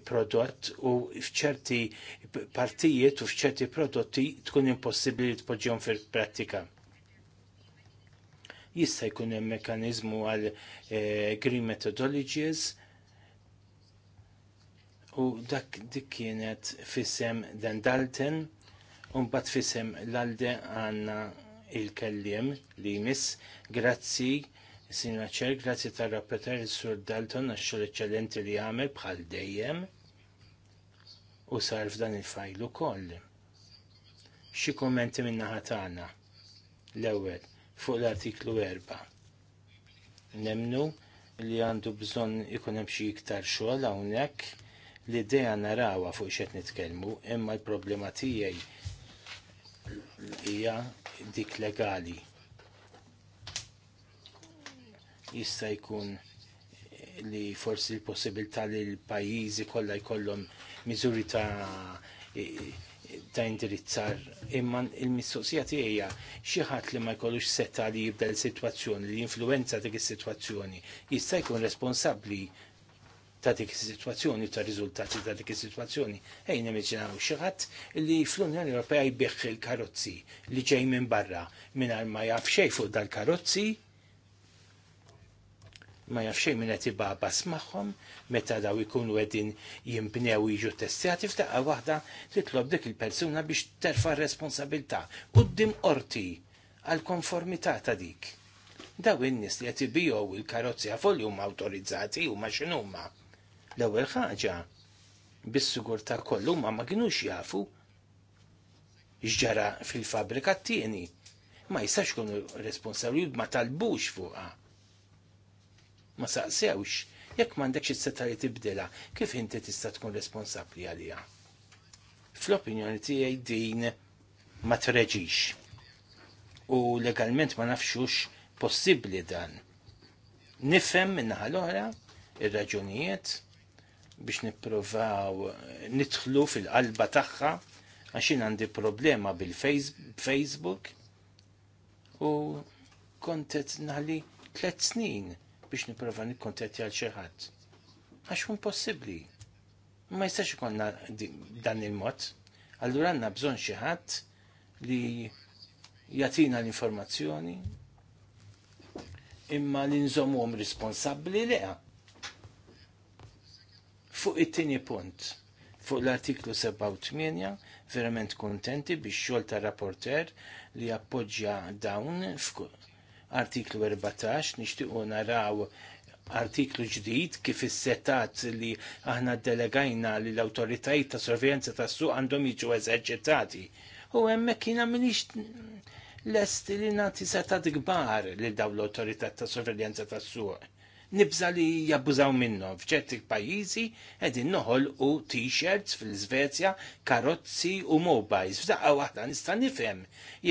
prodott u f'ċerti partijiet u f'ċerti prodotti tkun impossibbli li tpoġġihom fil-prattika. Jista' jkun hemm mekkaniżmu għal eh, green methodologies u dak dik kienet fisem Dan Dalton u mbagħad fisem l-alde għandna il-kelliem li jmiss grazzi Sina ċer, grazzi tal rappeter il-Sur Dalton għax-xogħol eċċellenti li għamel bħal dejjem u sar f'dan il-fajl ukoll. Xi kommenti min-naħa tagħna. L-ewwel fuq l-artiklu 4. Nemnu li għandu bżonn ikun hemm xi iktar xogħol hawnhekk li dejja narawha fuq x'qed nitkellmu, imma l-problema tiegħi hija dik legali jista' jkun li forsi l-possibilità li l-pajjiżi kollha jkollhom miżuri ta' ta' indirizzar. Imma il-mistoqsija tiegħi xi ħadd li ma jkollux setta li jibda l-sitwazzjoni, li influenza dik is-sitwazzjoni, jista' jkun responsabbli ta' dik is-sitwazzjoni ta' riżultati ta' dik is-sitwazzjoni. Ejn immaġinaw xi ħadd li fl-Unjoni Ewropea jbieħ il-karozzi li ġej minn barra mingħajr ma jaf xejn fuq dal-karozzi ma jafxej minna qed ibabas magħhom meta daw ikunu qegħdin jimbnew jiġu testjati f'taqqa waħda titlob dik il-persuna biex terfa' responsabilità quddiem qorti għal konformità ta' dik. Daw in-nies li qed ibijow il-karozzi għafolli huma awtorizzati huma x'inhuma. L-ewwel ħaġa bis ta' kollu ma ma kinux jafu x'ġara fil-fabrika t-tieni ma jistax kunu responsabli ma talbux fuqha ma saqsewx, jekk m'għandekx is-seta li tibdilha, kif inti tista' tkun responsabbli għaliha? Fl-opinjoni tiegħi din ma treġix. U legalment ma nafxux possibbli dan. Nifhem minnaħa l-oħra ir-raġunijiet biex nippruvaw nidħlu fil-qalba tagħha għaxin għandi problema bil-Facebook u kontet naħli tlet snin biex niprofa nikkontetti għal xi ħadd. Għax hu possibli. Ma jistax ikonna dan il-mod. Allura għandna bżonn xi ħadd li jatina l-informazzjoni imma li nżomhom responsabbli leqa. Fuq it-tieni punt, fuq l-artiklu 78, verament kontenti biex xogħol ta' rapporter li appoġġja dawn artiklu 14, nixtiequ naraw artiklu ġdid kif is-setat li aħna delegajna li l-autoritajiet ta' sorvejanza tas suq għandhom jiġu eżerċitati. U hemmhekk jiena m'iniex lest li nagħti setat kbar li dawn l-autoritajiet ta' sorveljanza tas suq nibza li jabbużaw minnu. F'ċerti pajjiżi qegħdin noħol u t-shirts fil-Svezja, karozzi u mobiles. F'daqqa waħda nista' nifhem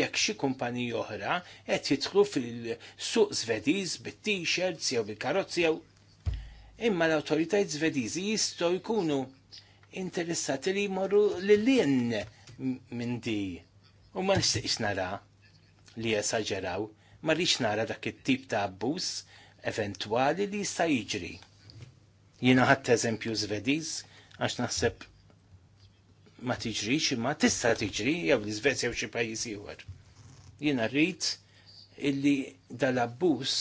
jekk xi kumpaniji oħra qed jidħlu fil-suq Svediż bit-t-shirts jew bil-karozzi jew imma l-awtoritajiet Svediżi jistgħu jkunu interessati li jmorru lil-lien minn di. U ma nistiqx nara li jesaġeraw, ma rix nara dak it-tip ta' abbuż eventwali li jista' jiġri. Jiena ħadd eżempju żvediż għax naħseb ma tiġrix imma tista' tiġri jew l-Iżvezja jew xi pajjiż ieħor. Jiena rrid illi dal-abbuż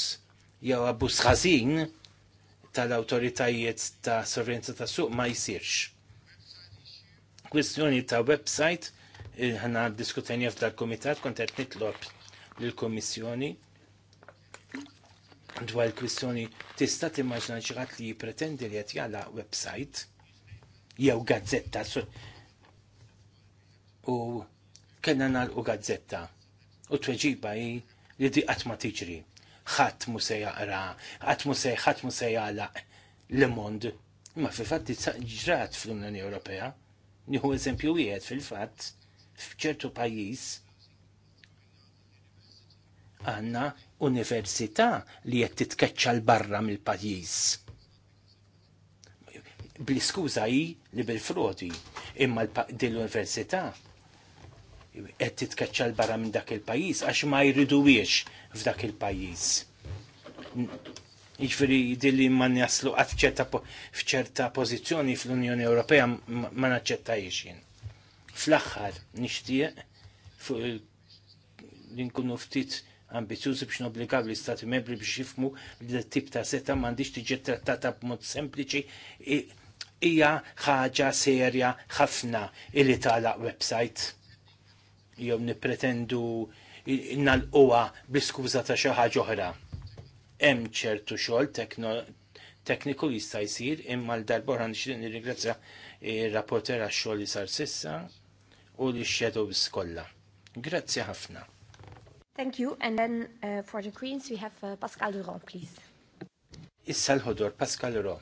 jew abbuż ħażin tal-awtoritajiet ta' sorvenza ta' suq ma jsirx. Kwistjoni ta' website eh, ħana diskutenja f'dal-komitat kont qed nitlob lill-Kummissjoni dwar il-kwistjoni tista' timmaġna xi ħadd li jippretendi li qed jagħlaq website jew gazzetta u kellna nagħlqu gazzetta u tweġiba hi li di qatt ma tiġri. Ħadd mu se jaqra, ħadd mu se ħadd mu se jagħlaq Le mond Imma fil-fatt ġrat fl-Unjoni Ewropea. Nieħu eżempju wieħed fil-fatt f'ċertu pajjiż għandna università li qed titkeċċa l-barra mill-pajjiż bl-iskuza hi li bil-frodi. Imma l-università qed titkeċċa l-barra minn dak il-pajjiż għax ma jriduwiex f'dak il-pajjiż. Jiġifieri dilli ma njaslu qatt f'ċerta pożizzjoni fl-Unjoni Ewropea ma naċċetta jien. Fl-aħħar nixtieq l li nkunu ftit ambizjuzi biex nobligaw l-Istati membri biex jifmu li tip ta' seta m'għandix tiġi trattata b'mod sempliċi hija ħaġa serja ħafna illi tagħlaq website jom nipretendu nal bl-iskuża ta' xi ħaġa oħra. Hemm ċertu xogħol tekniku jista' jsir imma l-darbora nixtieq nirringrazzja ir-rapporter għax-xogħol li sar sissa u l-shadows kollha. Grazzi ħafna. Thank you. And then uh, for the Greens, we have uh, Pascal Durand, please. Issa l Pascal Durand.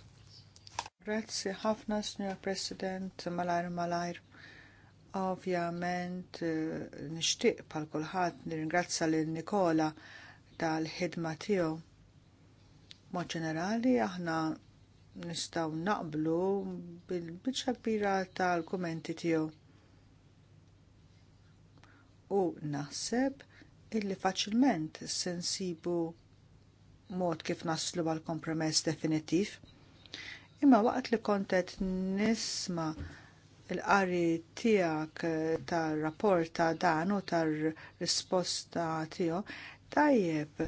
Grazie ħafna, Signor President, malajr malajr. Ovvjament, uh, nishtiq pal kulħadd nirringrazza lil Nikola tal-ħidma tiegħu. Mod ġenerali aħna nistgħu naqblu bil-biċċa kbira tal-kumenti tiegħu. U naħseb illi faċilment sensibu mod kif naslu għal kompromess definitiv. Imma waqt li kontet nisma il-qari tijak eh, tar rapport ta' dan u tar risposta tiegħu tajjeb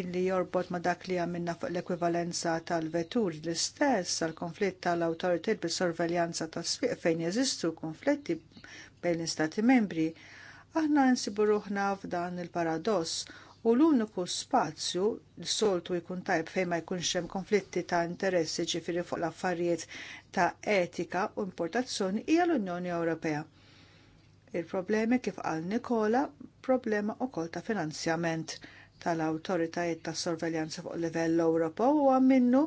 illi jorbot ma dak li għamilna fuq l-ekwivalenza tal-vetur l-istess għal konflitt tal autorit bil-sorveljanza tas-sfiq fejn jeżistu konflitti bejn l-istati membri Aħna nsibu ruħna f'dan il-paradoss u l-uniku spazju soltu jkun tajb fejn ma jkunx hemm konflitti ta' interessi ġifieri fuq l-affarijiet ta' etika u importazzjoni hija l-Unjoni Ewropea. Il-problemi kif qal Nikola problema wkoll ta' finanzjament tal-awtoritajiet ta' sorveljanza fuq livell Ewropa huwa minnu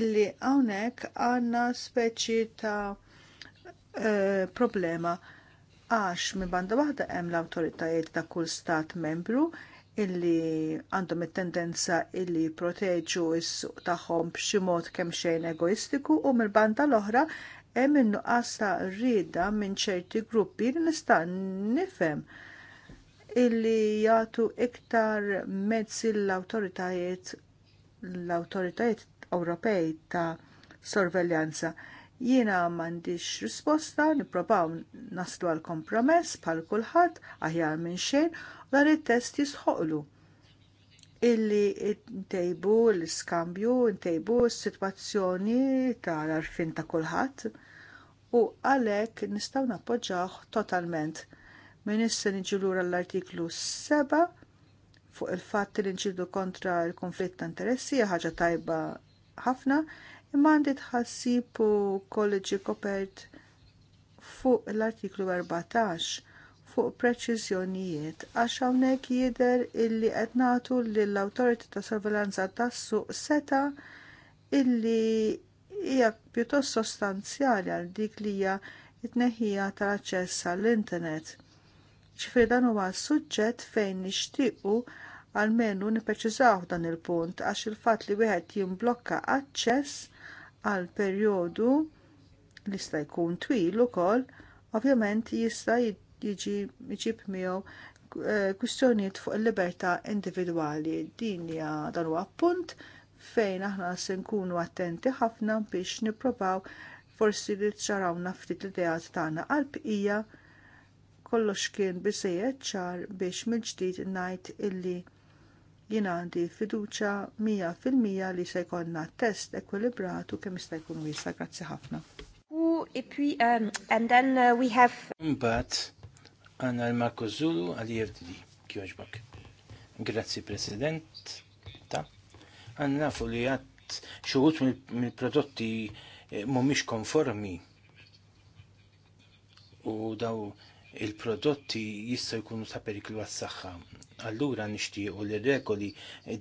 illi hawnhekk għandna speċi ta' eh, problema għax minn banda waħda hemm l-awtoritajiet ta' kull stat membru illi għandhom it-tendenza illi proteġu s-suq tagħhom b'xi mod kemm xejn egoistiku u mill-banda l-oħra hemm minnu nuqqas ta' rieda minn ċerti gruppi li nista' nifhem illi jagħtu iktar mezzi l-awtoritajiet l-awtoritajiet Ewropej ta' sorveljanza Jiena m'għandix risposta, nipprobaw naslu għal kompromess bħal kulħadd aħjar minn xejn u dan it-test jisħoqlu illi ntejbu l-iskambju, ntejbu s-sitwazzjoni tal-arfin ta' kulħadd u għalhekk nistgħu nappoġġjah totalment. Min issa niġu lura l-artiklu 7 fuq il-fatt li nġidu kontra l-konflitt ta' interessi ħaġa tajba ħafna, imma għandi tħassib u kolleġi kopert fuq l-artiklu 14 fuq preċiżjonijiet għax hawnhekk jidher illi qed nagħtu lill-awtorità ta' sorveljanza tas-suq seta illi hija pjuttost sostanzjali għal dik li hija it-tneħħija tal-aċċess għall-internet. Ċifri dan huwa suġġett fejn nixtiequ għalmenu nipreċiżaw dan il-punt għax il-fatt li wieħed jimblokka aċċess għal perjodu li sta jkun twil ukoll, ovvjament jista' jiġi jġib miegħu eh, kwistjonijiet fuq il-libertà individwali. Din hija dan huwa appunt fejn aħna se nkunu attenti ħafna biex nipprovaw forsi li tċarawna ftit l-ideat tagħna għal kollox kien biżejjed ċar biex mill-ġdid ngħid illi jina għandi fiduċa 100% li se jkollna test ekwilibratu kemm jista' jkun wiesa. Grazzi ħafna. U e ipwi, um, and then uh, we have... Mbagħad għandna l-Marko Zulu għal-IFDD. E Kjoġbok. Grazzi, President. Ta' għanna nafu li għat xuħut mill-prodotti eh, mumiex konformi u daw il-prodotti jistgħu jkunu ta' periklu għas-saħħa. Allura nixtiequ li regoli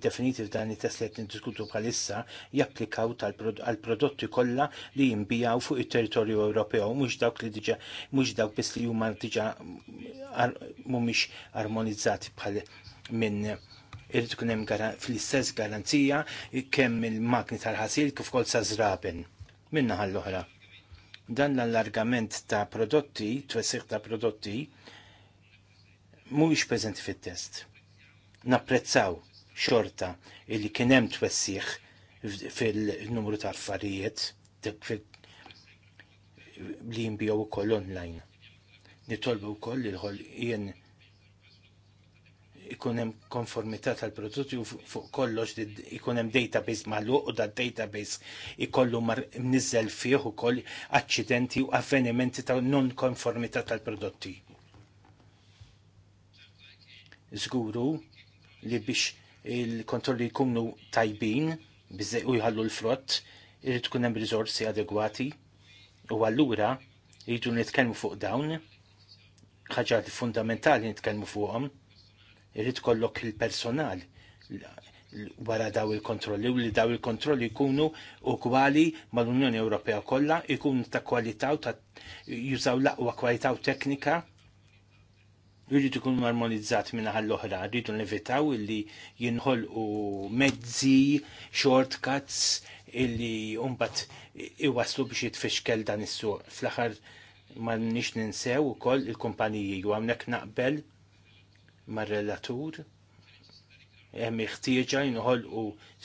definiti f'dan it-test li qed niddiskutu bħalissa japplikaw għall-prodotti kollha li jinbijaw fuq it-territorju Ewropew mhux dawk li diġà mhux dawk biss li huma diġà mhumiex armonizzati bħal minn irid ikun hemm fl-istess garanzija kemm il-magni tal-ħasil kif kol sa żraben. Minna ħall-oħra Dan l-allargament ta' prodotti, twessiq ta' prodotti, mhuwiex preżenti fit-test. Napprezzaw xorta illi kien hemm twessiħ fil-numru ta' affarijiet li u koll online. Nitolbu wkoll il-ħol jien ikun hemm konformità tal-prodotti u fuq kollox ikun hemm database magħluq u dat database ikollu mniżel fih ukoll aċċidenti u avvenimenti ta' non konformità tal-prodotti. Żguru li biex il-kontrolli jkunu tajbin bizzej u jħallu l-frott, irid tkun hemm riżorsi adegwati u allura jridu nitkellmu fuq dawn ħaġa fundamentali nitkellmu fuqhom Irrid kollok il-personal wara daw il-kontrolli u li daw il-kontrolli jkunu u kwali mal-Unjoni Ewropea kollha jkunu ta' kwalità u ta' jużaw laqwa kwalità u teknika jridu jkunu armonizzat minn l oħra rridu nevitaw illi jinħol u mezzi, shortcuts illi umbat iwaslu biex jitfixkel dan is-suq. Fl-aħħar ma nix ninsew ukoll il-kumpaniji u għamnek naqbel mar-relatur hemm iħtieġa jinħolqu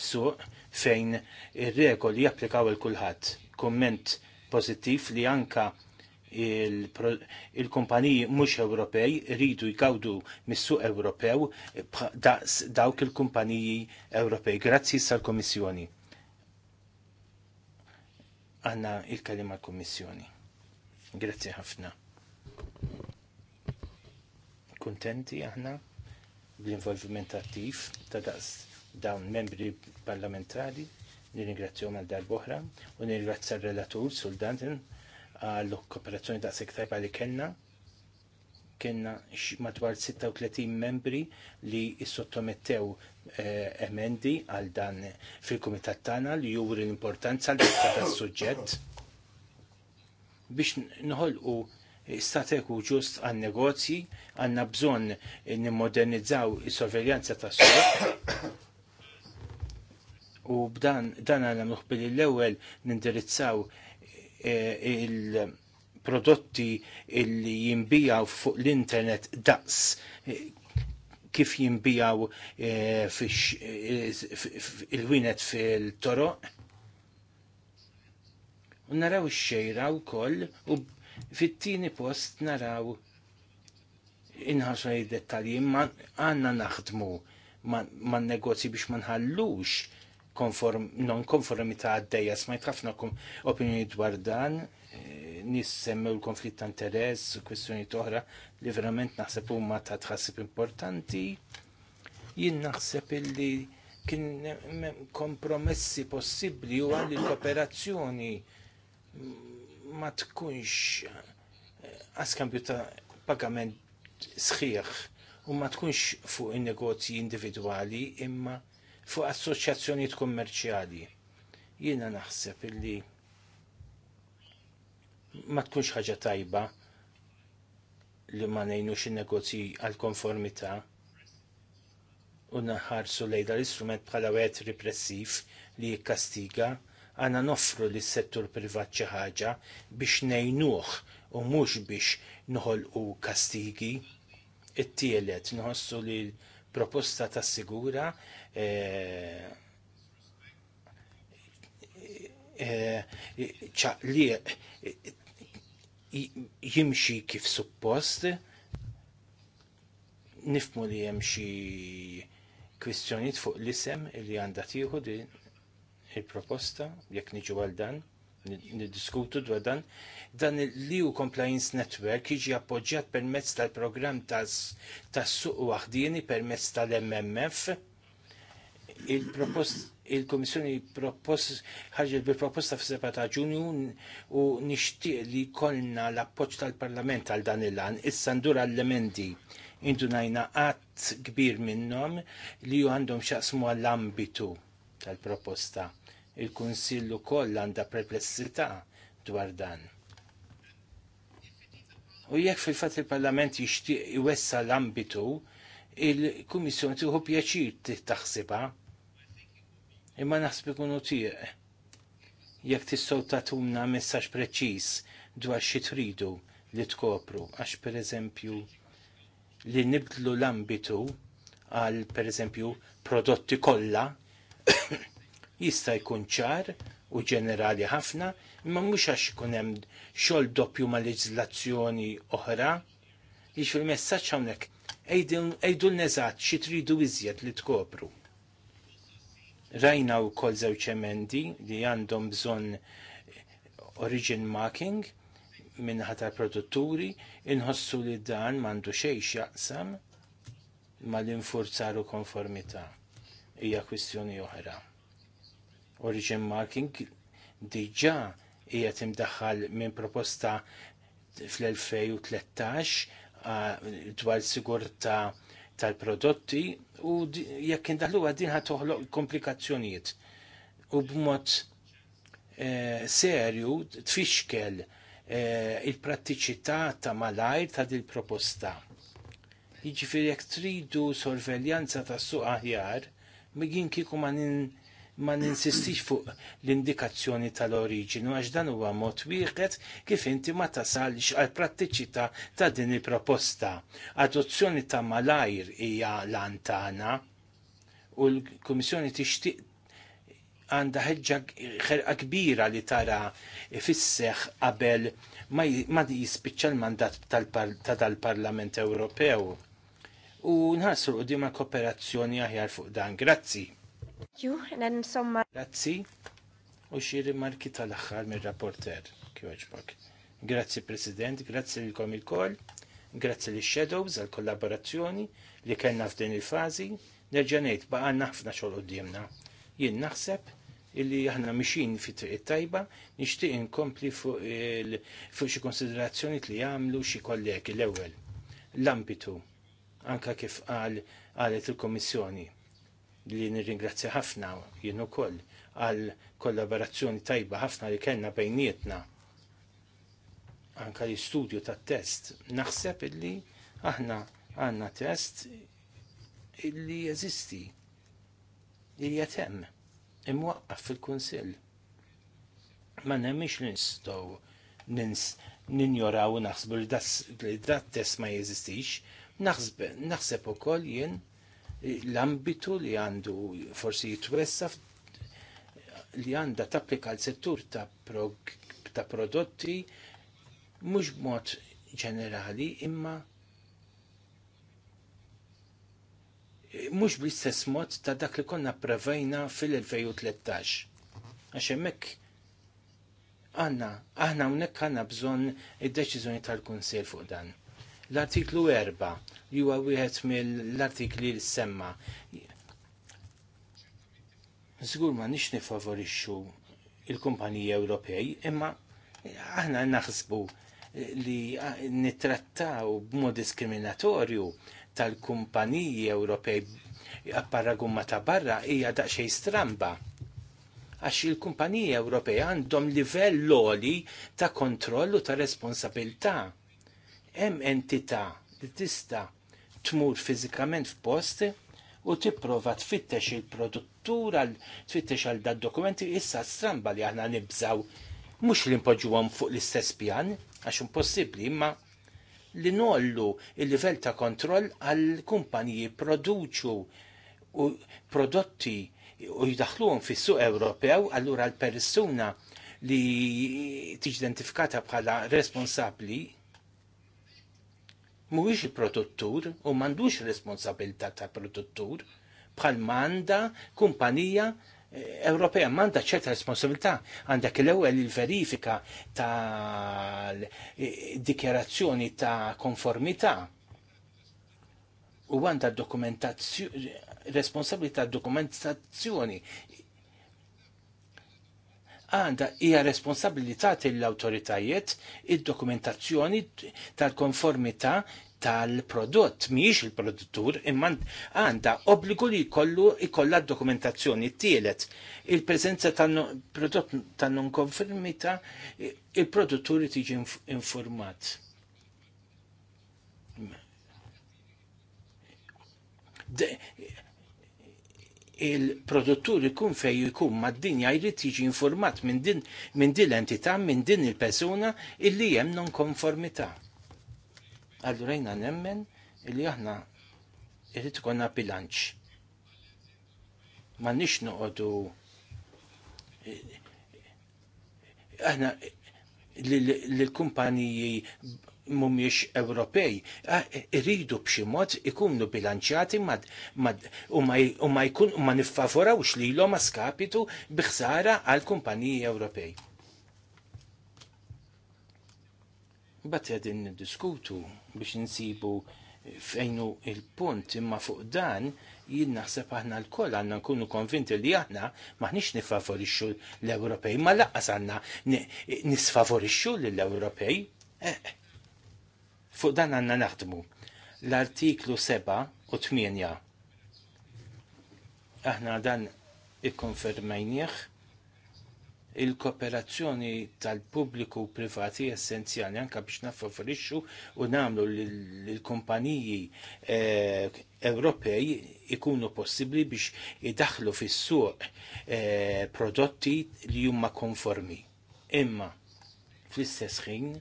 suq fejn ir-regoli japplikaw il kulħadd. Kumment pożittiv li anka il-kumpaniji mhux Ewropej rridu jgawdu mis-suq Ewropew dawk il-kumpaniji Ewropej. Grazzi sal-Komissjoni. Għanna il-kalima l-Komissjoni. Grazzi ħafna kuntenti aħna bl-involviment attiv ta' daqs dawn membri parlamentari nirringrazzjom għal boħra u nirringrazzja relatur sul għall kooperazzjoni ta' sektar għalli kellna kienna madwar 36 membri li sottomettew eh, emendi għal dan fil-kumitat tagħna li juri l-importanza l tas suġġett biex noħolqu stateku ġust għan negozji għanna bżon nimmodernizzaw is-sorveljanza tas suq u b'dan dan għanna nuħbil l-ewel nindirizzaw eh, il-prodotti li jimbijaw fuq l-internet daqs kif jimbijaw eh, eh, il-winet fil-toroq. U naraw xejra u koll u Fit-tieni post naraw inħarsu dettalji, ma għanna naħdmu ma negozji biex ma nħallux konform, non konformita għaddeja, smajt ħafna opinjoni dwar dan, e, nissemmew l-konflitt ta' interess, kwestjoni toħra li verament naħseb huma ta' tħassib importanti. Jien naħseb illi kien kompromessi possibbli u għalli l-kooperazzjoni ma tkunx eh, għaskambju ta' pagament sħiħ u ma tkunx fuq in-negozji individwali imma fuq assoċjazzjonijiet kommerċjali. Jiena naħseb illi ma tkunx ħaġa tajba li ma nejnux in-negozji għal konformità u naħarsu lejda l-istrument bħala wieħed repressiv li jikkastiga għana noffru li settur privat xi ħaġa biex nejnuħ u mhux biex noħolqu kastigi. It-tielet nħossu li proposta ta' sigura eh, eh, li jimxi kif suppost nifmu li hemm xi kwistjonijiet fuq l-isem li għandha tieħu din il-proposta, jekk niġu għal dan, niddiskutu dwar dan, dan il-Liu Compliance Network jiġi appoġġjat permezz tal-programm tas-suq waħdini permezz tal-MMF. Il-Komissjoni ħarġet bil-proposta f ta' ġunju u nixtieq li kollna l-appoġġ tal-Parlament għal dan il-lan, issa ndur għall-emendi indunajna għat kbir minnom li ju għandhom xaqsmu għall-ambitu tal-proposta il-Kunsillu koll għandha perplessità dwar dan. U jekk fil-fat il-Parlament jixtieq iwessa l-ambitu, il-Kummissjoni tieħu pjaċir taħsibha. Imma naħseb ikunu tieq. Jekk tistgħu tagħtuna messaġġ preċiż dwar xi tridu li tkopru, għax pereżempju li nibdlu l-ambitu għal pereżempju prodotti kollha jista' jkun ċar u ġenerali ħafna, imma mhux għax ikun hemm xogħol doppju ma' leġiżlazzjoni oħra, jiġ jiġifieri fil-messaġġ hawnhekk ejdu l-neżat xi tridu iżjed li tkopru. Rajna wkoll żewġ emendi li għandhom bżonn origin marking minnaħa tal-produtturi, inħossu li dan m'għandu xejn jaqsam mal-infurzar u konformità. Hija kwistjoni oħra origin marking diġa hija timdaħħal minn proposta fl-2013 dwar sigurta tal-prodotti u jekk indaħlu din ħat toħloq komplikazzjonijiet u b'mod eh, serju tfixkel eh, il-prattiċità ta' malajr ta' dil proposta Jiġifieri jekk tridu sorveljanza tas suq aħjar, migin kieku ma ma ninsistix fuq l-indikazzjoni tal-oriġinu għax dan huwa mod wieħed kif inti ma tasalx għal prattiċità ta' din il-proposta. Adozzjoni ta' malajr hija lantana u l-Kummissjoni tixtieq għandha ħeġġa kbira li tara fisseħ qabel ma jispiċċa l-mandat ta' tal-Parlament Ewropew. U nħassru qudiem kooperazzjoni aħjar fuq dan. Grazzi. You, and then some... Grazzi, u xi rimarki tal aħħar mir rapporter Kjoġbok. Grazzi President, grazzi lilkom il-koll, grazzi li shadows għal kollaborazzjoni li kellna f'din il fażi Nerġa' ngħid, baqanna ħafna xogħol qudiemna. Jien naħseb illi aħna mixin fit triq tajba nixtieq inkompli fuq xi konsiderazzjoni li jagħmlu xi kollegi l-ewwel. L-ambitu anka kif qal qalet il-Kommissjoni li nirringrazzja ħafna jien ukoll għal kollaborazzjoni tajba ħafna li kellna bejnietna. Anka l-istudju tat-test. Naħseb illi aħna għandna test illi jeżisti li jatem imwaqqaf fil-kunsill. Ma nemmix li nistgħu ninjoraw naħsbu li dat test ma jeżistix, naħseb ukoll jien l-ambitu li għandu forsi jitwessaf li għanda tapplika l-settur ta', prog, ta prodotti mhux mod ġenerali imma mhux bl-istess mod ta' dak li konna prevejna fil-2013. Għax hemmhekk għandna aħna hawnhekk għandna bżonn id-deċiżjoni tal kunsel fuq dan. L-artiklu 4 li huwa wieħed mill-artikli li semma. Żgur ma nix nifavorixxu il-kumpaniji Ewropej, imma aħna naħsbu li nittrattaw b'mod diskriminatorju tal-kumpaniji Ewropej apparagun ma ta' barra hija daqsxejn stramba għax il-kumpaniji Ewropej għandhom livell loli ta' kontrollu ta' responsabilità hemm entità li tista' tmur fiżikament f'post u tipprova tfittex il-produttur għal tfittex għal dad dokumenti issa stramba li aħna nibżaw mhux li npoġġuhom fuq l-istess pjan għax impossibbli imma li nollu il-livell ta' kontroll għal kumpaniji produċu u prodotti u jidaħluhom fis-suq Ewropew, allura l-persuna li tiġdentifikata bħala responsabbli mhuwiex il-produttur u m'għandux responsabilità ta' produttur bħal manda kumpanija eh, Ewropea manda ċerta responsabilità għandek l-ewwel il-verifika tal-dikjerazzjoni eh, ta' konformità u għandha dokumentazzjoni responsabilità dokumentazzjoni għanda hija responsabilità tal-awtoritajiet id-dokumentazzjoni tal-konformità tal-prodott, miex il-produttur, imma għanda obbligu li jkollu jkollha dokumentazzjoni tielet. il prezenza tal-prodott tal konformità il-produttur tiġi informat il-produttur ikun fej ikun mad-dinja jrid jiġi informat minn din minn din l-entità minn din il-persuna illi hemm non-konformità. Allura jina nemmen illi aħna jrid konna bilanċ. Ma nix noqogħdu eh, aħna l-kumpaniji mumiex Ewropej. Ah, e, irridu b'xi mod ikunu bilanċjati u ma jkun ma niffavorawx li l-om skapitu biħsara għal kumpaniji Ewropej. Bat qegħdin diskutu biex nsibu fejnu il-punt imma fuq dan jien naħseb aħna l-koll nkunu konvinti li aħna maħniex nifavorixxu l-Ewropej, ma laqqas għandna nisfavorixxu l-Ewropej. Eh, Fuq dan għanna naħdmu. L-artiklu 7 u 8. Aħna dan ikkonfermajnieħ il-kooperazzjoni tal-pubbliku u privati essenzjali anka biex naffavorixxu u nagħmlu l-kumpaniji eh, Ewropej ikunu possibbli biex idaħlu fis-suq eh, prodotti li huma konformi. Imma fl-istess ħin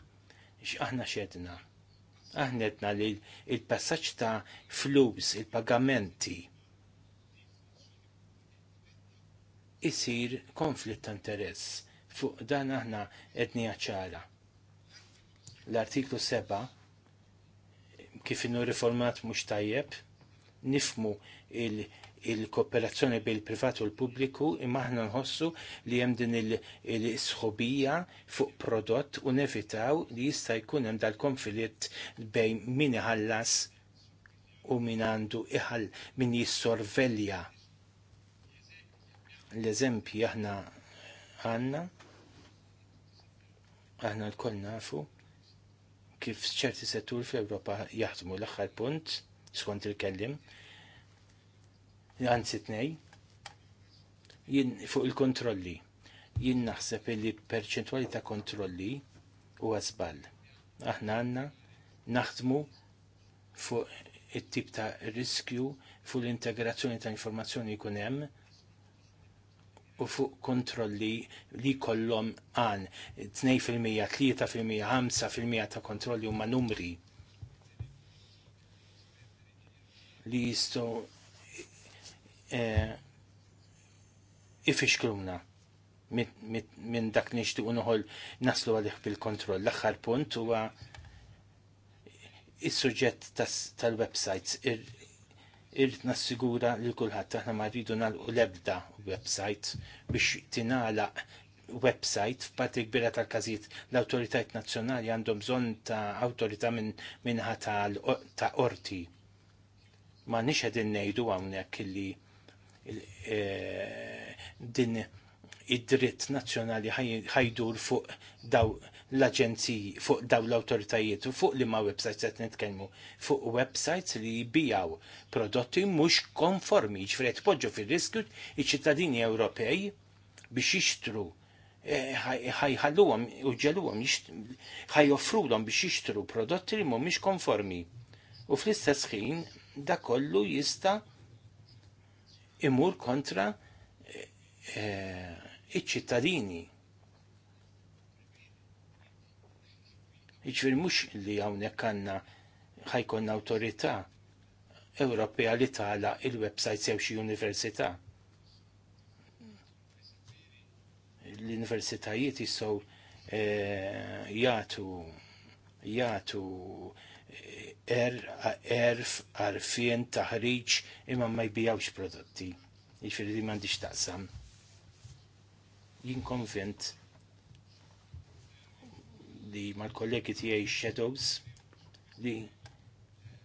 x'aħna xedna aħnetna li il-passaċ ta' flus, il-pagamenti, isir konflitt ta' interess. Fuq dan aħna etnija ċara. L-artiklu 7, kif innu riformat mux tajjeb, nifmu il- il-kooperazzjoni bil privat u l-pubbliku imma aħna nħossu li hemm din il-sħobija fuq prodott u nevitaw li jista' jkun hemm dal-konflitt bejn min iħallas u min għandu iħall min jissorvelja. L-eżempji aħna għanna, aħna l-koll nafu kif ċerti settur fl-Europa jaħdmu l-axħar punt, skont il-kellim, anzi tnej, jien fuq il-kontrolli. Jien naħseb li perċentwali ta' kontrolli u għazbal. Aħna għanna naħdmu fuq it-tip ta' riskju fuq l-integrazzjoni ta' informazzjoni jkun hemm u fuq kontrolli li kollom għan 2%, 3%, 5% ta' kontrolli huma numri li jistgħu Eh, ifixkluna minn dak nixtiequ noħol naslu għalih bil-kontroll. L-aħħar punt huwa is-suġġett tal-websites irrid nassigura li kulħadd aħna ma rridu nagħlqu l-ebda website biex tingħalaq website f'parti kbira tal-każijiet l autoritajt nazzjonali għandhom bżonn ta' awtorità minn minħa ta' orti. Ma nix qegħdin ngħidu hawnhekk illi Eh, din id-dritt nazzjonali ħajdur fuq daw l-aġenziji, fuq daw l-autoritajiet u fuq li ma websites qed nitkellmu fuq websites li jbijaw prodotti mhux konformi, ġifri poġġu fil riskju iċ-ċittadini Ewropej biex jixtru eh, ħajħalluhom u ħajjoffru ħajoffrulhom biex jixtru prodotti li mhumiex konformi. U fl-istess ħin da kollu jista' imur kontra eh, eh, iċ-ċittadini. Iġvir mux li għawnek għanna ħajkon autorita Ewropea li tala il-websajt sew xi università. L-universitajiet jistgħu eh, jagħtu jagħtu er erf għarfien taħriġ imma ma jbijawx prodotti. Jiġifieri li m'għandix taqsam. Jien konvent li mal-kollegi tiegħi shadows li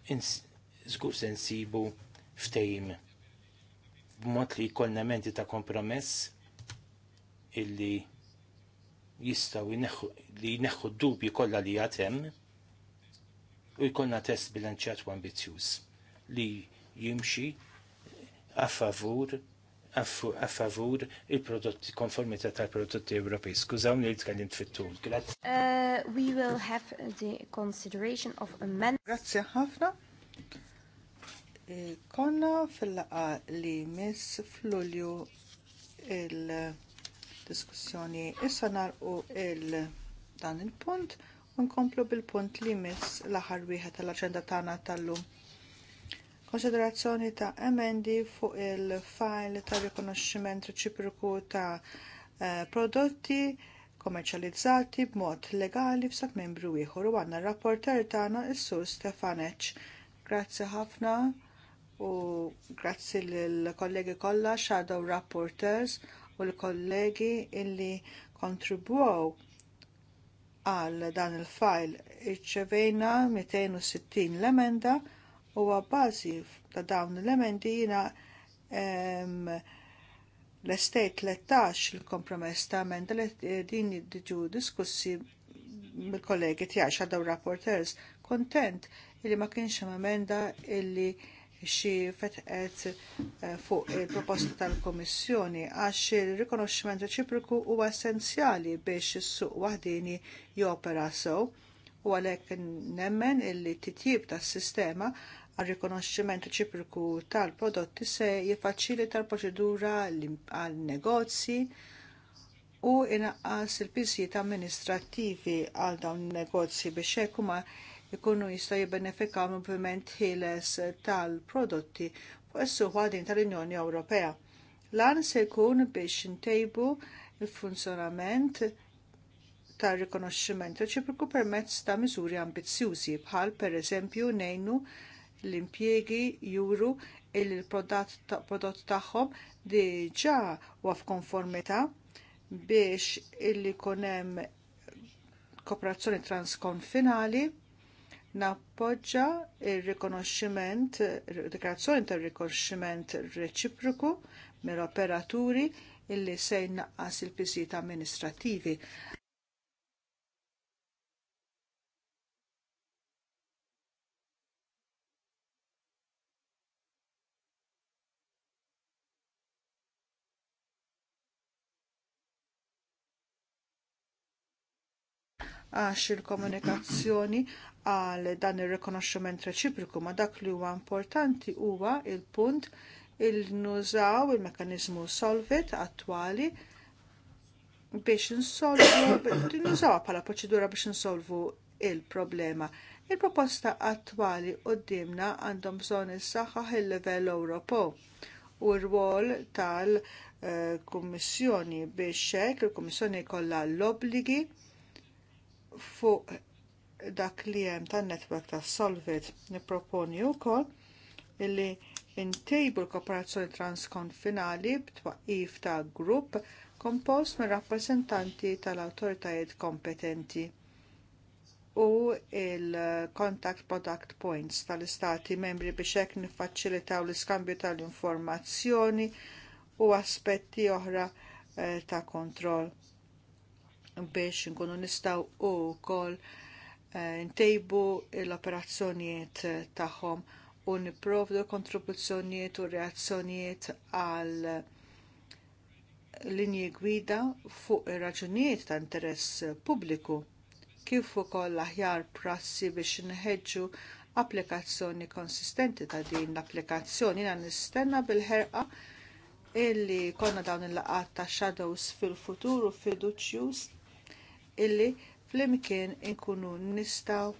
żgur se nsibu ftehim b'mod li jkollna menti ta' kompromess illi jistaw li jneħħu d-dubji kollha li jatem u jkollna test bilanċjat u ambizjuż li jimxi a favur a favur il-prodotti konformità tal-prodotti Ewropej. Skużawni li tkellimt fit-tul. Grazie. Uh, we will have the consideration of amendment. Grazie ħafna. Konna fil-laqa li miss f'Lulju il-diskussjoni is-sanar u il dan il punt Nkomplu bil-punt li miss l-aħħar wieħed tal-aġenda tagħna tal-lum. Konsiderazzjoni ta' emendi fuq il-file ta' rikonoxximent reċiproku ta' eh, prodotti kommerċjalizzati b'mod legali f'sak membru ieħor u għandna r-rapporter tagħna is-Sur Stefanec. Grazzi ħafna u grazzi lill-kollegi kollha Shadow Rapporters u l-kollegi illi kontribwew għal dan il-fajl irċevejna 260 l-emenda u għabbażi ta' dawn l-emendi jina l-estate 13 il-kompromess ta' emenda li din diġu diskussi mill-kollegi tiegħi għadaw rapporters kontent illi ma kienx hemm emenda illi xi fetqet eh, fuq il-proposta tal-Komissjoni għax il-rikonoxximent reċiproku huwa essenzjali biex is-suq waħdini jopera sew u għalhekk nemmen illi titjib tas-sistema għal rikonoxximent reċiproku tal-prodotti se jifaċili tal-proċedura għal negozji u inaqqas il-pisijiet amministrattivi għal dawn negozji biex hekk huma ikunu jista' jibbenefikaw moviment ħieles tal-prodotti fuq is-suq għadin tal-Unjoni Ewropea. Lan se jkun biex ntejbu il-funzjonament tar rikonoxximent reċiproku permezz ta' miżuri ambizzjużi bħal pereżempju ngħinu l-impjiegi juru il-prodott tagħhom diġà huwa f'konformità biex illi hemm kooperazzjoni transkonfinali nappoġġa r rikonoxximent dikrazzjoni ta' rikonoxximent reċiproku mill-operaturi illi se jnaqqas il-piżijiet amministrativi. għax il-komunikazzjoni għal dan ir rekonoxximent reċipriku ma dak li huwa importanti huwa il-punt il-nużaw il-mekanizmu solvit attwali biex insolvu, nużaw bħala proċedura biex insolvu il-problema. Il-proposta attwali d-dimna għandhom bżonn il-saxħa il-livell Ewropo. u r-wol tal-Kummissjoni biex hekk il-Kummissjoni jkollha l-obbligi fuq dak li hemm tan-netwerk ta' Solvit nipproponi wkoll illi intejbu l-kooperazzjoni transkonfinali b'twaqqif ta' grupp kompost minn rappreżentanti tal-awtoritajiet kompetenti u l contact product points tal-istati membri biex hekk niffaċilitaw l-iskambju tal-informazzjoni u aspetti oħra eh, ta' kontroll biex nkunu nistaw u kol eh, ntejbu l-operazzjonijiet tagħhom u niprovdu kontribuzzjonijiet u reazzjonijiet għal linji gwida fuq ir-raġunijiet ta' interess pubbliku kif ukoll aħjar prassi biex nħeġġu applikazzjoni konsistenti ta' din l-applikazzjoni na nistenna bil-ħerqa illi konna dawn il-laqat ta' shadows fil-futuru fiduċjus illi flimkien inkunu nistaw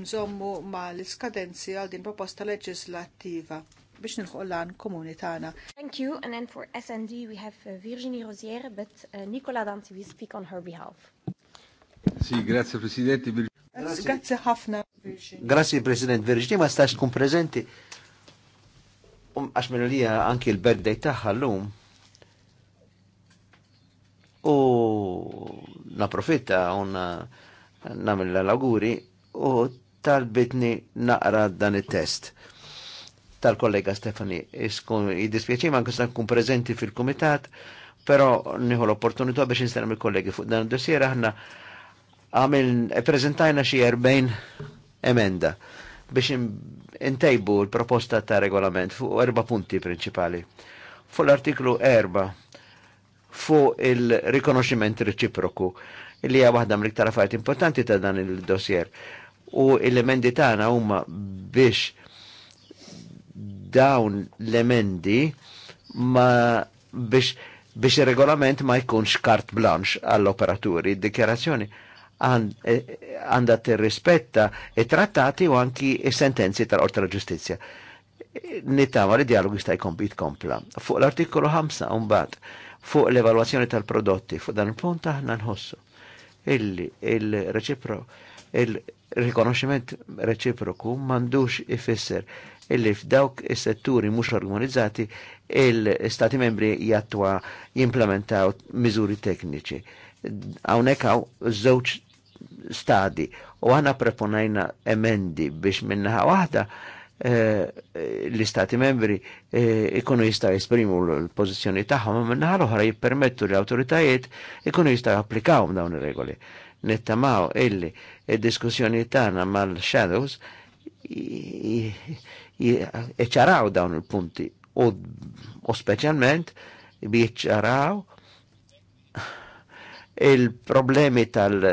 nżommu ma l-iskadenzi għal din proposta leġislattiva biex nilħu l-għan komuni tagħna. Thank you, and then for SND we have uh, Virginie Rosier, but uh, Nicola Danti will speak on her behalf. Sì, grazie Presidente. Grazie ħafna. Grazie Presidente Virginie, ma stax kum prezenti. Um, għax um, minn li anki l-birthday taħħa l-lum, u naprofitta un eh, namil l-auguri u talbitni naqra dan il-test tal-kollega Stefani. Jidispieċi ma nkun kun prezenti fil-komitat, pero nieħu l-opportunità biex nistenna il kollegi fuq dan id-dossier aħna għamil prezentajna xi 40 emenda biex intejbu l-proposta ta' regolament fuq erba punti prinċipali. Fuq l-artiklu erba' fuq il-rikonoxximent reċiproku il li hija waħda mill-iktar affarijiet importanti ta' dan il-dossier. U l-emendi tagħna huma biex dawn l-emendi ma biex biex il-regolament ma jkunx kart blanche għall-operaturi, dikjarazzjoni għanda e, t-rispetta i-trattati u anki i-sentenzi tal-Orta Ġustizja. Nittama li dialogu jista' jkompli tkompla. Fuq l-artikolu 5 un mbagħad fuq l-evalwazzjoni tal-prodotti. Fuq dan il-punt aħna nħossu illi il-reċipro il-rikonoxximent reċiproku mandux ifisser illi f'dawk is-setturi mhux organizzati il-Stati membri jattwa jimplementaw miżuri tekniċi. Hawnhekk hawn żewġ stadi u aħna preponajna emendi biex minnaħa waħda Eh, l-istati membri eh, ikunu jistaw jesprimu l-pozizjoni taħħom, minn naħar uħra jippermettu li autoritajiet ikunu jistaw applikaw dawn il regoli Nittamaw illi il diskussjoni taħna mal-shadows ċaraw dawn il-punti u specialment biċċaraw il-problemi tal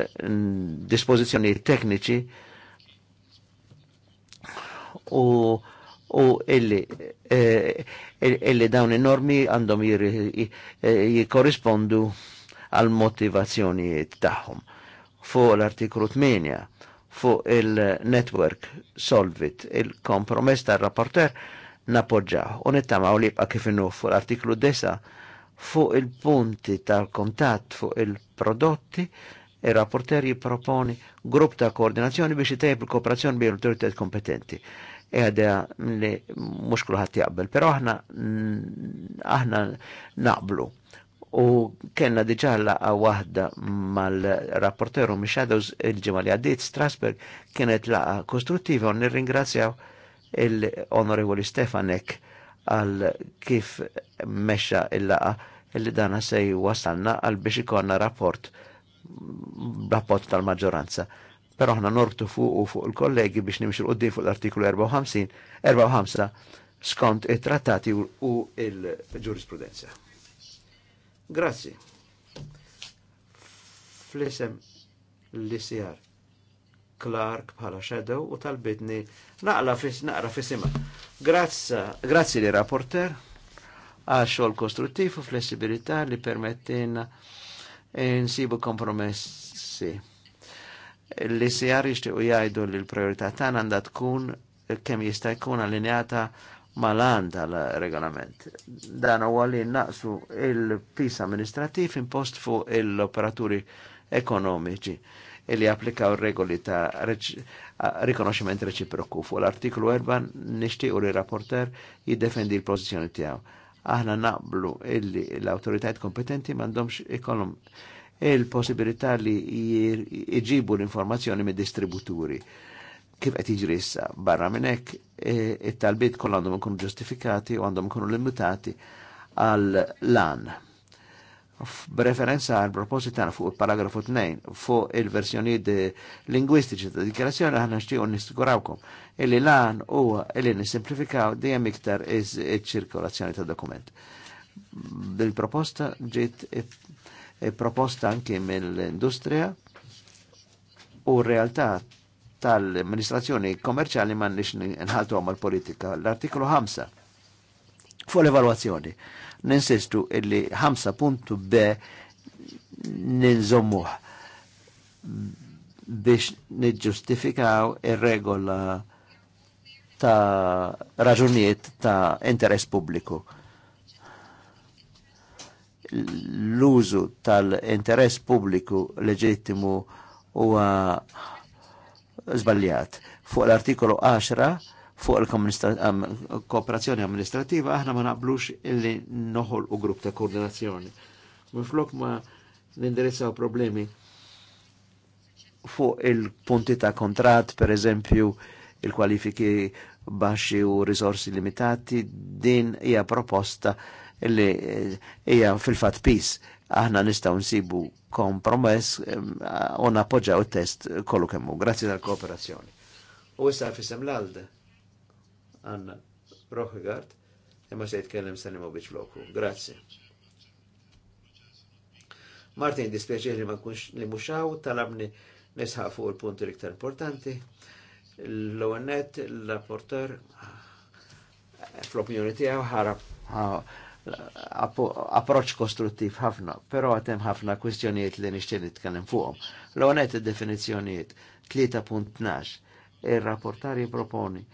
dispozizjoni tekniċi u u illi eh, illi dawn in-normi għandhom eh, jikorrispondu għal motivazzjoni tagħhom. Fuq l-artiklu 8 fuq il-network Solvit, il-kompromess tar-rapporter napoġġaw u nittamaw li jibqa' kif inhu fuq l-artiklu 10, fuq il-punti tal-kontatt fuq il-prodotti il prodotti Il-rapporter jiproponi grupp ta' koordinazzjoni biex jitejb il-kooperazzjoni bejn l-autoritet kompetenti. E għadja li mux kulħat jaqbel, pero aħna aħna naqblu. U kena diġalla wahda mal-rapporteru Mishadows il-ġimma li għaddit Strasberg kienet laqa kostruttiva u nirringrazzjaw il-onorevoli Stefanek għal kif Mesha il-laqa il-li dana sej wasalna għal biex ikonna rapport rapport tal-maġġoranza. Però aħna nortu fuq u fuq il-kollegi biex nimxu l fuq l-artiklu 54, 45 skont it-trattati u il-ġurisprudenza. Grazzi. Flisem l-ICR. Clark bħala Shadow u tal-bidni naqla fis naqra fisima. Grazzi li rapporter għal xogħol kostruttiv u flessibilità li permettina E nsibu kompromessi. Li sijar u jajdu li l-priorità tagħna għandha tkun kem jista' jkun allineata mal-għan tal-regolament. Dan u għalli naqsu il-pis amministrativ impost fu l-operaturi ekonomiċi li applikaw regoli ta' rikonoxximent reċiproku. Fu l-artiklu 4 nishti u li rapporter jiddefendi l pozizjoni tijaw aħna naqblu illi l-autoritajt kompetenti mandomx ikonom il-possibilità li iġibu l-informazzjoni mid distributuri kif qed jiġri issa barra minn hekk e, it-talbiet kollha għandhom ikunu ġustifikati u għandhom ikunu limitati għal lan B'referenza għal proposita tagħna fuq il-paragrafu 2 fuq il versjoni lingwistiċi ta' dikjarazzjoni aħna nixtiequ nistigurawkom illi lan u illi nisimplifikaw dejjem iktar iċ-ċirkolazzjoni ta' dokument. Bil-proposta ġiet proposta anke mill-industrija u realtà tal-amministrazzjoni kommerċali ma nix nħaltu għom politika l artiklu 5 fuq l-evaluazzjoni ninsistu illi 5.b ninżommuh biex niġġustifikaw ir-regola ta' raġunijiet ta' interess pubbliku. L-użu tal-interess pubbliku leġittimu huwa zbaljat. Fuq l-artikolu 10 fuq il-kooperazzjoni amministrativa, aħna ma naqblux illi noħol u grupp ta' koordinazzjoni. Miflok ma nindirizzaw problemi fuq il-punti ta' kontrat, per eżempju, il-kwalifiki baxxi u risorsi limitati, din hija proposta illi eh, hija fil-fat pis. Aħna nistaw nsibu kompromess u nappoġġaw it-test kollu kemmu. Grazzi tal-kooperazzjoni. U issa fissem l-għalde. Anna Rockegard, imma se jitkellem Salimovic Loku. Grazzi. Martin, dispjaċir li ma kunx li muxaw, talabni nisħaq fuq il-punti l-iktar importanti. L-ONET, l-rapporter, fl-opinjoni tijaw, ħarab approċ kostruttiv ħafna, pero għatem ħafna kwistjonijiet li nixtieq nitkellem fuqhom. L-onet id-definizzjonijiet 3.12 ir-rapportari proponi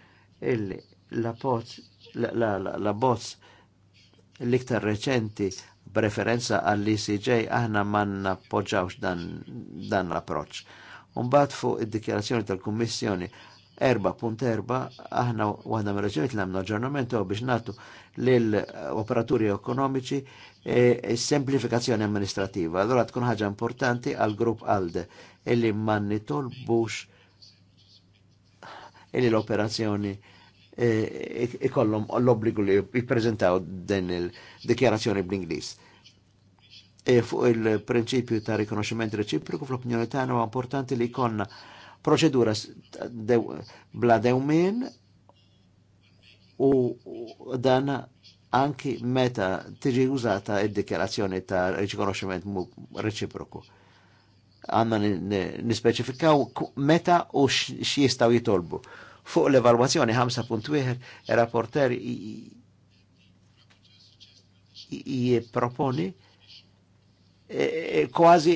illi La bozz la, la, la l-iktar reċenti preferenza għall icj aħna ma nappoġġawx dan, dan l-approċ. Umbat fuq id-dikjarazzjoni tal-Kummissjoni 4.4 aħna waħda mir raġunijiet li għamlu aġġornament biex natu l operaturi ekonomiċi e, e, semplifikazzjoni amministrativa. Allora tkun ħaġa importanti għal grupp ALDE illi ma nitolbux illi l-operazzjoni E, e, ikollom l-obbligu li jiprezentaw din il-dikjarazzjoni bl inglis E fuq il-prinċipju ta' rikonoxximent reċiproku fl-opinjoni ta' għana importanti li konna proċedura bla dewmin u dan anki meta tiġi użata id-dikjarazzjoni ta' rikonoxximent reċiproku. Għanna nispeċifikaw meta u x-jistaw jitolbu. Fuq l-evalwazzjoni 5.1 il-rapporter jiproponi e- e- kważi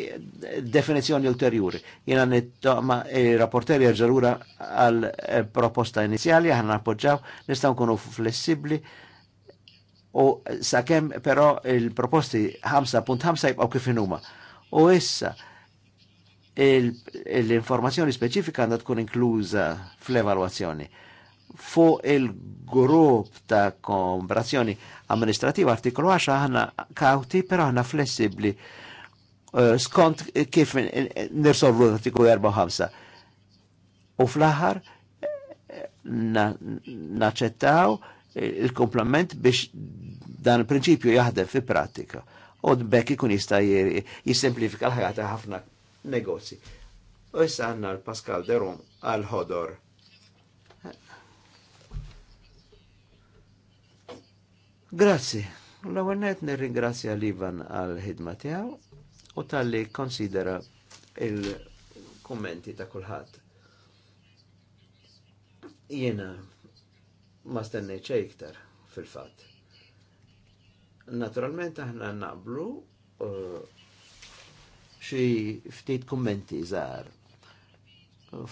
definizjoni ulterjuri. Jena nittoma il-rapporter jirġalura għal e, proposta inizjali, għan appoġġaw, nistaw kunu flessibli u sakem però il-proposti 5.5 jibqaw kif inuma. U issa l-informazzjoni speċifika għandha tkun inkluża fl-evalwazzjoni. Fuq il-grupp ta' kombrazzjoni amministrativa artikolu 10 aħna kawti, però aħna flessibli uh, skont kif nirsolvu l artiklu 4 U fl-aħħar naċċettaw il-komplement biex dan il-prinċipju jaħdem fi pratika. U bekk ikun jista' jissemplifika l-ħajja ħafna negozi. U jissa għanna l-Pascal Derum għal-ħodor. Grazzi. L-ewwel nir nirringrazzja l-Ivan għal ħidma tijaw u tal-li konsidera il kommenti ta' kulħadd. Jena ma stennejt xejn iktar fil fat Naturalment aħna naqblu uh, xi ftit kummenti żgħar.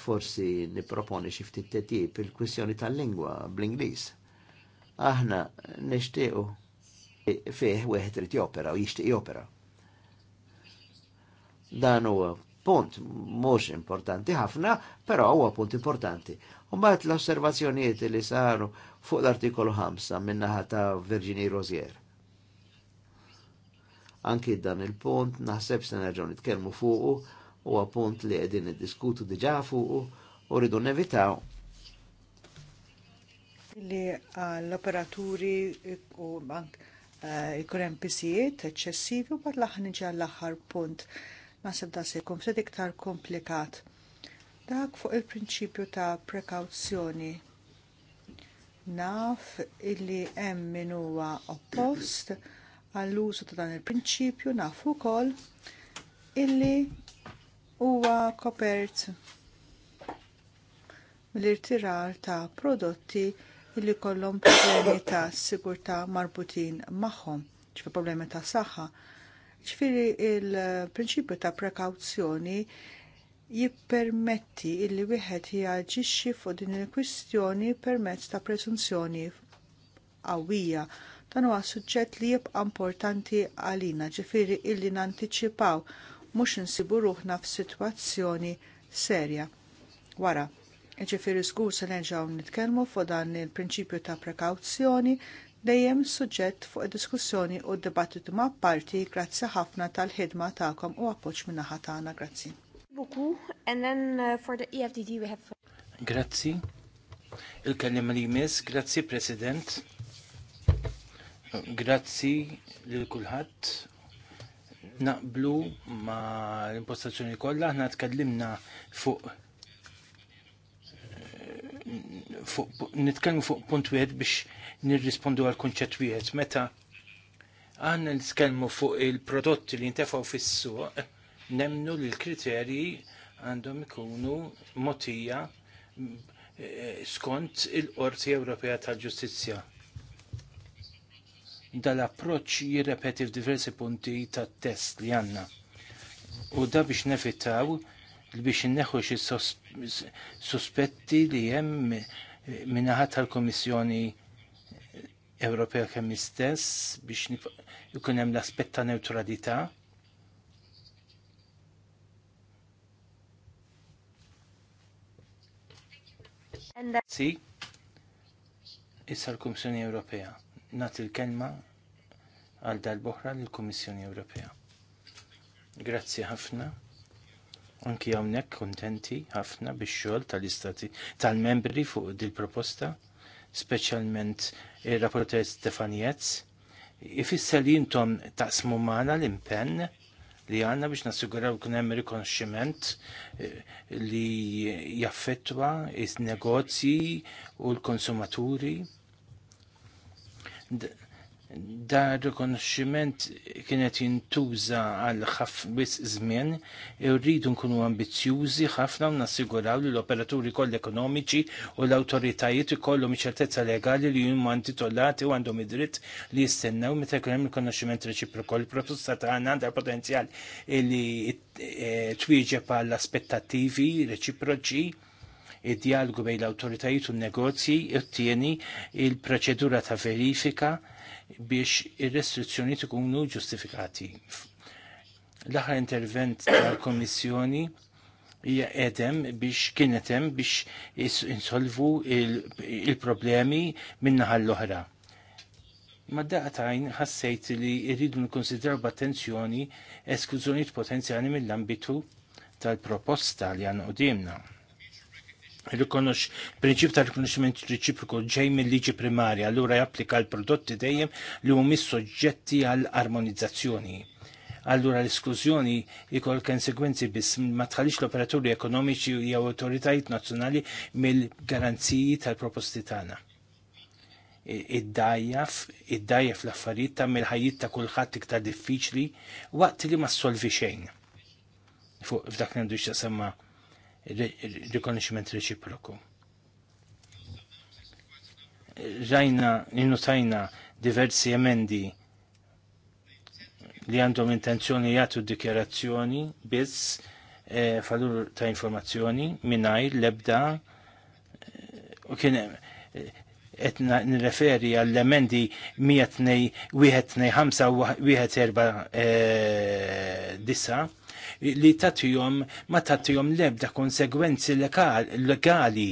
Forsi nipproponi xi ftit tetib il kwissjoni tal-lingwa bl-Ingliż. Aħna nixtiequ fih wieħed irid jopera u jixtieq jopera. Dan huwa punt mhux importanti ħafna, però huwa punt importanti. U mbagħad l-osservazzjonijiet li saru fuq l-artikolu 5 min-naħa ta' Virginie Rosier Anki dan il-punt naħseb se nerġgħu nitkellmu fuqu huwa punt li qegħdin niddiskutu diġà fuqu u rridu nevitaw li l operaturi u bank jkun eh, hemm pisijiet eċċessivi u bad l-aħħar niġi għall-aħħar punt naħseb da se jkun ftit iktar komplikat. Dak fuq il-prinċipju ta' prekawzjoni naf illi hemm min huwa oppost għall-użu ta' dan il-prinċipju nafu wkoll illi huwa kopert mill-irtirar ta' prodotti illi kollhom problemi ta' sigurtà marbutin magħhom, ċifi problemi ta' saħħa. Ċifieri il-prinċipju ta' prekawzjoni jippermetti illi wieħed jaġixxi fuq din il-kwistjoni permezz ta' presunzjoni qawwija Dan huwa suġġett li jibqa' importanti għalina, ġifieri illi nanticipaw mhux insibu ruħna f'sitwazzjoni serja. Wara, ġifieri żgur se nerġgħu nitkellmu fuq dan il-prinċipju ta' prekawzjoni dejjem suġġett fuq id diskussjoni u d-dibattitu ma' parti grazzi ħafna tal-ħidma tagħkom u appoġġ min-naħa tagħna grazzi. and then uh, for the EFDD we have... Grazzi. Il-kellim li jmiss, grazzi President. Grazzi lil kulħadd. Naqblu ma l-impostazzjoni kollha aħna tkellimna fuq fuq nitkellmu fuq punt wieħed biex nirrispondu għal kunċett wieħed. Meta aħna nitkellmu fuq il-prodotti li ntefgħu fis-suq, nemnu li l-kriterji għandhom ikunu motija eh, skont il-Qorti Ewropea tal-Ġustizzja dal-approċ jirrepeti f'diversi punti tat test li għanna. U da biex nevitaw biex neħu xi suspetti li hemm minnaħat tal-Komissjoni Ewropea kemm istess biex ikun hemm l-aspett ta' neutralità. Si, issa l-Komissjoni Ewropea nagħti l-kelma għal dal-boħra lill-Kummissjoni Ewropea. Grazzi ħafna. Anki hawnhekk kuntenti ħafna bix-xogħol tal-istati tal-membri fuq dil-proposta, speċjalment ir-rapporter Stefanietz. Ifisser li jintom taqsmu magħna l-impenn li għanna biex nassiguraw kun hemm rikonoxximent eh, li jaffettwa is-negozji u l-konsumaturi da rikonoxximent kienet jintuża għal biss żmien, irridu nkunu ambizzjużi ħafna u nassiguraw li l-operaturi koll ekonomiċi u l-awtoritajiet ikollhom ċertezza legali li huma intitolati u għandhom id-dritt li jistennew meta jkun hemm rikonoxximent reċiproku. l proposta tagħna għandha potenzjal li e, twieġeb għall aspettattivi reċiproċi id dialgu bejn l-autoritajiet u n-negozji, ottieni il-proċedura ta' verifika biex ir-restrizzjoni ikunu ġustifikati. L-aħħar intervent tal-Komissjoni hija edem biex kienet hemm biex insolvu il-problemi il min-naħa l-oħra. Ma daqtajn ħassejt li rridu nkonsidraw b'attenzjoni eskużjonijiet potenzjali mill-ambitu tal-proposta li għan qudimna. Prinċip ta' rikonoxximent reċiproku ġej mill-liġi primarja, allura japplika l-prodotti dejjem li humi soġġetti għall armonizzazzjoni. Allura l-iskużjoni ikol konsekwenzi biss ma tħallix l-operaturi ekonomiċi jew autoritajiet nazzjonali mill-garanziji tal-proposti tagħna. Id-dajjaf, id-dajjaf l-affarijiet ta' mill-ħajjiet ta' kulħadd iktar diffiċli waqt li ma solvi xejn. Fuq f'dak li ta' semma' il rikonoxximent reċiproku. Rajna, innotajna diversi emendi li għandhom intenzjoni jgħatu dikjerazzjoni biz e, eh, falur ta' informazzjoni minnaj lebda eh, u kien etna eh, nireferi għall-emendi 102, 105 u 149 li tatijom ma tatijom lebda konsegwenzi legali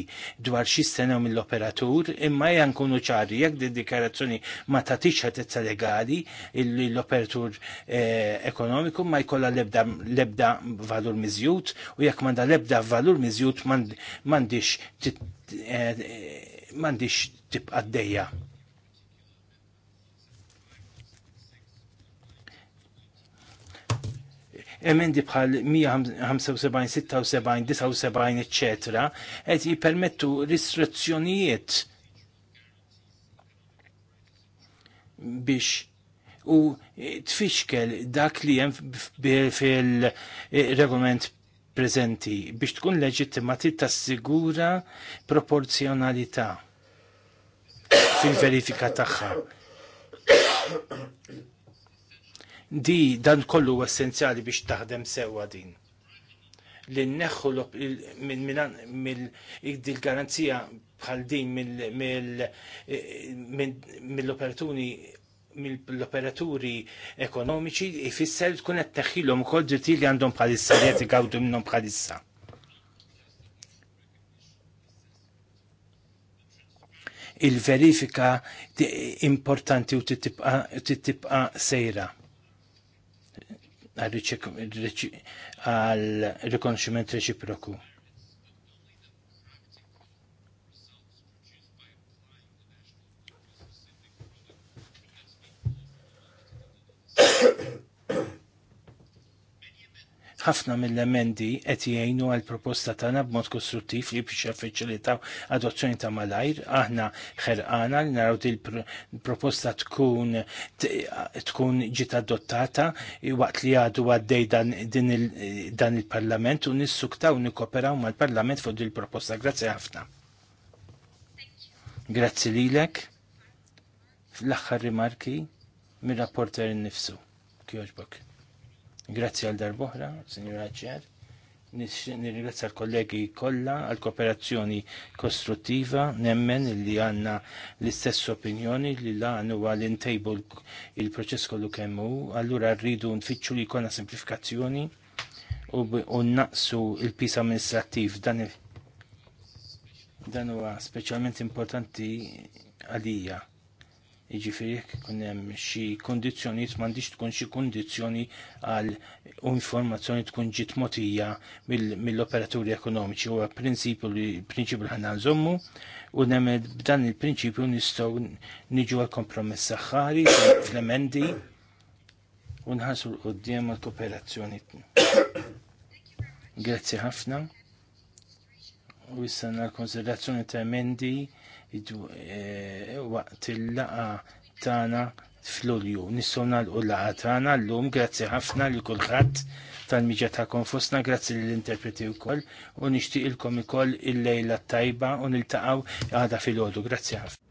dwar xistenaw mill-operatur imma jankunu ċari jekk di dikarazzjoni ma tatix ħatezza legali l-operatur eh, ekonomiku ma jkolla lebda, lebda valur mizjut u jekk manda lebda valur mizjut mandiċ eh, eh, mandiċ tibqa d emendi bħal 175, 76, 79, etc. qed jipermettu ristrazzjonijiet biex u tfixkel dak li jem fil-regolament prezenti biex tkun leġittimati ta' sigura proporzjonalità fil-verifika tagħha. Di dan kollu essenzjali biex taħdem sewa din. Li neħħu mill-garanzija bħal din mill-operaturi mill-operaturi ekonomiċi ifisser tkun qed teħħilhom ukoll drittijiet li għandhom bħalissa li qed igawdu minnhom bħalissa. il-verifika importanti u titibqa sejra għal rikonoxximent reċiproku. ħafna mill-emendi qed jgħinu għal proposta tagħna b'mod kostruttiv li biex jaffiċilita adozzjoni ta' malajr. Aħna ħerqana li naraw il proposta tkun tkun ġiet adottata waqt li għadu għaddej dan il-Parlament u nissuktaw nikoperaw mal-Parlament fuq il proposta Grazzi ħafna. Grazzi lilek. L-aħħar rimarki mir-rapporter innifsu. Kjoġbok. Grazzi għal darbohra, Signora Ċer. Nirringrazzja l-kollegi kollha għal kooperazzjoni kostruttiva, nemmen li għanna l-istess opinjoni li l għannu għal intejbu il-proċess kollu kemmu, allura rridu nfittxu li jkollna semplifikazzjoni u naqsu il-pis amministrattiv dan il- dan huwa speċjalment importanti għalija Jiġifieri jekk hemm xi kondizzjonijiet m'għandix tkun xi kundizzjoni għal informazzjoni tkun ġiet mogħtija mill-operaturi ekonomiċi għal prinċipju li prinċipju ħanna nżommu u nemmed b'dan il-prinċipju nistgħu niġu għal kompromess saħħari fl-emendi u nħasu l-qoddim għal kooperazzjoni. Grazzi ħafna. U jissan l-konsiderazzjoni ta' emendi Eh, waqt il-laqa tagħna fl-ulju. l nagħlqu laqa tagħna llum grazzi ħafna li kulħadd tal-miġa ta' konfusna, grazzi lill interpreti wkoll u nixtieq ilkom ikoll il-lejla tajba u niltaqgħu għada fil-għodu. Grazzi ħafna.